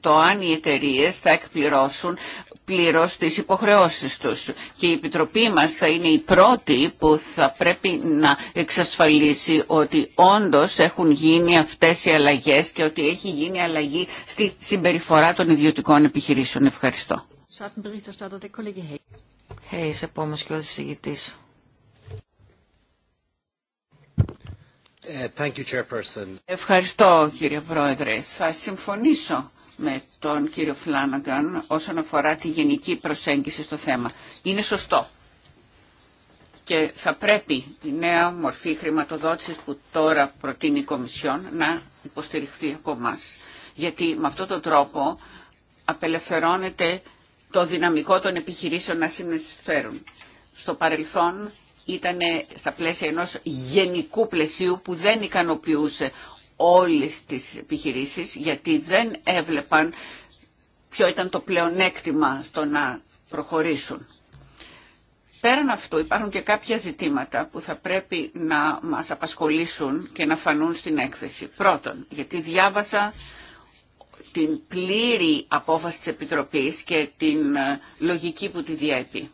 Speaker 1: το αν οι εταιρείε θα εκπληρώσουν Πλήρω τις υποχρεώσεις τους. Και η Επιτροπή μας θα είναι η πρώτη που θα πρέπει να εξασφαλίσει ότι όντως έχουν γίνει αυτές οι αλλαγές και ότι έχει γίνει αλλαγή στη συμπεριφορά των ιδιωτικών επιχειρήσεων. Ευχαριστώ. Ε, Ευχαριστώ κύριε Πρόεδρε. Θα συμφωνήσω με τον κύριο Φλάναγκαν όσον αφορά τη γενική προσέγγιση στο θέμα. Είναι σωστό. Και θα πρέπει η νέα μορφή χρηματοδότησης που τώρα προτείνει η Κομισιόν να υποστηριχθεί από εμά. Γιατί με αυτόν τον τρόπο απελευθερώνεται το δυναμικό των επιχειρήσεων να συνεισφέρουν. Στο παρελθόν ήταν στα πλαίσια ενός γενικού πλαισίου που δεν ικανοποιούσε όλες τις επιχειρήσεις γιατί δεν έβλεπαν ποιο ήταν το πλεονέκτημα στο να προχωρήσουν. Πέραν αυτού υπάρχουν και κάποια ζητήματα που θα πρέπει να μας απασχολήσουν και να φανούν στην έκθεση. Πρώτον, γιατί διάβασα την πλήρη απόφαση της Επιτροπής και την ε, λογική που τη διέπει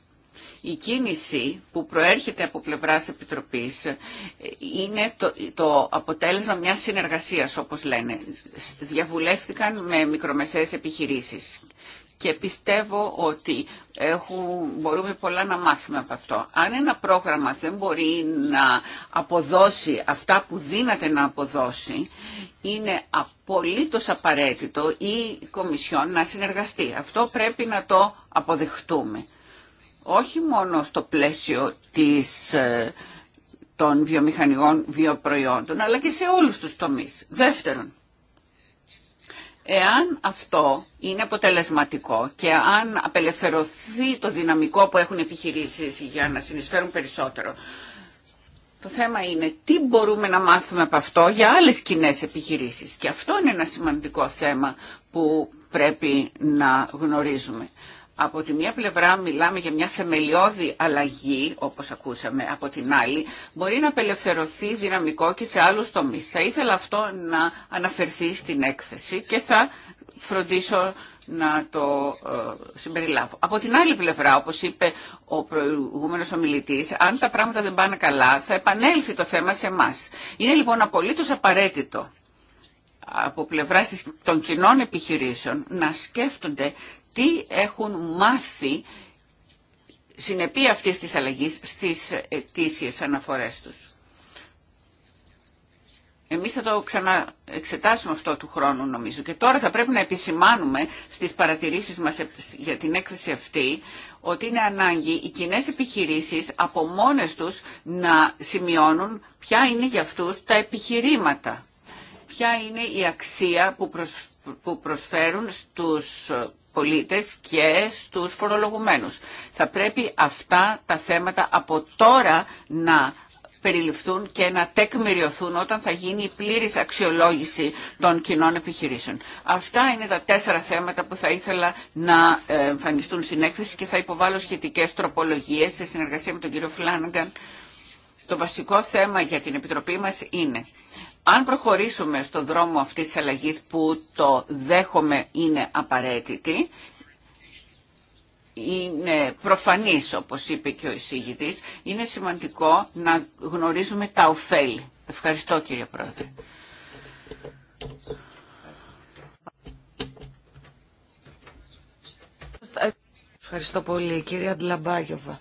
Speaker 1: η κίνηση που προέρχεται από πλευράς Επιτροπής είναι το, το αποτέλεσμα μιας συνεργασίας, όπως λένε. Διαβουλεύτηκαν με μικρομεσαίες επιχειρήσεις και πιστεύω ότι έχουν, μπορούμε πολλά να μάθουμε από αυτό. Αν ένα πρόγραμμα δεν μπορεί να αποδώσει αυτά που δύναται να αποδώσει, είναι απολύτως απαραίτητο η Κομισιόν να συνεργαστεί. Αυτό πρέπει να το αποδεχτούμε όχι μόνο στο πλαίσιο της, ε, των βιομηχανικών βιοπροϊόντων, αλλά και σε όλους τους τομείς. Δεύτερον, εάν αυτό είναι αποτελεσματικό και αν απελευθερωθεί το δυναμικό που έχουν επιχειρήσεις για να συνεισφέρουν περισσότερο, το θέμα είναι τι μπορούμε να μάθουμε από αυτό για άλλες κοινέ επιχειρήσεις. Και αυτό είναι ένα σημαντικό θέμα που πρέπει να γνωρίζουμε. Από τη μία πλευρά μιλάμε για μια θεμελιώδη αλλαγή, όπως ακούσαμε, από την άλλη μπορεί να απελευθερωθεί δυναμικό και σε άλλους τομείς. Θα ήθελα αυτό να αναφερθεί στην έκθεση και θα φροντίσω να το ε, συμπεριλάβω. Από την άλλη πλευρά, όπως είπε ο προηγούμενος ομιλητής, αν τα πράγματα δεν πάνε καλά, θα επανέλθει το θέμα σε εμά. Είναι λοιπόν απολύτως απαραίτητο από πλευρά των κοινών επιχειρήσεων να σκέφτονται τι έχουν μάθει συνεπή αυτής της αλλαγής στις ετήσιες αναφορές τους. Εμείς θα το ξαναεξετάσουμε αυτό του χρόνου νομίζω και τώρα θα πρέπει να επισημάνουμε στις παρατηρήσεις μας για την έκθεση αυτή ότι είναι ανάγκη οι κοινέ επιχειρήσεις από μόνες τους να σημειώνουν ποια είναι για αυτούς τα επιχειρήματα ποια είναι η αξία που προσφέρουν στους πολίτες και στους φορολογουμένους. Θα πρέπει αυτά τα θέματα από τώρα να περιληφθούν και να τεκμηριωθούν όταν θα γίνει η πλήρης αξιολόγηση των κοινών επιχειρήσεων. Αυτά είναι τα τέσσερα θέματα που θα ήθελα να εμφανιστούν στην έκθεση και θα υποβάλω σχετικές τροπολογίες σε συνεργασία με τον κύριο Φλάνγκαν. Το βασικό θέμα για την Επιτροπή μας είναι αν προχωρήσουμε στο δρόμο αυτής της αλλαγής που το δέχομαι είναι απαραίτητη, είναι προφανής όπως είπε και ο εισηγητής, είναι σημαντικό να γνωρίζουμε τα ωφέλη. Ευχαριστώ κύριε Πρόεδρε. Ευχαριστώ
Speaker 2: πολύ κύριε Αντλαμπάγιοβα.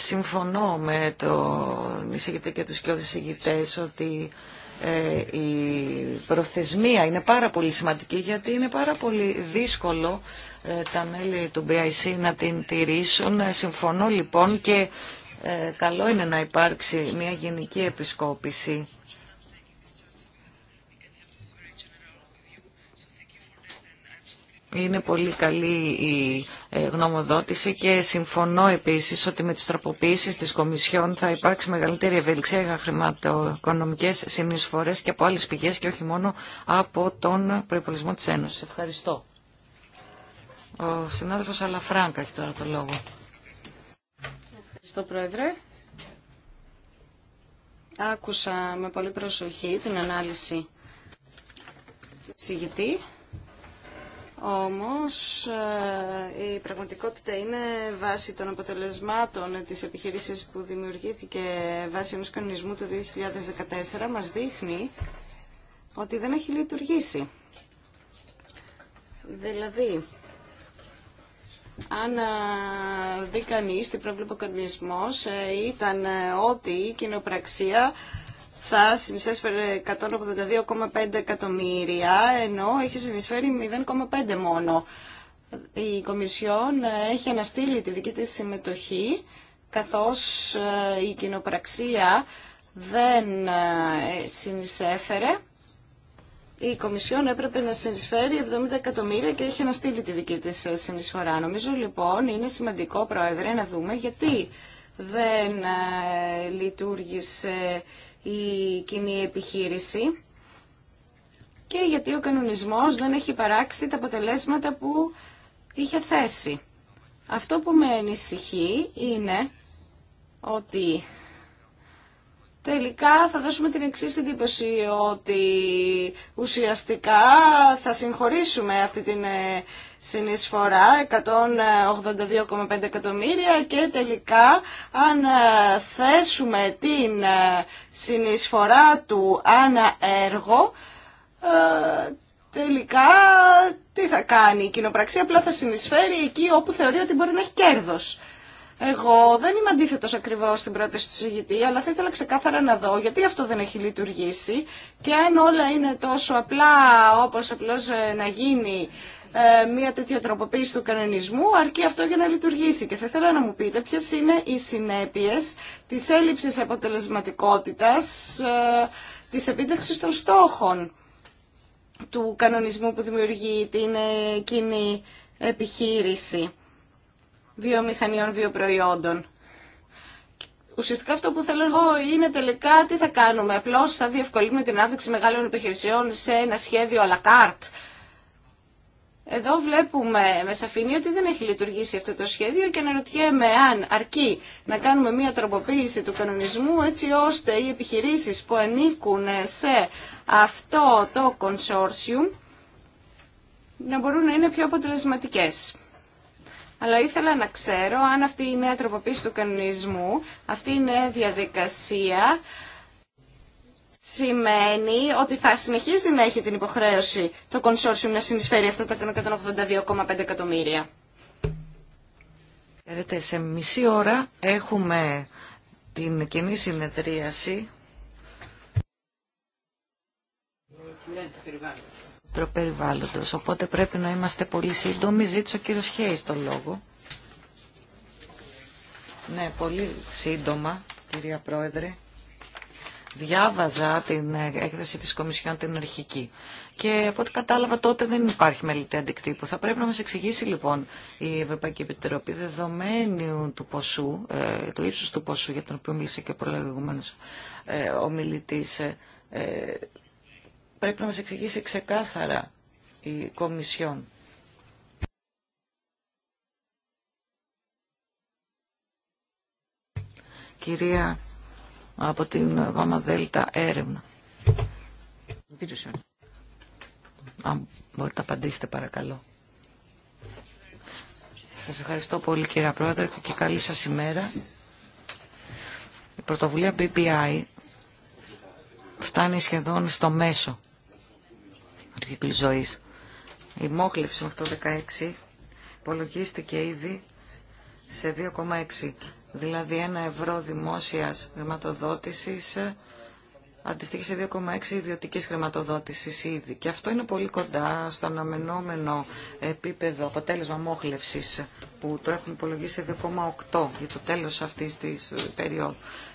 Speaker 2: Συμφωνώ με το εισηγητή και τους και εισηγητές ότι ε, η προθεσμία είναι πάρα πολύ σημαντική γιατί είναι πάρα πολύ δύσκολο ε, τα μέλη του BIC να την τηρήσουν. Ε, συμφωνώ λοιπόν και καλό είναι να υπάρξει μια γενική επισκόπηση Είναι πολύ καλή η ε, γνωμοδότηση και συμφωνώ επίσης ότι με τις τροποποίησεις της Κομισιόν θα υπάρξει μεγαλύτερη ευελιξία για χρηματοοικονομικές συνεισφορές και από άλλες πηγές και όχι μόνο από τον προϋπολισμό της Ένωσης. Ευχαριστώ. Ο συνάδελφος Αλαφράγκα έχει τώρα το λόγο. Ευχαριστώ Πρόεδρε.
Speaker 3: Άκουσα με πολύ προσοχή την ανάλυση συγητή όμως ε, η πραγματικότητα είναι βάση των αποτελεσμάτων της επιχειρήσης που δημιουργήθηκε βάσει ενός κανονισμού του 2014 μας δείχνει ότι δεν έχει λειτουργήσει. Δηλαδή, αν ε, δει κανείς την πρόβλημα ο ήταν ε, ότι η κοινοπραξία θα συνεισέσφερε 182,5 εκατομμύρια, ενώ έχει συνεισφέρει 0,5 μόνο. Η Κομισιόν έχει αναστείλει τη δική της συμμετοχή, καθώς ε, η κοινοπραξία δεν ε, συνεισέφερε. Η Κομισιόν έπρεπε να συνεισφέρει 70 εκατομμύρια και έχει αναστείλει τη δική της ε, συνεισφορά. Νομίζω λοιπόν είναι σημαντικό, Πρόεδρε, να δούμε γιατί δεν λειτουργήσε η κοινή επιχείρηση και γιατί ο κανονισμός δεν έχει παράξει τα αποτελέσματα που είχε θέσει. Αυτό που με ανησυχεί είναι ότι τελικά θα δώσουμε την εξής εντύπωση ότι ουσιαστικά θα συγχωρήσουμε αυτή την ε, συνεισφορά 182,5 εκατομμύρια και τελικά αν ε, θέσουμε την ε, συνεισφορά του αναέργο ε, τελικά τι θα κάνει η κοινοπραξία απλά θα συνεισφέρει εκεί όπου θεωρεί ότι μπορεί να έχει κέρδος. Εγώ δεν είμαι αντίθετο ακριβώς στην πρόταση του συγητή, αλλά θα ήθελα ξεκάθαρα να δω γιατί αυτό δεν έχει λειτουργήσει και αν όλα είναι τόσο απλά όπως απλώς να γίνει ε, μια τέτοια τροποποίηση του κανονισμού, αρκεί αυτό για να λειτουργήσει. Και θα ήθελα να μου πείτε ποιε είναι οι συνέπειες της έλλειψης αποτελεσματικότητας ε, τη επίτευξη των στόχων του κανονισμού που δημιουργεί την ε, κοινή επιχείρηση βιομηχανιών βιοπροϊόντων. Ουσιαστικά αυτό που θέλω εγώ είναι τελικά τι θα κάνουμε. Απλώ θα διευκολύνουμε την άδειξη μεγάλων επιχειρησιών σε ένα σχέδιο à la carte εδώ βλέπουμε με σαφήνεια ότι δεν έχει λειτουργήσει αυτό το σχέδιο και αναρωτιέμαι αν αρκεί να κάνουμε μια τροποποίηση του κανονισμού έτσι ώστε οι επιχειρήσεις που ανήκουν σε αυτό το consortium να μπορούν να είναι πιο αποτελεσματικές. Αλλά ήθελα να ξέρω αν αυτή η νέα τροποποίηση του κανονισμού, αυτή η νέα διαδικασία σημαίνει ότι θα συνεχίζει να έχει την υποχρέωση το κονσόρσιουμ να συνεισφέρει αυτά τα 182,5 εκατομμύρια.
Speaker 2: Ξέρετε, σε μισή ώρα έχουμε την κοινή συνεδρίαση προπεριβάλλοντος, οπότε πρέπει να είμαστε πολύ σύντομοι. Ζήτησε ο κύριος Χέης τον λόγο. Ναι, πολύ σύντομα, κυρία Πρόεδρε. Διάβαζα την ε, έκθεση της Κομισιόν την αρχική και από ό,τι κατάλαβα τότε δεν υπάρχει μελητή αντικτύπου. Θα πρέπει να μας εξηγήσει λοιπόν η Ευρωπαϊκή Επιτροπή δεδομένου του ποσού, ε, του ύψους του ποσού για τον οποίο μίλησε και ο προλογηγούμενος ε, ε, ε, πρέπει να μας εξηγήσει ξεκάθαρα η Κομισιόν. Κυρία από την ΓΑΜΑ ΔΕΛΤΑ έρευνα. Αν μπορείτε να απαντήσετε παρακαλώ. Σας ευχαριστώ πολύ κύριε Πρόεδρε και καλή σας ημέρα. Η πρωτοβουλία BPI φτάνει σχεδόν στο μέσο του κύκλου Η μόχλευση αυτό το 16 υπολογίστηκε ήδη σε 2,6 δηλαδή ένα ευρώ δημόσιας χρηματοδότησης αντιστοιχεί σε 2,6 ιδιωτικής χρηματοδότησης ήδη. Και αυτό είναι πολύ κοντά στο αναμενόμενο επίπεδο αποτέλεσμα μόχλευσης που το έχουν υπολογίσει 2,8 για το τέλος αυτής της ε, περίοδου.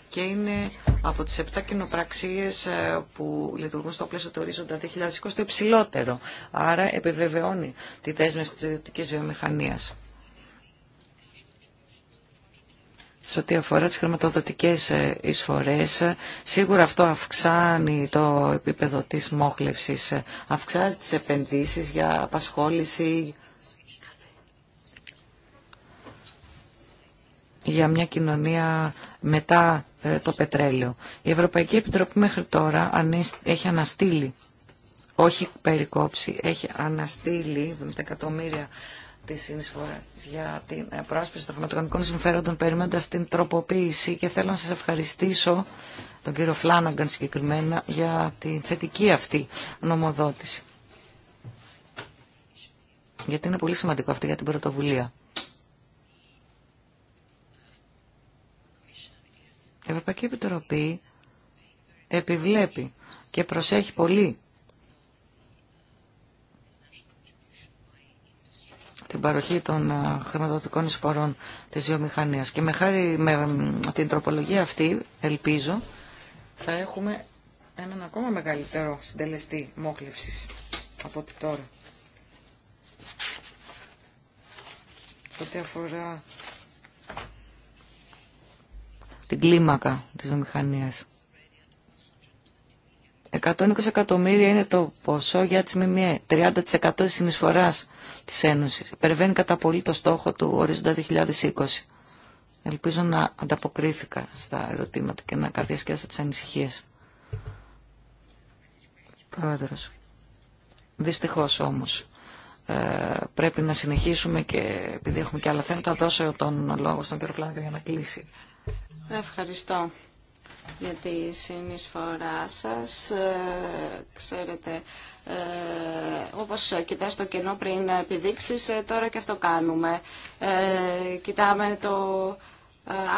Speaker 2: Και είναι από τις 7 κοινοπραξίες ε, που λειτουργούν στο πλαίσιο του ορίζοντα 2020 το υψηλότερο. Άρα επιβεβαιώνει τη δέσμευση της ιδιωτικής βιομηχανίας. σε ό,τι αφορά τις χρηματοδοτικές ε, εισφορές. Ε, σίγουρα αυτό αυξάνει το επίπεδο της μόχλευσης, ε, αυξάνει τις επενδύσεις για απασχόληση, για μια κοινωνία μετά το πετρέλαιο. Η Ευρωπαϊκή Επιτροπή μέχρι τώρα έχει αναστείλει, όχι περικόψει, έχει αναστείλει με εκατομμύρια τη συνεισφορά για την ε, προάσπιση των χρηματοοικονομικών συμφέροντων περιμένοντα την τροποποίηση και θέλω να σα ευχαριστήσω τον κύριο Φλάναγκαν συγκεκριμένα για την θετική αυτή νομοδότηση. Γιατί είναι πολύ σημαντικό αυτό για την πρωτοβουλία. Η Ευρωπαϊκή Επιτροπή επιβλέπει και προσέχει πολύ την παροχή των ε, χρηματοδοτικών εισφορών της βιομηχανίας. Και με, χάρη, με την τροπολογία αυτή, ελπίζω, θα έχουμε έναν ακόμα μεγαλύτερο συντελεστή μόχλευσης από ό,τι τώρα. Σε ό,τι αφορά την κλίμακα της βιομηχανίας. 120 εκατομμύρια είναι το ποσό για τις ΜΜΕ. 30% της συνεισφοράς της Ένωσης. Υπερβαίνει κατά πολύ το στόχο του ορίζοντα 2020. Ελπίζω να ανταποκρίθηκα στα ερωτήματα και να καρδιασκέσα τις ανησυχίες. Πρόεδρος. Δυστυχώς όμως ε, πρέπει να συνεχίσουμε και επειδή έχουμε και άλλα θέματα, δώσω τον λόγο στον κύριο Φλάνδη για να κλείσει.
Speaker 3: Ευχαριστώ για τη συνεισφορά σας. Ε, ξέρετε, ε, όπως κοιτάς το κενό πριν επιδείξεις, ε, τώρα και αυτό κάνουμε. Ε, κοιτάμε το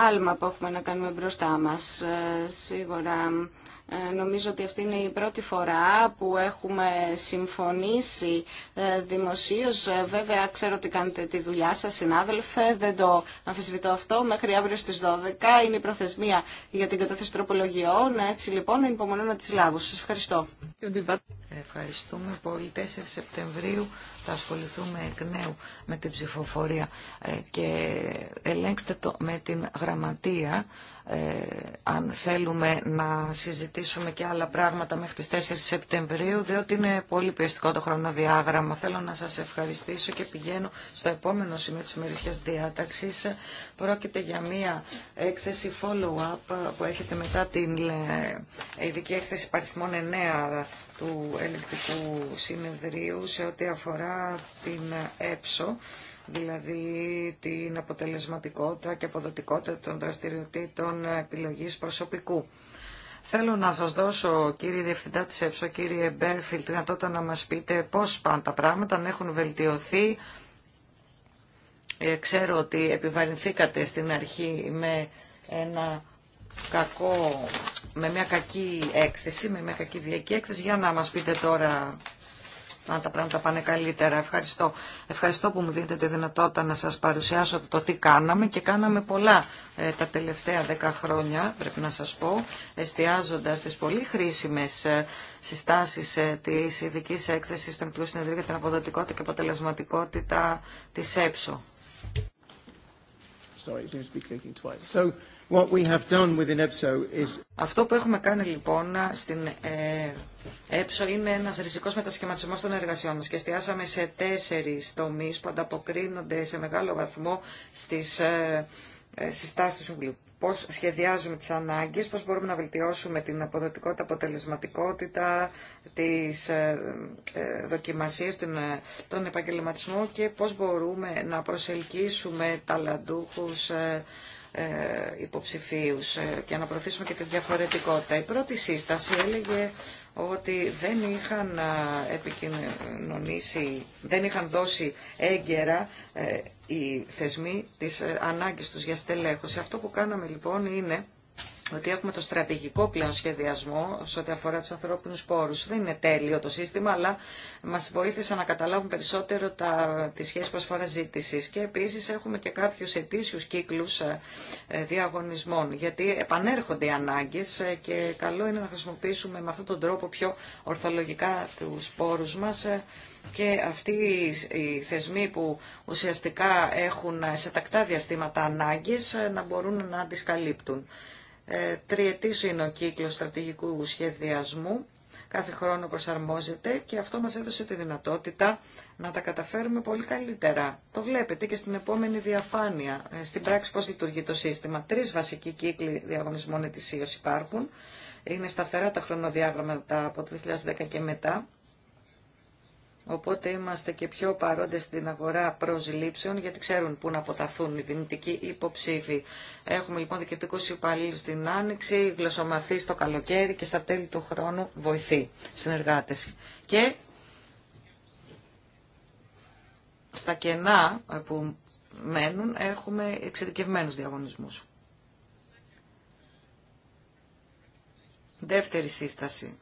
Speaker 3: άλμα που έχουμε να κάνουμε μπροστά μας. σίγουρα ε, νομίζω ότι αυτή είναι η πρώτη φορά που έχουμε συμφωνήσει ε, δημοσίως. Ε, βέβαια, ξέρω ότι κάνετε τη δουλειά σας, συνάδελφε. Δεν το αμφισβητώ αυτό. Μέχρι αύριο στις 12 είναι η προθεσμία
Speaker 2: για την κατάθεση τροπολογιών. Έτσι λοιπόν, υπομονώ να τις λάβω. Σας ευχαριστώ. Ευχαριστούμε πολύ. 4 Σεπτεμβρίου θα ασχοληθούμε εκ νέου με την ψηφοφορία και ελέγξτε το με την γραμματεία ε, αν θέλουμε να συζητήσουμε και άλλα πράγματα μέχρι τις 4 Σεπτεμβρίου, διότι είναι πολύ πιεστικό το χρονοδιάγραμμα. Θέλω να σας ευχαριστήσω και πηγαίνω στο επόμενο σημείο της ημερησίας διάταξης. Πρόκειται για μία έκθεση follow-up που έχετε μετά την ειδική έκθεση παριθμών 9 του ελεκτικού συνεδρίου σε ό,τι αφορά την έψο δηλαδή την αποτελεσματικότητα και αποδοτικότητα των δραστηριοτήτων επιλογής προσωπικού. Θέλω να σας δώσω, κύριε Διευθυντά της ΕΨΟ, κύριε Μπέρφιλ, τη δυνατότητα να μας πείτε πώς πάνε τα πράγματα, αν έχουν βελτιωθεί. Ε, ξέρω ότι επιβαρυνθήκατε στην αρχή με ένα κακό, με μια κακή έκθεση, με μια κακή διακή έκθεση. Για να μας πείτε τώρα αν τα πράγματα πάνε καλύτερα. Ευχαριστώ. Ευχαριστώ που μου δίνετε τη δυνατότητα να σας παρουσιάσω το τι κάναμε και κάναμε πολλά ε, τα τελευταία δέκα χρόνια, πρέπει να σας πω, εστιάζοντας τις πολύ χρήσιμες ε, συστάσεις ε, της ειδική έκθεση του Εκτικού Συνεδρίου για την αποδοτικότητα και αποτελεσματικότητα της ΕΠΣΟ. Sorry, What we have done is... Αυτό που έχουμε κάνει λοιπόν στην ε, ΕΠΣΟ είναι ένας ριζικός μετασχηματισμός των εργασιών μας και εστιάσαμε σε τέσσερις τομείς που ανταποκρίνονται σε μεγάλο βαθμό στις ε, ε, συστάσεις του Συμβουλίου. Πώς σχεδιάζουμε τις ανάγκες, πώς μπορούμε να βελτιώσουμε την αποδοτικότητα, αποτελεσματικότητα, τις ε, δοκιμασίες, των τον επαγγελματισμό και πώς μπορούμε να προσελκύσουμε ταλαντούχους ε, υποψηφίους ε, και να προωθήσουμε και τη διαφορετικότητα. Η πρώτη σύσταση έλεγε ότι δεν είχαν ε, επικοινωνήσει, δεν είχαν δώσει έγκαιρα οι θεσμοί τις ανάγκες τους για στελέχωση. Αυτό που κάναμε λοιπόν είναι ότι έχουμε το στρατηγικό πλέον σχεδιασμό σε ό,τι αφορά τους ανθρώπινους πόρους. Δεν είναι τέλειο το σύστημα, αλλά μας βοήθησε να καταλάβουμε περισσότερο τα, τη σχέση προσφοράς ζήτησης. Και επίσης έχουμε και κάποιους ετήσιους κύκλους ε, ε, διαγωνισμών, γιατί επανέρχονται οι ανάγκες ε, και καλό είναι να χρησιμοποιήσουμε με αυτόν τον τρόπο πιο ορθολογικά τους πόρους μας και αυτοί οι θεσμοί που ουσιαστικά έχουν σε τακτά διαστήματα ανάγκες να μπορούν να τις καλύπτουν. Ε, τριετής είναι ο κύκλος στρατηγικού σχεδιασμού, κάθε χρόνο προσαρμόζεται και αυτό μας έδωσε τη δυνατότητα να τα καταφέρουμε πολύ καλύτερα. Το βλέπετε και στην επόμενη διαφάνεια, ε, στην πράξη πώς λειτουργεί το σύστημα. Τρεις βασικοί κύκλοι διαγωνισμών ετησίως υπάρχουν. Είναι σταθερά τα χρονοδιάγραμματα από το 2010 και μετά. Οπότε είμαστε και πιο παρόντες στην αγορά προσλήψεων, γιατί ξέρουν πού να αποταθούν οι δυνητικοί υποψήφοι. Έχουμε λοιπόν διοικητικού υπαλλήλου στην Άνοιξη, γλωσσομαθεί το καλοκαίρι και στα τέλη του χρόνου βοηθεί συνεργάτες. Και στα κενά που μένουν έχουμε εξειδικευμένους διαγωνισμούς. Δεύτερη σύσταση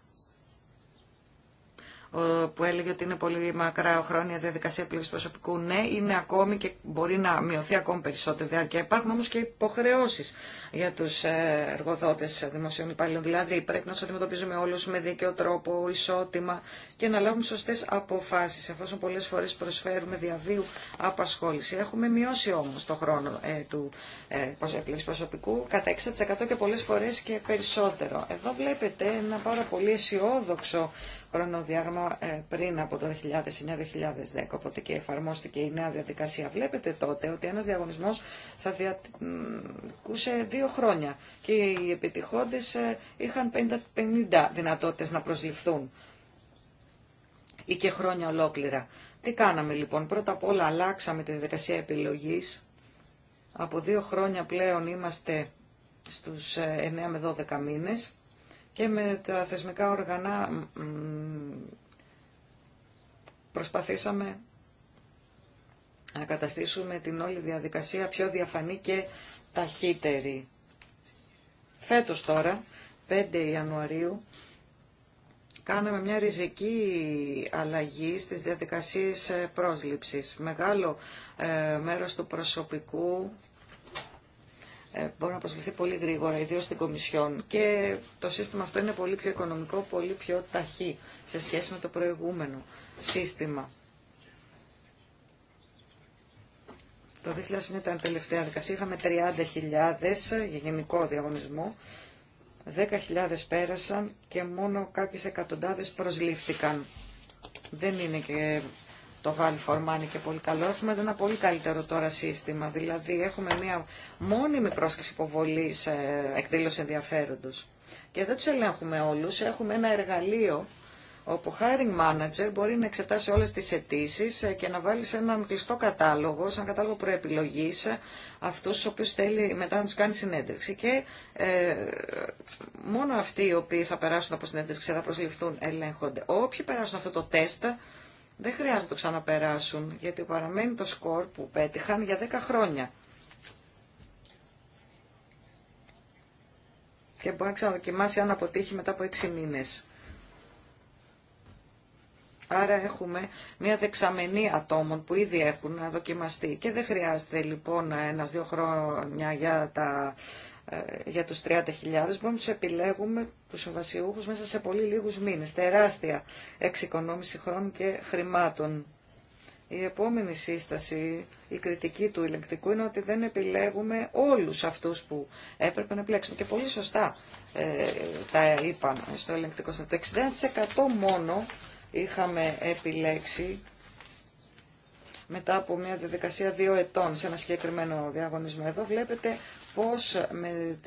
Speaker 2: που έλεγε ότι είναι πολύ μακρά χρόνια διαδικασία επιλογή προσωπικού. Ναι, είναι ακόμη και μπορεί να μειωθεί ακόμη περισσότερο διάρκεια. Υπάρχουν όμω και υποχρεώσει για του ε, εργοδότε δημοσίων υπαλλήλων. Δηλαδή, πρέπει να του αντιμετωπίζουμε όλου με δίκαιο τρόπο, ισότιμα και να λάβουμε σωστέ αποφάσει, εφόσον πολλέ φορέ προσφέρουμε διαβίου απασχόληση. Έχουμε μειώσει όμω το χρόνο ε, του ε, προσωπικού κατά 6% και πολλέ φορέ και περισσότερο. Εδώ βλέπετε ένα πάρα πολύ αισιόδοξο χρονοδιάγραμμα ε, πριν από το 2009-2010, οπότε και εφαρμόστηκε η νέα διαδικασία. Βλέπετε τότε ότι ένας διαγωνισμός θα διακουσε δύο χρόνια και οι επιτυχόντες ε, είχαν 50 δυνατότητες να προσληφθούν ή και χρόνια ολόκληρα. Τι κάναμε λοιπόν, πρώτα απ' όλα αλλάξαμε τη διαδικασία επιλογής. Από δύο χρόνια πλέον είμαστε στους 9 ε, με 12 μήνες και με τα θεσμικά όργανα προσπαθήσαμε να καταστήσουμε την όλη διαδικασία πιο διαφανή και ταχύτερη. Φέτος τώρα, 5 Ιανουαρίου, κάναμε μια ριζική αλλαγή στις διαδικασίες ε, πρόσληψης. Μεγάλο ε, μέρος του προσωπικού ε, μπορεί να προσβληθεί πολύ γρήγορα, ιδίω στην Κομισιόν. Και το σύστημα αυτό είναι πολύ πιο οικονομικό, πολύ πιο ταχύ σε σχέση με το προηγούμενο σύστημα. Το 2000 ήταν τελευταία δικασία, είχαμε 30.000 για γενικό διαγωνισμό, 10.000 πέρασαν και μόνο κάποιες εκατοντάδες προσλήφθηκαν. Δεν είναι και το βάλει φορμάνι και πολύ καλό. Έχουμε ένα πολύ καλύτερο τώρα σύστημα. Δηλαδή έχουμε μια μόνιμη πρόσκληση υποβολή ε, εκδήλωση ενδιαφέροντο. Και δεν του ελέγχουμε όλου. Έχουμε ένα εργαλείο όπου hiring manager μπορεί να εξετάσει όλες τις αιτήσει ε, και να βάλει σε έναν κλειστό κατάλογο, σαν κατάλογο προεπιλογής, ε, αυτούς του οποίου θέλει μετά να τους κάνει συνέντευξη. Και μόνο αυτοί οι οποίοι θα περάσουν από συνέντευξη θα προσληφθούν ελέγχονται. Όποιοι περάσουν αυτό το τεστ δεν χρειάζεται να το ξαναπεράσουν, γιατί παραμένει το σκορ που πέτυχαν για 10 χρόνια. Και μπορεί να ξαναδοκιμάσει αν αποτύχει μετά από 6 μήνες. Άρα έχουμε μια δεξαμενή ατόμων που ήδη έχουν δοκιμαστεί και δεν χρειάζεται λοιπόν ένας-δύο χρόνια για τα ε, για τους 30.000, μπορούμε να τους επιλέγουμε τους συμβασιούχους μέσα σε πολύ λίγους μήνες. Τεράστια εξοικονόμηση χρόνου και χρημάτων. Η επόμενη σύσταση, η κριτική του ηλεκτρικού είναι ότι δεν επιλέγουμε όλους αυτούς που έπρεπε να επιλέξουμε. Και πολύ σωστά ε, τα είπαν στο ηλεκτρικό στρατό Το 60% μόνο είχαμε επιλέξει μετά από μια διαδικασία δύο ετών σε ένα συγκεκριμένο διαγωνισμό. Εδώ βλέπετε πώς με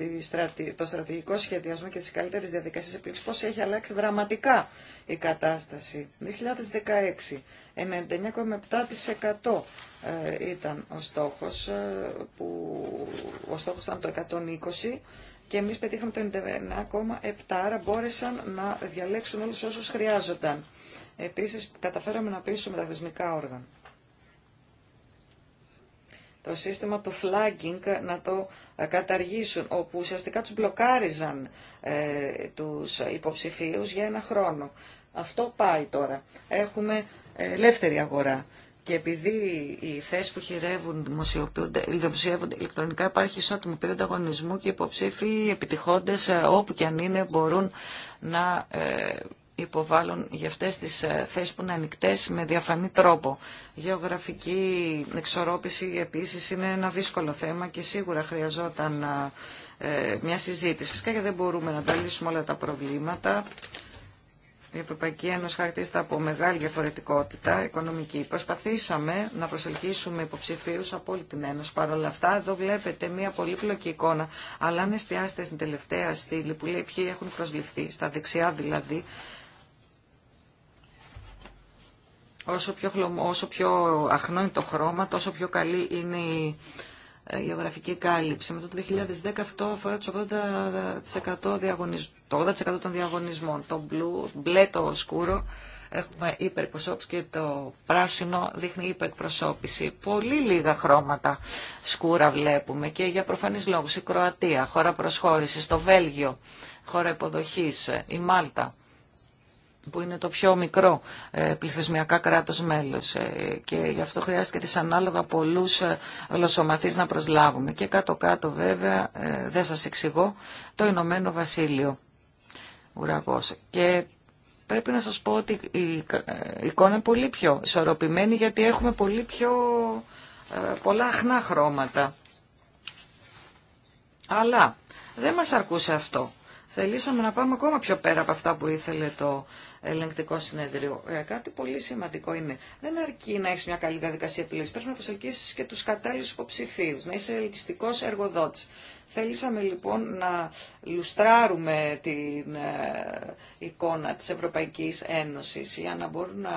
Speaker 2: το στρατηγικό σχεδιασμό και τις καλύτερες διαδικασίες επιλήξης πώς έχει αλλάξει δραματικά η κατάσταση. 2016, 99,7% ε, ήταν ο στόχος, ε, που ο στόχος ήταν το 120% και εμείς πετύχαμε το 99,7% άρα μπόρεσαν να διαλέξουν όλους όσους χρειάζονταν. Επίσης καταφέραμε να πείσουμε τα θεσμικά όργανα το σύστημα του flagging να το ε, καταργήσουν, όπου ουσιαστικά τους μπλοκάριζαν ε, τους υποψηφίους για ένα χρόνο. Αυτό πάει τώρα. Έχουμε ε, ελεύθερη αγορά. Και επειδή οι θέσει που χειρεύουν δημοσιεύονται, ηλεκτρονικά, υπάρχει ισότιμο πίεδο ανταγωνισμού και οι υποψήφοι επιτυχώντε ε, όπου και αν είναι μπορούν να υποβάλλουν για αυτές τις ε, θέσεις που είναι ανοιχτέ με διαφανή τρόπο. Γεωγραφική εξορρόπηση επίσης είναι ένα δύσκολο θέμα και σίγουρα χρειαζόταν ε, ε, μια συζήτηση. Φυσικά και δεν μπορούμε να τα λύσουμε όλα τα προβλήματα. Η Ευρωπαϊκή Ένωση χαρακτηρίζεται από μεγάλη διαφορετικότητα οικονομική. Προσπαθήσαμε να προσελκύσουμε υποψηφίου από όλη την Ένωση. Παρ' όλα αυτά, εδώ βλέπετε μια πολύπλοκη εικόνα. Αλλά αν εστιάσετε στην τελευταία στήλη που λέει ποιοι έχουν προσληφθεί, στα δεξιά δηλαδή, Όσο πιο, χλωμό, όσο πιο αχνό είναι το χρώμα, τόσο πιο καλή είναι η ε, γεωγραφική κάλυψη. Μετά το 2010 αυτό αφορά 80% το 80% των διαγωνισμών. Το blue, μπλε το σκούρο έχουμε υπερπροσώπηση και το πράσινο δείχνει υπερπροσώπηση. Πολύ λίγα χρώματα σκούρα βλέπουμε και για προφανείς λόγους. Η Κροατία, χώρα προσχώρησης, το Βέλγιο, χώρα υποδοχής, ε, η Μάλτα που είναι το πιο μικρό ε, πληθυσμιακά κράτος μέλος ε, και γι' αυτό χρειάζεται τις ανάλογα πολλούς ε, γλωσσομαθείς να προσλάβουμε. Και κάτω-κάτω βέβαια, δεν σας εξηγώ, το Ηνωμένο Βασίλειο ουραγός. Και πρέπει να σας πω ότι η εικόνα είναι πολύ πιο ισορροπημένη γιατί έχουμε πολύ πιο πολλά αχνά χρώματα. Αλλά δεν μας αρκούσε αυτό. Θελήσαμε να πάμε ακόμα πιο πέρα από αυτά που ήθελε το ελεγκτικό συνέδριο. Ε, κάτι πολύ σημαντικό είναι. Δεν αρκεί να έχει μια καλή διαδικασία επιλογή. Πρέπει να προσελκύσει και του κατάλληλου υποψηφίου, να είσαι ελκυστικό εργοδότη. Θέλησαμε λοιπόν να λουστράρουμε την ε, εικόνα της Ευρωπαϊκής Ένωσης για να μπορεί να,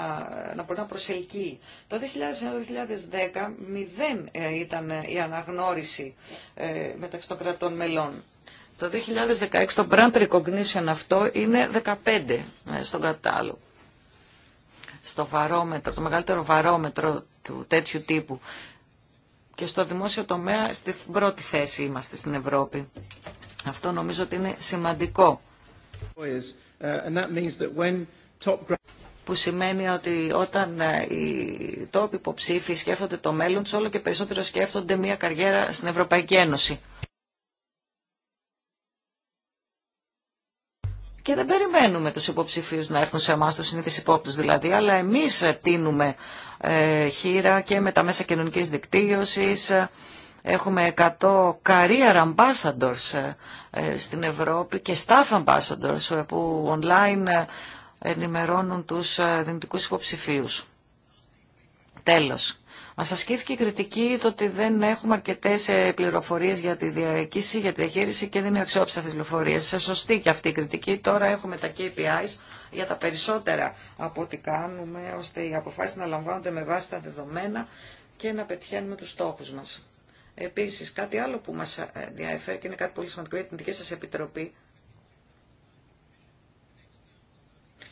Speaker 2: να, μπορεί να προσελκύει. Το 2009-2010 μηδέν ε, ήταν η αναγνώριση μεταξύ των κρατών μελών. Το 2016 το brand recognition αυτό είναι 15 ε, στον κατάλογο. Στο βαρόμετρο, το μεγαλύτερο βαρόμετρο του τέτοιου τύπου. Και στο δημόσιο τομέα στην πρώτη θέση είμαστε στην Ευρώπη. Αυτό νομίζω ότι είναι σημαντικό. Που σημαίνει ότι όταν ε, οι τόποι υποψήφοι σκέφτονται το μέλλον τους, όλο και περισσότερο σκέφτονται μια καριέρα στην Ευρωπαϊκή Ένωση. και δεν περιμένουμε τους υποψηφίους να έρθουν σε εμάς, τους συνήθεις υπόπτους δηλαδή, αλλά εμείς τίνουμε ε, χείρα και με τα μέσα κοινωνικής δικτύωσης. Έχουμε 100 career ambassadors ε, ε, στην Ευρώπη και staff ambassadors που online ενημερώνουν τους δυνητικούς υποψηφίους. Τέλος, μας ασκήθηκε η κριτική το ότι δεν έχουμε αρκετές ε, πληροφορίες για τη διαχείριση, για τη διαχείριση και δεν είναι αξιόπιστα αυτές τις πληροφορίες. Σε σωστή και αυτή η κριτική. Τώρα έχουμε τα KPIs για τα περισσότερα από ό,τι κάνουμε, ώστε οι αποφάσεις να λαμβάνονται με βάση τα δεδομένα και να πετυχαίνουμε τους στόχους μας. Επίσης, κάτι άλλο που μας ε, ενδιαφέρει και είναι κάτι πολύ σημαντικό για την δική σας επιτροπή,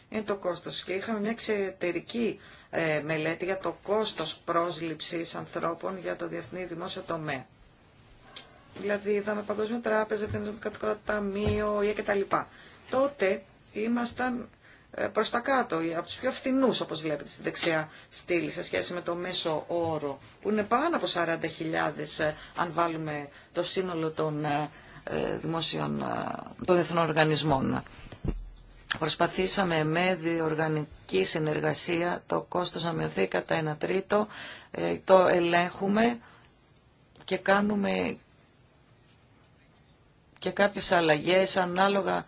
Speaker 2: είναι το κόστος. Και είχαμε μια εξαιρετική ε, μελέτη για το κόστος πρόσληψης ανθρώπων για το διεθνή δημόσιο τομέα. Δηλαδή είδαμε Παγκόσμια Τράπεζα, Εθνικό Ταμείο ή κτλ. Τότε ήμασταν ε, προς τα κάτω, από του πιο φθηνού, όπω βλέπετε στην δεξιά στήλη, σε σχέση με το μέσο όρο, που είναι πάνω από 40.000, ε, αν βάλουμε το σύνολο των δημόσιων, των εθνών οργανισμών. Προσπαθήσαμε με διοργανική συνεργασία το κόστος να μειωθεί κατά 1 τρίτο, ε, το ελέγχουμε και κάνουμε και κάποιες αλλαγές ανάλογα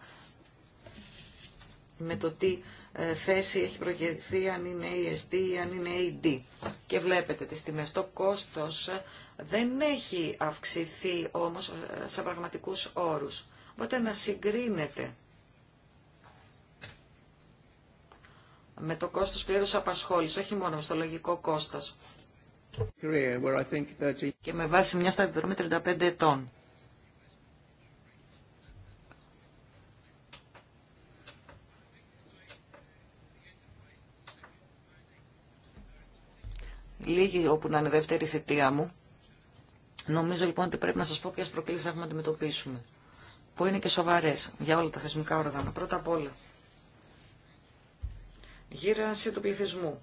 Speaker 2: με το τι ε, θέση έχει προγεθεί αν είναι ASD e ή αν είναι AD. E και βλέπετε τις τιμές. Το κόστος ε, δεν έχει αυξηθεί όμως σε πραγματικούς όρους. Οπότε να συγκρίνεται με το κόστος πλήρους απασχόλησης, όχι μόνο στο λογικό κόστος. Και με βάση μια σταδιοδρομή 35 ετών. Λίγοι όπου να είναι δεύτερη θητεία μου. Νομίζω λοιπόν ότι πρέπει να σας πω ποιες προκλήσεις έχουμε να αντιμετωπίσουμε. Που είναι και σοβαρές για όλα τα θεσμικά όργανα. Πρώτα απ' όλα γύρανση του πληθυσμού.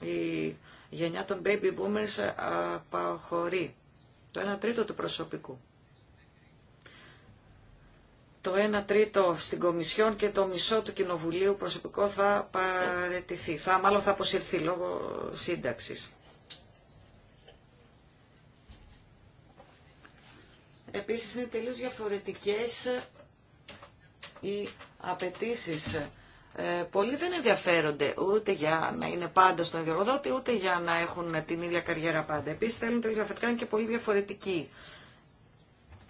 Speaker 2: Η γενιά των baby boomers απαχωρεί το 1 τρίτο του προσωπικού. Το 1 τρίτο στην Κομισιόν και το μισό του Κοινοβουλίου προσωπικό θα παρετηθεί. Θα, μάλλον θα αποσυρθεί λόγω σύνταξης. Επίσης είναι τελείως διαφορετικές οι απαιτήσει ε, πολλοί δεν ενδιαφέρονται ούτε για να είναι πάντα στον ιδιοργοδότη, ούτε για να έχουν την ίδια καριέρα πάντα. Επίση θέλουν τελικά διαφορετικά είναι και πολύ διαφορετική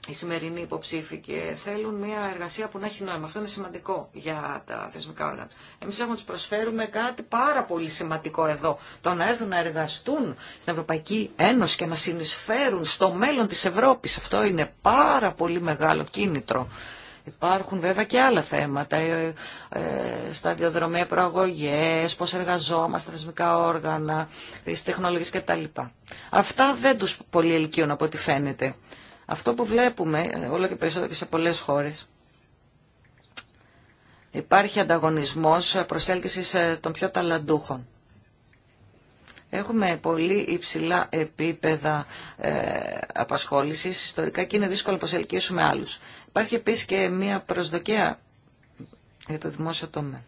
Speaker 2: οι σημερινοί υποψήφοι και θέλουν μια εργασία που να έχει νόημα. Αυτό είναι σημαντικό για τα θεσμικά όργανα. Εμεί έχουμε του προσφέρουμε κάτι πάρα πολύ σημαντικό εδώ. Το να έρθουν να εργαστούν στην Ευρωπαϊκή Ένωση και να συνεισφέρουν στο μέλλον τη Ευρώπη. Αυτό είναι πάρα πολύ μεγάλο κίνητρο Υπάρχουν βέβαια και άλλα θέματα, ε, ε, σταδιοδρομία, προαγωγές, πώς εργαζόμαστε, θεσμικά όργανα, τις τεχνολογίες κτλ. Αυτά δεν τους πολύ ελκύουν από ό,τι φαίνεται. Αυτό που βλέπουμε ε, όλο και περισσότερο και σε πολλές χώρες υπάρχει ανταγωνισμός προσέλκυσης ε, των πιο ταλαντούχων. Έχουμε πολύ υψηλά επίπεδα ε, απασχόλησης ιστορικά και είναι δύσκολο να προσελκύσουμε άλλους. Υπάρχει επίσης και μια προσδοκία για το δημόσιο τομέα.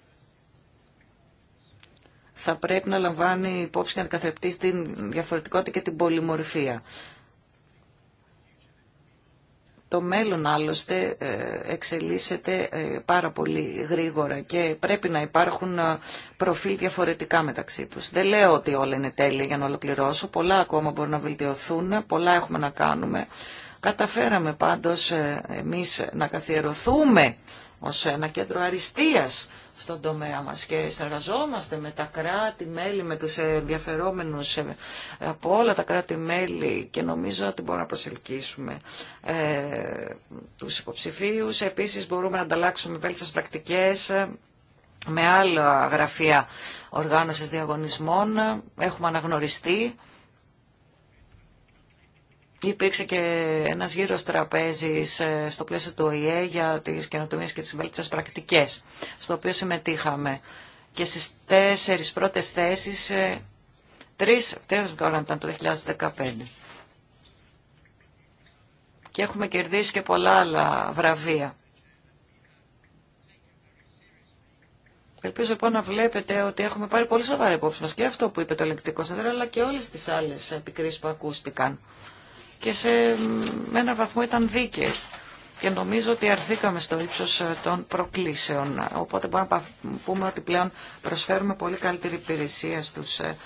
Speaker 2: Θα πρέπει να λαμβάνει υπόψη και να καθρεπτεί την διαφορετικότητα και την πολυμορφία. Το μέλλον άλλωστε ε, εξελίσσεται ε, πάρα πολύ γρήγορα και πρέπει να υπάρχουν ε, προφίλ διαφορετικά μεταξύ τους. Δεν λέω ότι όλα είναι τέλεια για να ολοκληρώσω. Πολλά ακόμα μπορούν να βελτιωθούν, πολλά έχουμε να κάνουμε. Καταφέραμε πάντως εμείς να καθιερωθούμε ως ένα κέντρο αριστείας στον τομέα μας και συνεργαζόμαστε με τα κράτη-μέλη, με τους ενδιαφερόμενους από όλα τα κράτη-μέλη και νομίζω ότι μπορούμε να προσελκύσουμε ε, τους υποψηφίους. Επίσης μπορούμε να ανταλλάξουμε βέλτιστες πρακτικές ε, με άλλα γραφεία οργάνωσης διαγωνισμών. Έχουμε αναγνωριστεί Υπήρξε και ένας γύρος τραπέζης ε, στο πλαίσιο του ΟΗΕ για τις καινοτομίες και τις βέλτιστες πρακτικές, στο οποίο συμμετείχαμε. Και στις τέσσερις πρώτες θέσεις, ε, τρεις, τέσσερις τώρα ήταν το 2015. Και έχουμε κερδίσει και πολλά άλλα βραβεία. Ελπίζω λοιπόν να βλέπετε ότι έχουμε πάρει πολύ σοβαρά υπόψη μας και αυτό που είπε το ελεγκτικό σύνδερο αλλά και όλες τις άλλες επικρίσεις που ακούστηκαν και σε ένα βαθμό ήταν δίκαιες. Και νομίζω ότι αρθήκαμε στο ύψος ε, των προκλήσεων. Οπότε μπορούμε να πούμε ότι πλέον προσφέρουμε πολύ καλύτερη υπηρεσία στους ε,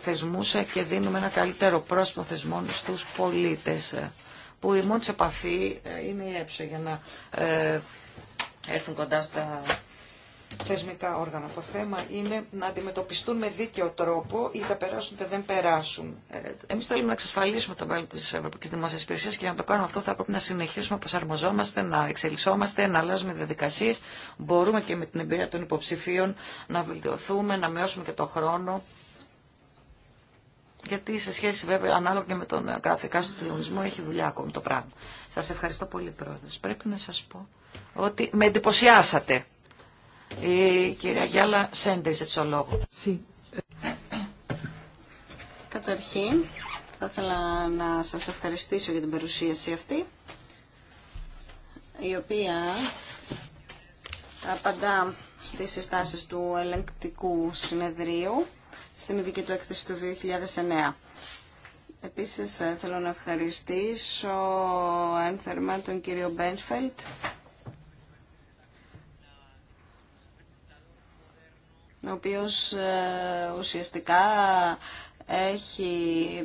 Speaker 2: θεσμούς ε, και δίνουμε ένα καλύτερο πρόσωπο θεσμών στους πολίτες που η μόνη επαφή είναι η έψω για να έρθουν κοντά στα θεσμικά όργανα. Το θέμα είναι να αντιμετωπιστούν με δίκαιο τρόπο ή θα περάσουν ή δεν περάσουν. Ε, Εμεί θέλουμε να εξασφαλίσουμε το μέλλον τη Ευρωπαϊκή Δημόσια Υπηρεσία και για να το κάνουμε αυτό θα πρέπει να συνεχίσουμε να προσαρμοζόμαστε, να εξελισσόμαστε, να αλλάζουμε διαδικασίε. Μπορούμε και με την εμπειρία των υποψηφίων να βελτιωθούμε, να μειώσουμε και το χρόνο. Γιατί σε σχέση βέβαια ανάλογα και με τον κάθε κάστο του διαγωνισμού έχει δουλειά ακόμη το πράγμα. Σα ευχαριστώ πολύ πρόεδρος. Πρέπει να σα πω ότι με εντυπωσιάσατε. Η κυρία Γιάλα Σέντε, έτσι το λόγο.
Speaker 3: Καταρχήν, θα ήθελα να σας ευχαριστήσω για την παρουσίαση αυτή, η οποία απαντά στις συστάσεις του ελεγκτικού συνεδρίου στην ειδική του έκθεση του 2009. Επίσης θέλω να ευχαριστήσω ένθερμα τον κύριο Μπένφελτ ο οποίος ε, ουσιαστικά έχει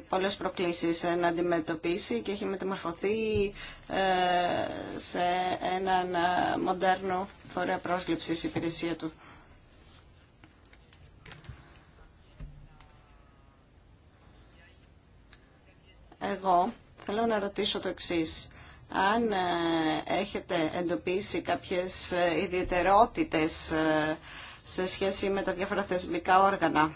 Speaker 3: πολλές προκλήσεις να αντιμετωπίσει και έχει μεταμορφωθεί ε, σε έναν ε, μοντέρνο φορέα πρόσληψης υπηρεσία του. Εγώ θέλω να ρωτήσω το εξής. Αν έχετε εντοπίσει κάποιες ιδιαιτερότητες σε σχέση με τα διάφορα θεσμικά όργανα.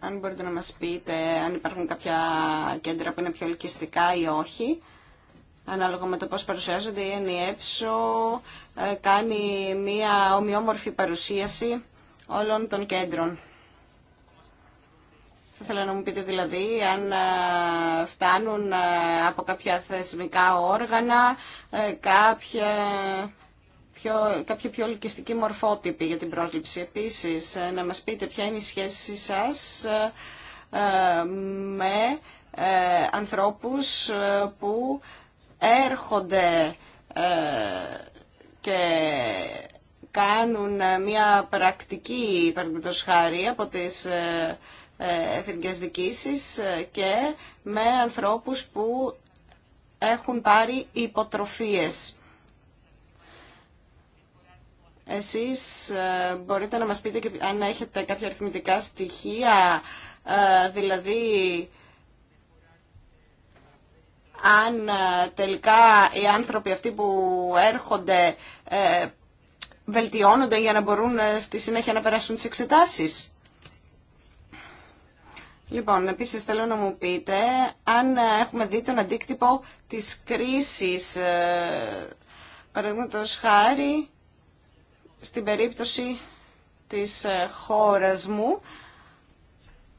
Speaker 3: Αν μπορείτε να μας πείτε αν υπάρχουν κάποια κέντρα που είναι πιο ελκυστικά ή όχι, ανάλογα με το πώς παρουσιάζονται, η ΕΝΙΕΦΣΟ ε, κάνει μία ομοιόμορφη παρουσίαση όλων των κέντρων. Θα ήθελα να μου πείτε δηλαδή αν ε, φτάνουν ε, από κάποια θεσμικά όργανα ε, κάποια πιο, κάποια πιο μορφότυπη για την πρόσληψη. Επίσης, να μας πείτε ποια είναι η σχέση σας με ανθρώπους που έρχονται και κάνουν μια πρακτική, παραδείγματος χάρη, από τις ε, εθνικές δικήσεις ε, και με ανθρώπους που έχουν πάρει υποτροφίες. Εσείς ε, μπορείτε να μας πείτε και αν έχετε κάποια αριθμητικά στοιχεία, δηλαδή αν τελικά οι άνθρωποι αυτοί που έρχονται βελτιώνονται για να μπορούν στη συνέχεια να περάσουν τις εξετάσεις. Λοιπόν, επίσης θέλω να μου πείτε αν έχουμε δει τον αντίκτυπο της κρίσης, ε, παραδείγματος χάρη, στην περίπτωση της ε, χώρας μου,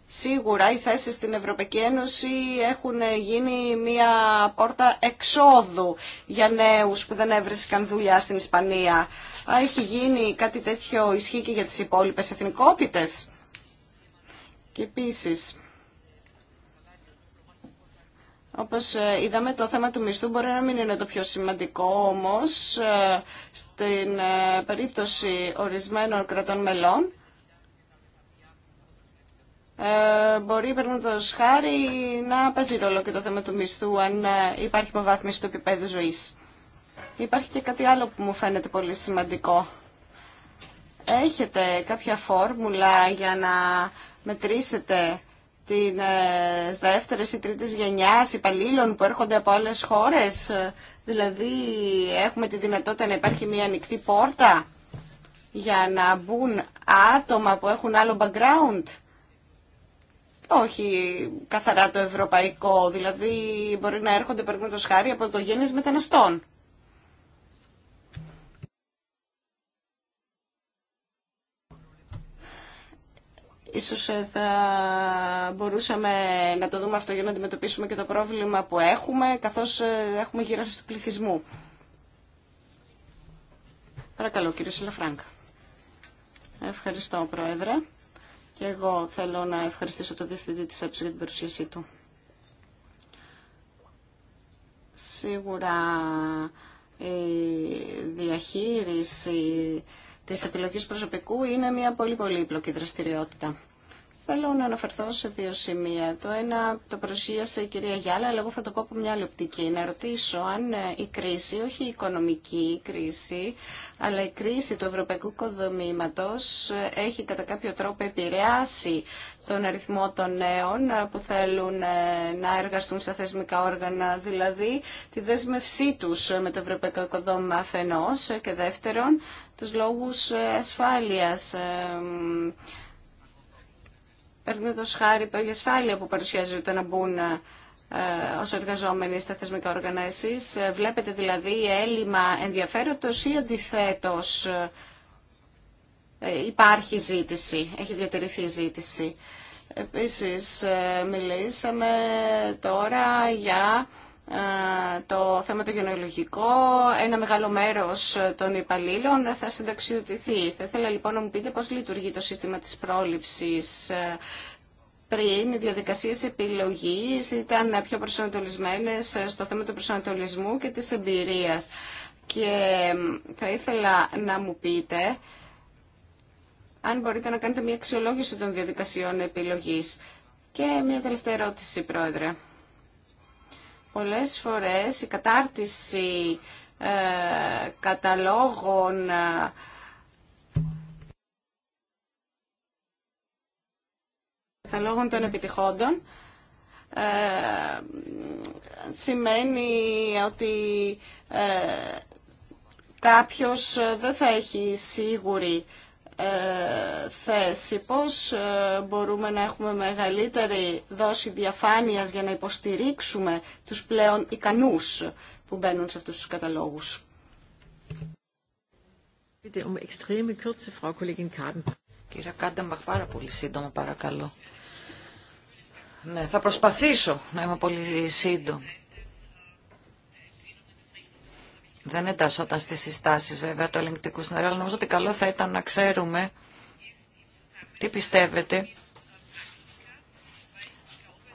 Speaker 3: Σίγουρα οι θέσεις στην Ευρωπαϊκή Ένωση έχουν γίνει μια πόρτα εξόδου για νέους που δεν έβρισκαν δουλειά στην Ισπανία. Έχει γίνει κάτι τέτοιο ισχύ και για τις υπόλοιπες εθνικότητες. Και επίσης, όπως ε, είδαμε, το θέμα του μισθού μπορεί να μην είναι το πιο σημαντικό, όμως ε, στην ε, περίπτωση ορισμένων κρατών μελών, μπορεί, παίρνοντα χάρη, να παίζει ρόλο και το θέμα του μισθού, αν υπάρχει υποβάθμιση του επίπεδου ζωή. Υπάρχει και κάτι άλλο που μου φαίνεται πολύ σημαντικό. Έχετε κάποια φόρμουλα για να μετρήσετε την ε, δεύτερη ή τρίτη γενιά υπαλλήλων που έρχονται από άλλε χώρε. Δηλαδή, έχουμε τη δυνατότητα να υπάρχει μια ανοιχτή πόρτα για να μπουν άτομα που έχουν άλλο background. Όχι καθαρά το ευρωπαϊκό, δηλαδή μπορεί να έρχονται παραδείγματο χάρη από οικογένειε μεταναστών. Ίσως ε, θα μπορούσαμε να το δούμε αυτό για να αντιμετωπίσουμε και το πρόβλημα που έχουμε, καθώς ε, έχουμε γύρωση του πληθυσμού. Παρακαλώ, κύριε Σιλαφράγκα. Ευχαριστώ, Πρόεδρε. Και εγώ θέλω να ευχαριστήσω τον Διευθυντή της ΕΠΣ για την παρουσίασή του. Σίγουρα η διαχείριση της επιλογής προσωπικού είναι μια πολύ πολύπλοκη δραστηριότητα. Θέλω να αναφερθώ σε δύο σημεία. Το ένα το παρουσίασε η κυρία Γιάλα, αλλά εγώ θα το πω από μια άλλη οπτική. Να ρωτήσω αν ε, η κρίση, όχι η οικονομική κρίση, αλλά η κρίση του ευρωπαϊκού οικοδομήματος ε, έχει κατά κάποιο τρόπο επηρεάσει τον αριθμό των νέων ε, που θέλουν να εργαστούν σε θεσμικά όργανα, δηλαδή τη δέσμευσή τους με το ευρωπαϊκό οικοδόμημα αφενός και δεύτερον τους λόγους ασφάλειας Παίρνουμε χάρη η ασφάλεια που παρουσιάζεται να μπουν ε, ω εργαζόμενοι στα θεσμικά όργανα ε, Βλέπετε δηλαδή έλλειμμα ενδιαφέροντος ή αντιθέτως ε, υπάρχει ζήτηση, έχει διατηρηθεί ζήτηση. Επίσης μιλήσαμε τώρα για το θέμα το γενολογικό, ένα μεγάλο μέρος των υπαλλήλων θα συνταξιωτηθεί. Θα ήθελα λοιπόν να μου πείτε πώς λειτουργεί το σύστημα της πρόληψης πριν οι διαδικασίες επιλογής ήταν πιο προσανατολισμένες στο θέμα του προσανατολισμού και της εμπειρίας. Και θα ήθελα να μου πείτε αν μπορείτε να κάνετε μια αξιολόγηση των διαδικασιών επιλογής. Και μια τελευταία ερώτηση, Πρόεδρε. Πολλές φορές η κατάρτιση ε, καταλόγων ε, καταλόγων των επιτυχόντων ε, σημαίνει ότι ε, κάποιος δεν θα έχει σίγουρη ε, θέση. Πώς ε, μπορούμε να έχουμε μεγαλύτερη δόση διαφάνειας για να υποστηρίξουμε τους πλέον ικανούς που μπαίνουν σε αυτούς τους καταλόγους.
Speaker 2: Um Κύριε Κάντεμπαχ, πάρα πολύ σύντομα παρακαλώ. Ναι, θα προσπαθήσω να είμαι πολύ σύντομη. Δεν εντασσόταν στις συστάσεις βέβαια του ελεγκτικού συνεδρίου, αλλά νομίζω ότι καλό θα ήταν να ξέρουμε τι πιστεύετε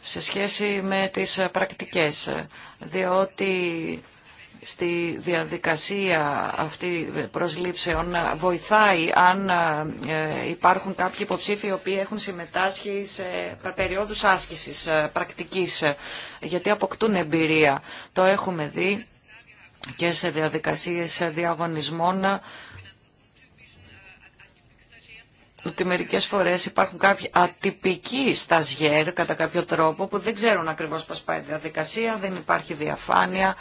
Speaker 2: σε σχέση με τις πρακτικές, διότι στη διαδικασία αυτή προσλήψεων βοηθάει αν ε, υπάρχουν κάποιοι υποψήφοι οι οποίοι έχουν συμμετάσχει σε περιόδους άσκησης ε, πρακτικής ε, γιατί αποκτούν εμπειρία. Το έχουμε δει και σε διαδικασίες διαγωνισμών ότι μερικές φορές υπάρχουν κάποιοι ατυπικοί σταζιέρ κατά κάποιο τρόπο που δεν ξέρουν ακριβώς πώς πάει η διαδικασία, δεν υπάρχει διαφάνεια.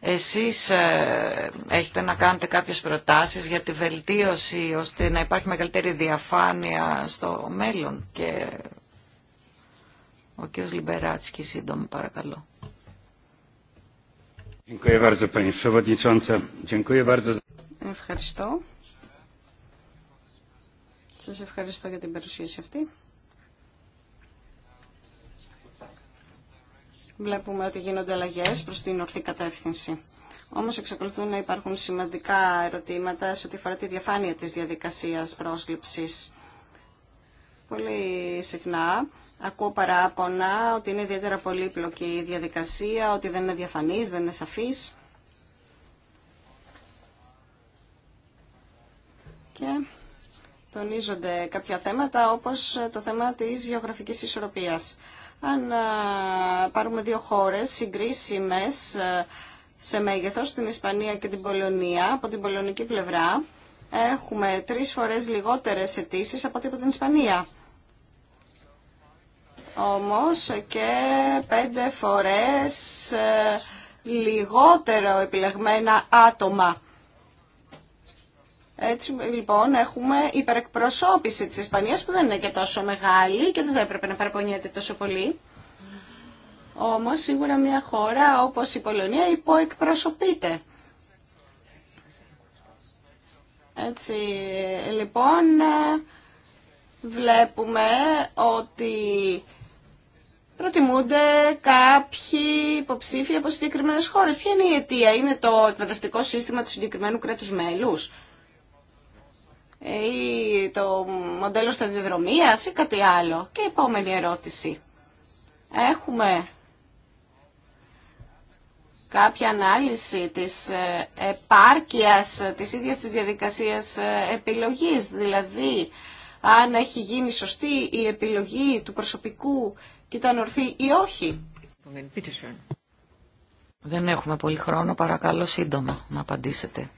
Speaker 2: Εσείς ε, έχετε να κάνετε κάποιες προτάσεις για τη βελτίωση ώστε να υπάρχει μεγαλύτερη διαφάνεια στο μέλλον και ο κ. Λιμπεράτσκι σύντομα παρακαλώ. Ευχαριστώ.
Speaker 3: Σας ευχαριστώ για την παρουσίαση αυτή. Βλέπουμε ότι γίνονται αλλαγές προς την ορθή κατεύθυνση. Όμως εξακολουθούν να υπάρχουν σημαντικά ερωτήματα σε ό,τι αφορά τη διαφάνεια της διαδικασίας πρόσληψης. Πολύ συχνά Ακούω παράπονα ότι είναι ιδιαίτερα πολύπλοκη η διαδικασία, ότι δεν είναι διαφανής, δεν είναι σαφής. Και τονίζονται κάποια θέματα όπως το θέμα της γεωγραφικής ισορροπίας. Αν πάρουμε δύο χώρες συγκρίσιμες σε μέγεθος, την Ισπανία και την Πολωνία, από την πολωνική πλευρά έχουμε τρεις φορές λιγότερες αιτήσει από την Ισπανία όμως και πέντε φορές ε, λιγότερο επιλεγμένα άτομα. Έτσι λοιπόν έχουμε υπερεκπροσώπηση της Ισπανίας που δεν είναι και τόσο μεγάλη και δεν θα έπρεπε να παραπονιέται τόσο πολύ. Όμως σίγουρα μια χώρα όπως η Πολωνία υποεκπροσωπείται. Έτσι λοιπόν ε, βλέπουμε ότι προτιμούνται κάποιοι υποψήφοι από συγκεκριμένε χώρε. Ποια είναι η αιτία, είναι το εκπαιδευτικό σύστημα του συγκεκριμένου κράτου μέλου ή το μοντέλο σταδιοδρομία ή κάτι άλλο. Και η επόμενη ερώτηση. Έχουμε κάποια ανάλυση της ε, επάρκειας ε, της ίδιας της διαδικασίας ε, επιλογής, δηλαδή αν έχει γίνει σωστή η επιλογή του προσωπικού και ήταν ορθή ή όχι.
Speaker 2: Δεν έχουμε πολύ χρόνο, παρακαλώ σύντομα να απαντήσετε.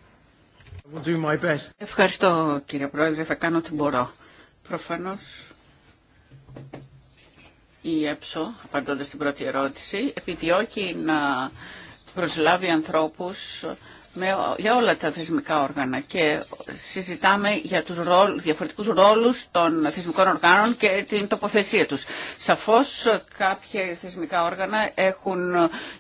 Speaker 1: Ευχαριστώ κύριε Πρόεδρε, θα κάνω ό,τι μπορώ. Προφανώς η ΕΠΣΟ απαντώντας στην πρώτη ερώτηση, επιδιώκει να προσλάβει ανθρώπους με, για όλα τα θεσμικά όργανα και συζητάμε για τους ρόλ, διαφορετικούς ρόλους των θεσμικών οργάνων και την τοποθεσία τους. Σαφώς κάποια θεσμικά όργανα έχουν,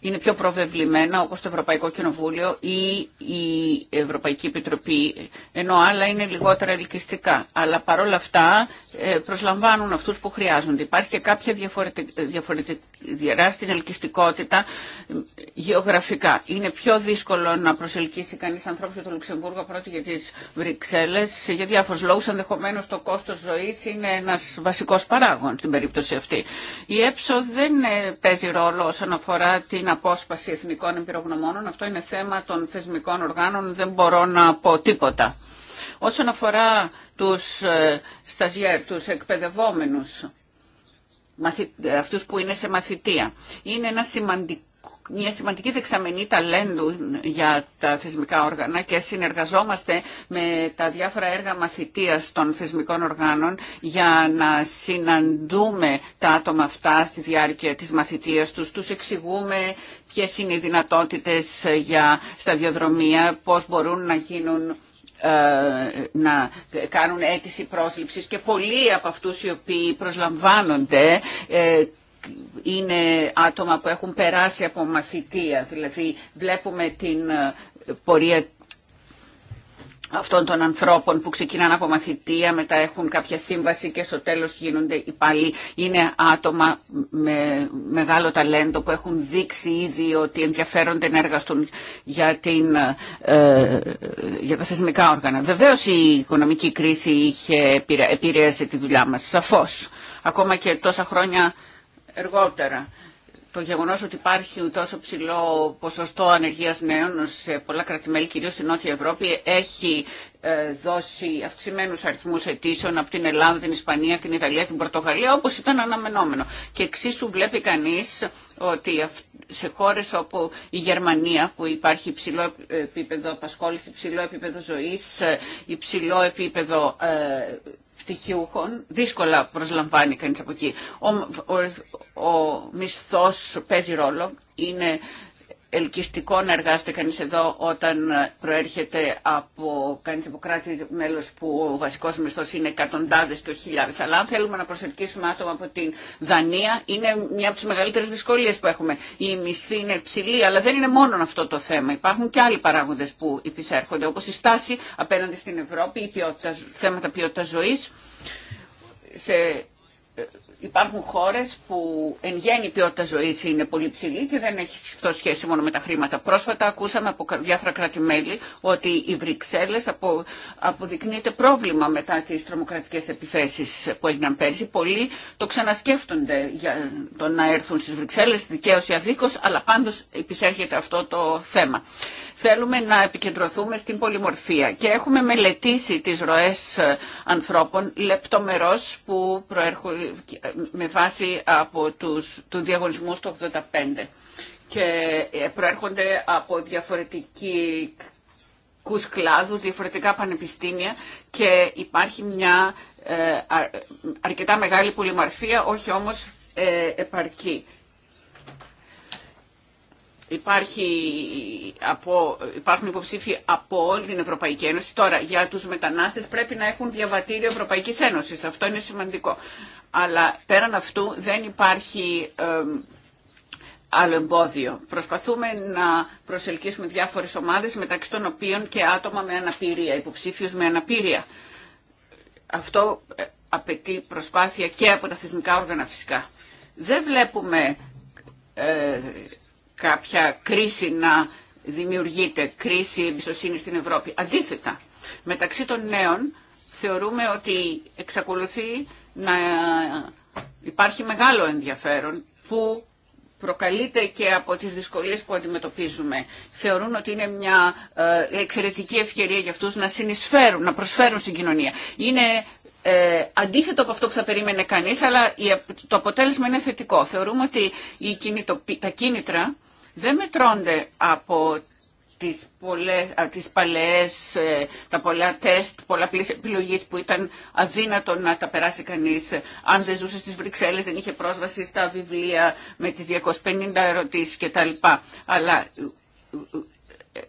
Speaker 1: είναι πιο προβεβλημένα όπως το Ευρωπαϊκό Κοινοβούλιο ή η Ευρωπαϊκή Επιτροπή ενώ άλλα είναι λιγότερα ελκυστικά. Αλλά παρόλα αυτά ε, προσλαμβάνουν αυτούς που χρειάζονται. Υπάρχει και κάποια διαφορετική, διαφορετική ελκυστικότητα ε, γεωγραφικά. Είναι πιο δύσκολο να προσεγγίσουμε προσελκύσει κανεί ανθρώπου για το Λουξεμβούργο πρώτη για τι Βρυξέλλες για διάφορους λόγου, ενδεχομένω το κόστο ζωή είναι ένα βασικό παράγων στην περίπτωση αυτή. Η ΕΠΣΟ δεν ε, παίζει ρόλο όσον αφορά την απόσπαση εθνικών εμπειρογνωμόνων, αυτό είναι θέμα των θεσμικών οργάνων, δεν μπορώ να πω τίποτα. Όσον αφορά τους ε, σταζιέρ, τους εκπαιδευόμενους, ε, αυτούς που είναι σε μαθητεία. Είναι ένα σημαντικό μια σημαντική δεξαμενή ταλέντου για τα θεσμικά όργανα και συνεργαζόμαστε με τα διάφορα έργα μαθητείας των θεσμικών οργάνων για να συναντούμε τα άτομα αυτά στη διάρκεια της μαθητείας τους. Τους εξηγούμε ποιες είναι οι δυνατότητες για διαδρομία, πώς μπορούν να γίνουν ε, να κάνουν αίτηση πρόσληψης και πολλοί από αυτούς οι οποίοι προσλαμβάνονται ε, είναι άτομα που έχουν περάσει από μαθητεία. Δηλαδή βλέπουμε την ε, πορεία αυτών των ανθρώπων που ξεκινάνε από μαθητεία, μετά έχουν κάποια σύμβαση και στο τέλος γίνονται υπάλληλοι. Είναι άτομα με μεγάλο ταλέντο που έχουν δείξει ήδη ότι ενδιαφέρονται να εργαστούν για, την, ε, για τα θεσμικά όργανα. Βεβαίως η οικονομική κρίση είχε επηρέασε τη δουλειά μας, σαφώς. Ακόμα και τόσα χρόνια εργότερα. Το γεγονό ότι υπάρχει τόσο ψηλό ποσοστό ανεργία νέων σε πολλά κρατημέλη, κυρίω στην Νότια Ευρώπη, έχει ε, δώσει αυξημένου αριθμού αιτήσεων από την Ελλάδα, την Ισπανία, την Ιταλία, την Πορτογαλία, όπω ήταν αναμενόμενο. Και εξίσου βλέπει κανεί ότι σε χώρε όπου η Γερμανία, που υπάρχει υψηλό επίπεδο απασχόληση, υψηλό επίπεδο ζωή, ε, υψηλό επίπεδο ε, στοιχειούχων δύσκολα προσλαμβάνει κανείς από εκεί. Ο, ο, ο μισθός παίζει ρόλο, είναι ελκυστικό να εργάζεται κανείς εδώ όταν ε, προέρχεται από κανείς από κράτη μέλος που ο βασικός μισθός είναι εκατοντάδες και χιλιάδες. Αλλά αν θέλουμε να προσελκύσουμε άτομα από την Δανία είναι μια από τις μεγαλύτερες δυσκολίες που έχουμε. Η μισθή είναι υψηλή, αλλά δεν είναι μόνο αυτό το θέμα. Υπάρχουν και άλλοι παράγοντες που υπησέρχονται όπως η στάση απέναντι στην Ευρώπη, η ποιότητα, θέματα ποιότητα ζωής. Σε ε, υπάρχουν χώρε που εν γέννη ποιότητα ζωής είναι πολύ ψηλή και δεν έχει αυτό σχέση μόνο με τα χρήματα. Πρόσφατα ακούσαμε από διάφορα κράτη-μέλη ότι οι Βρυξέλλες απο, αποδεικνύεται πρόβλημα μετά τις τρομοκρατικέ επιθέσεις που έγιναν πέρσι. Πολλοί το ξανασκέφτονται για το να έρθουν στις Βρυξέλλες, δικαίω ή αδίκω, αλλά πάντως επισέρχεται αυτό το θέμα. Θέλουμε να επικεντρωθούμε στην πολυμορφία και έχουμε μελετήσει τις ροές ε, ανθρώπων λεπτομερώς που ε, με βάση από τους, του διαγωνισμού του 85 και ε, προέρχονται από διαφορετική διαφορετικούς κλάδους, διαφορετικά πανεπιστήμια και υπάρχει μια αρκετά μεγάλη πολυμορφία, όχι όμως επαρκή. Υπάρχει, από, υπάρχουν υποψήφοι από όλη την Ευρωπαϊκή Ένωση. Τώρα, για τους μετανάστες πρέπει να έχουν διαβατήριο Ευρωπαϊκής Ένωσης. Αυτό είναι σημαντικό. Αλλά πέραν αυτού δεν υπάρχει ε, άλλο εμπόδιο. Προσπαθούμε να προσελκύσουμε διάφορες ομάδες, μεταξύ των οποίων και άτομα με αναπηρία, υποψήφιους με αναπηρία. Αυτό ε, απαιτεί προσπάθεια και από τα θεσμικά όργανα φυσικά. Δεν βλέπουμε... Ε, κάποια κρίση να δημιουργείται, κρίση εμπιστοσύνη στην Ευρώπη. Αντίθετα, μεταξύ των νέων θεωρούμε ότι εξακολουθεί να υπάρχει μεγάλο ενδιαφέρον που προκαλείται και από τις δυσκολίες που αντιμετωπίζουμε. Θεωρούν ότι είναι μια ε, εξαιρετική ευκαιρία για αυτούς να συνεισφέρουν, να προσφέρουν στην κοινωνία. Είναι ε, αντίθετο από αυτό που θα περίμενε κανείς, αλλά το αποτέλεσμα είναι θετικό. Θεωρούμε ότι η τα κίνητρα δεν μετρώνται από τις, πολλές, τις παλαιές, ε, τα πολλά τεστ, πολλά επιλογής που ήταν αδύνατο να τα περάσει κανείς. Αν δεν ζούσε στις Βρυξέλλες δεν είχε πρόσβαση στα βιβλία με τις 250 ερωτήσεις κτλ. Αλλά ε, ε,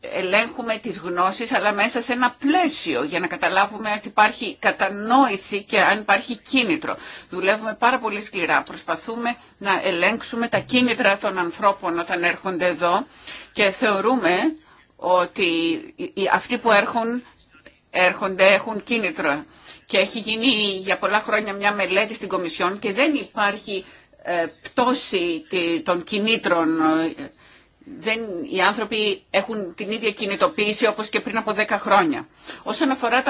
Speaker 1: ελέγχουμε τις γνώσεις αλλά μέσα σε ένα πλαίσιο για να καταλάβουμε ότι υπάρχει κατανόηση και αν υπάρχει κίνητρο. Δουλεύουμε πάρα πολύ σκληρά. Προσπαθούμε να ελέγξουμε τα κίνητρα των ανθρώπων όταν έρχονται εδώ και θεωρούμε ότι αυτοί που έρχονται έχουν κίνητρο. Και έχει γίνει για πολλά χρόνια μια μελέτη στην Κομισιόν και δεν υπάρχει ε, πτώση των κινήτρων ε, δεν, οι άνθρωποι έχουν την ίδια κινητοποίηση όπως και πριν από 10 χρόνια. Όσον αφορά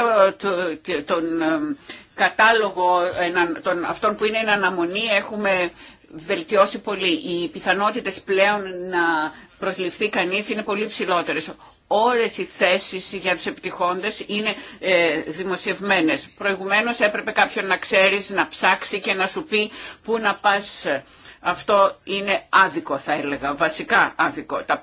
Speaker 1: τον κατάλογο εναν, αυτών που είναι εν αναμονή έχουμε βελτιώσει πολύ. Οι πιθανότητες πλέον να προσληφθεί κανείς είναι πολύ ψηλότερες. Όλες οι θέσεις για τους επιτυχόντες είναι ε, δημοσιευμένες. Προηγουμένως έπρεπε κάποιον να ξέρεις, να ψάξει και να σου πει πού να πας αυτό είναι άδικο θα έλεγα, βασικά άδικο. Τα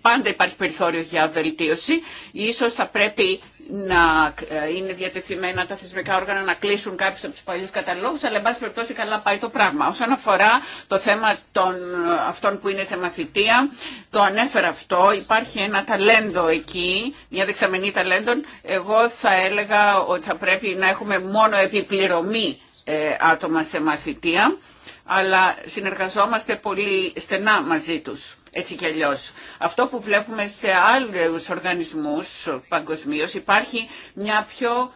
Speaker 1: πάντα υπάρχει περιθώριο για βελτίωση. Ίσως θα πρέπει να ε, είναι διατεθειμένα τα θεσμικά όργανα να κλείσουν κάποιου από του παλιού καταλόγου, αλλά εν πάση περιπτώσει καλά πάει το πράγμα. Όσον αφορά το θέμα των, ε, αυτών που είναι σε μαθητεία, το ανέφερα αυτό. Υπάρχει ένα ταλέντο εκεί, μια δεξαμενή ταλέντων. Εγώ θα έλεγα ότι θα πρέπει να έχουμε μόνο επιπληρωμή ε, άτομα σε μαθητεία, αλλά συνεργαζόμαστε πολύ στενά μαζί τους. Έτσι κι αλλιώς. Αυτό που βλέπουμε σε άλλους οργανισμούς παγκοσμίως υπάρχει μια πιο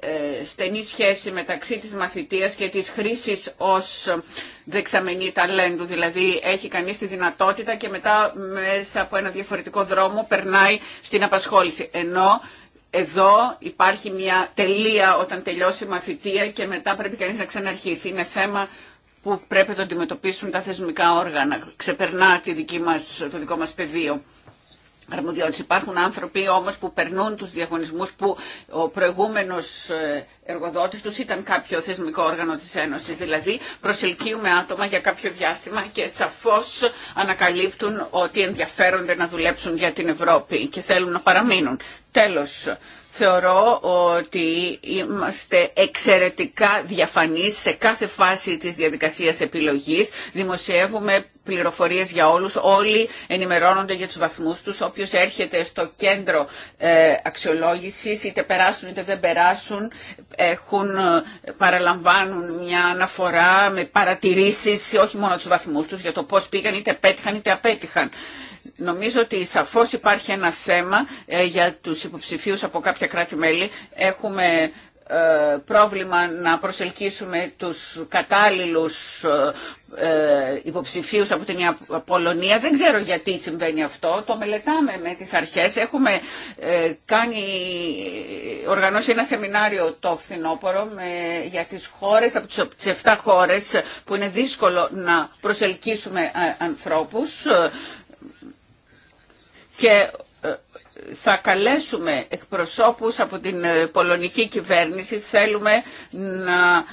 Speaker 1: ε, στενή σχέση μεταξύ της μαθητείας και της χρήσης ως δεξαμενή ταλέντου. Δηλαδή έχει κανείς τη δυνατότητα και μετά μέσα από ένα διαφορετικό δρόμο περνάει στην απασχόληση. Ενώ εδώ υπάρχει μια τελεία όταν τελειώσει η μαθητεία και μετά πρέπει κανείς να ξαναρχίσει. Είναι θέμα που πρέπει να το αντιμετωπίσουν τα θεσμικά όργανα. Ξεπερνά τη δική μας, το δικό μας πεδίο αρμοδιότητες. Υπάρχουν άνθρωποι όμως που περνούν τους διαγωνισμούς που ο προηγούμενος ε, εργοδότης τους ήταν κάποιο θεσμικό όργανο της Ένωσης. Δηλαδή προσελκύουμε άτομα για κάποιο διάστημα και σαφώς ανακαλύπτουν ότι ενδιαφέρονται να δουλέψουν για την Ευρώπη και θέλουν να παραμείνουν. Τέλος, Θεωρώ ότι είμαστε εξαιρετικά διαφανείς σε κάθε φάση της διαδικασίας επιλογής. Δημοσιεύουμε πληροφορίες για όλους. Όλοι ενημερώνονται για τους βαθμούς τους. Όποιος έρχεται στο κέντρο ε, αξιολόγησης, είτε περάσουν είτε δεν περάσουν, έχουν, ε, παραλαμβάνουν μια αναφορά με παρατηρήσεις, όχι μόνο τους βαθμούς τους, για το πώς πήγαν, είτε πέτυχαν είτε απέτυχαν. Νομίζω ότι σαφώς υπάρχει ένα θέμα ε, για τους υποψηφίους από κάποια κράτη-μέλη. Έχουμε ε, πρόβλημα να προσελκύσουμε τους κατάλληλους ε, υποψηφίους από την Πολωνία. Δεν ξέρω γιατί συμβαίνει αυτό. Το μελετάμε με τις αρχές. Έχουμε κάνει, οργανώσει ένα σεμινάριο το φθινόπωρο με, για τις χώρες, από τις 7 χώρες που είναι δύσκολο να προσελκύσουμε ανθρώπους και ε, θα καλέσουμε εκπροσώπους από την ε, πολωνική κυβέρνηση. Θέλουμε να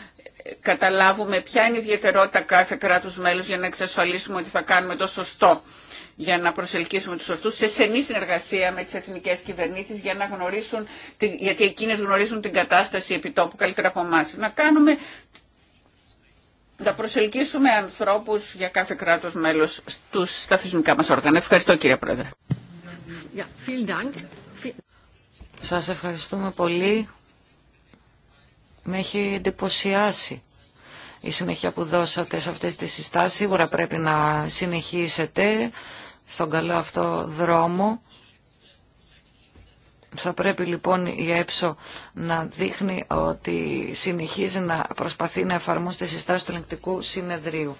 Speaker 1: καταλάβουμε ποια είναι η ιδιαιτερότητα κάθε κράτους μέλους για να εξασφαλίσουμε ότι θα κάνουμε το σωστό για να προσελκύσουμε τους σωστούς σε σενή συνεργασία με τις εθνικές κυβερνήσεις για να γνωρίσουν, γιατί εκείνες γνωρίζουν την κατάσταση επιτόπου καλύτερα από εμά. Να κάνουμε να προσελκύσουμε ανθρώπους για κάθε κράτος μέλος στους, στα θεσμικά μας όργανα. Ευχαριστώ κύριε Πρόεδρε. Σας ευχαριστούμε
Speaker 2: πολύ. Με έχει εντυπωσιάσει η συνέχεια που δώσατε σε αυτές τις συστάσεις. Σίγουρα πρέπει να συνεχίσετε στον καλό αυτό δρόμο. Θα πρέπει λοιπόν η ΕΠΣΟ να δείχνει ότι συνεχίζει να προσπαθεί να εφαρμόσει τις συστάσεις του ελεγκτικού συνεδρίου.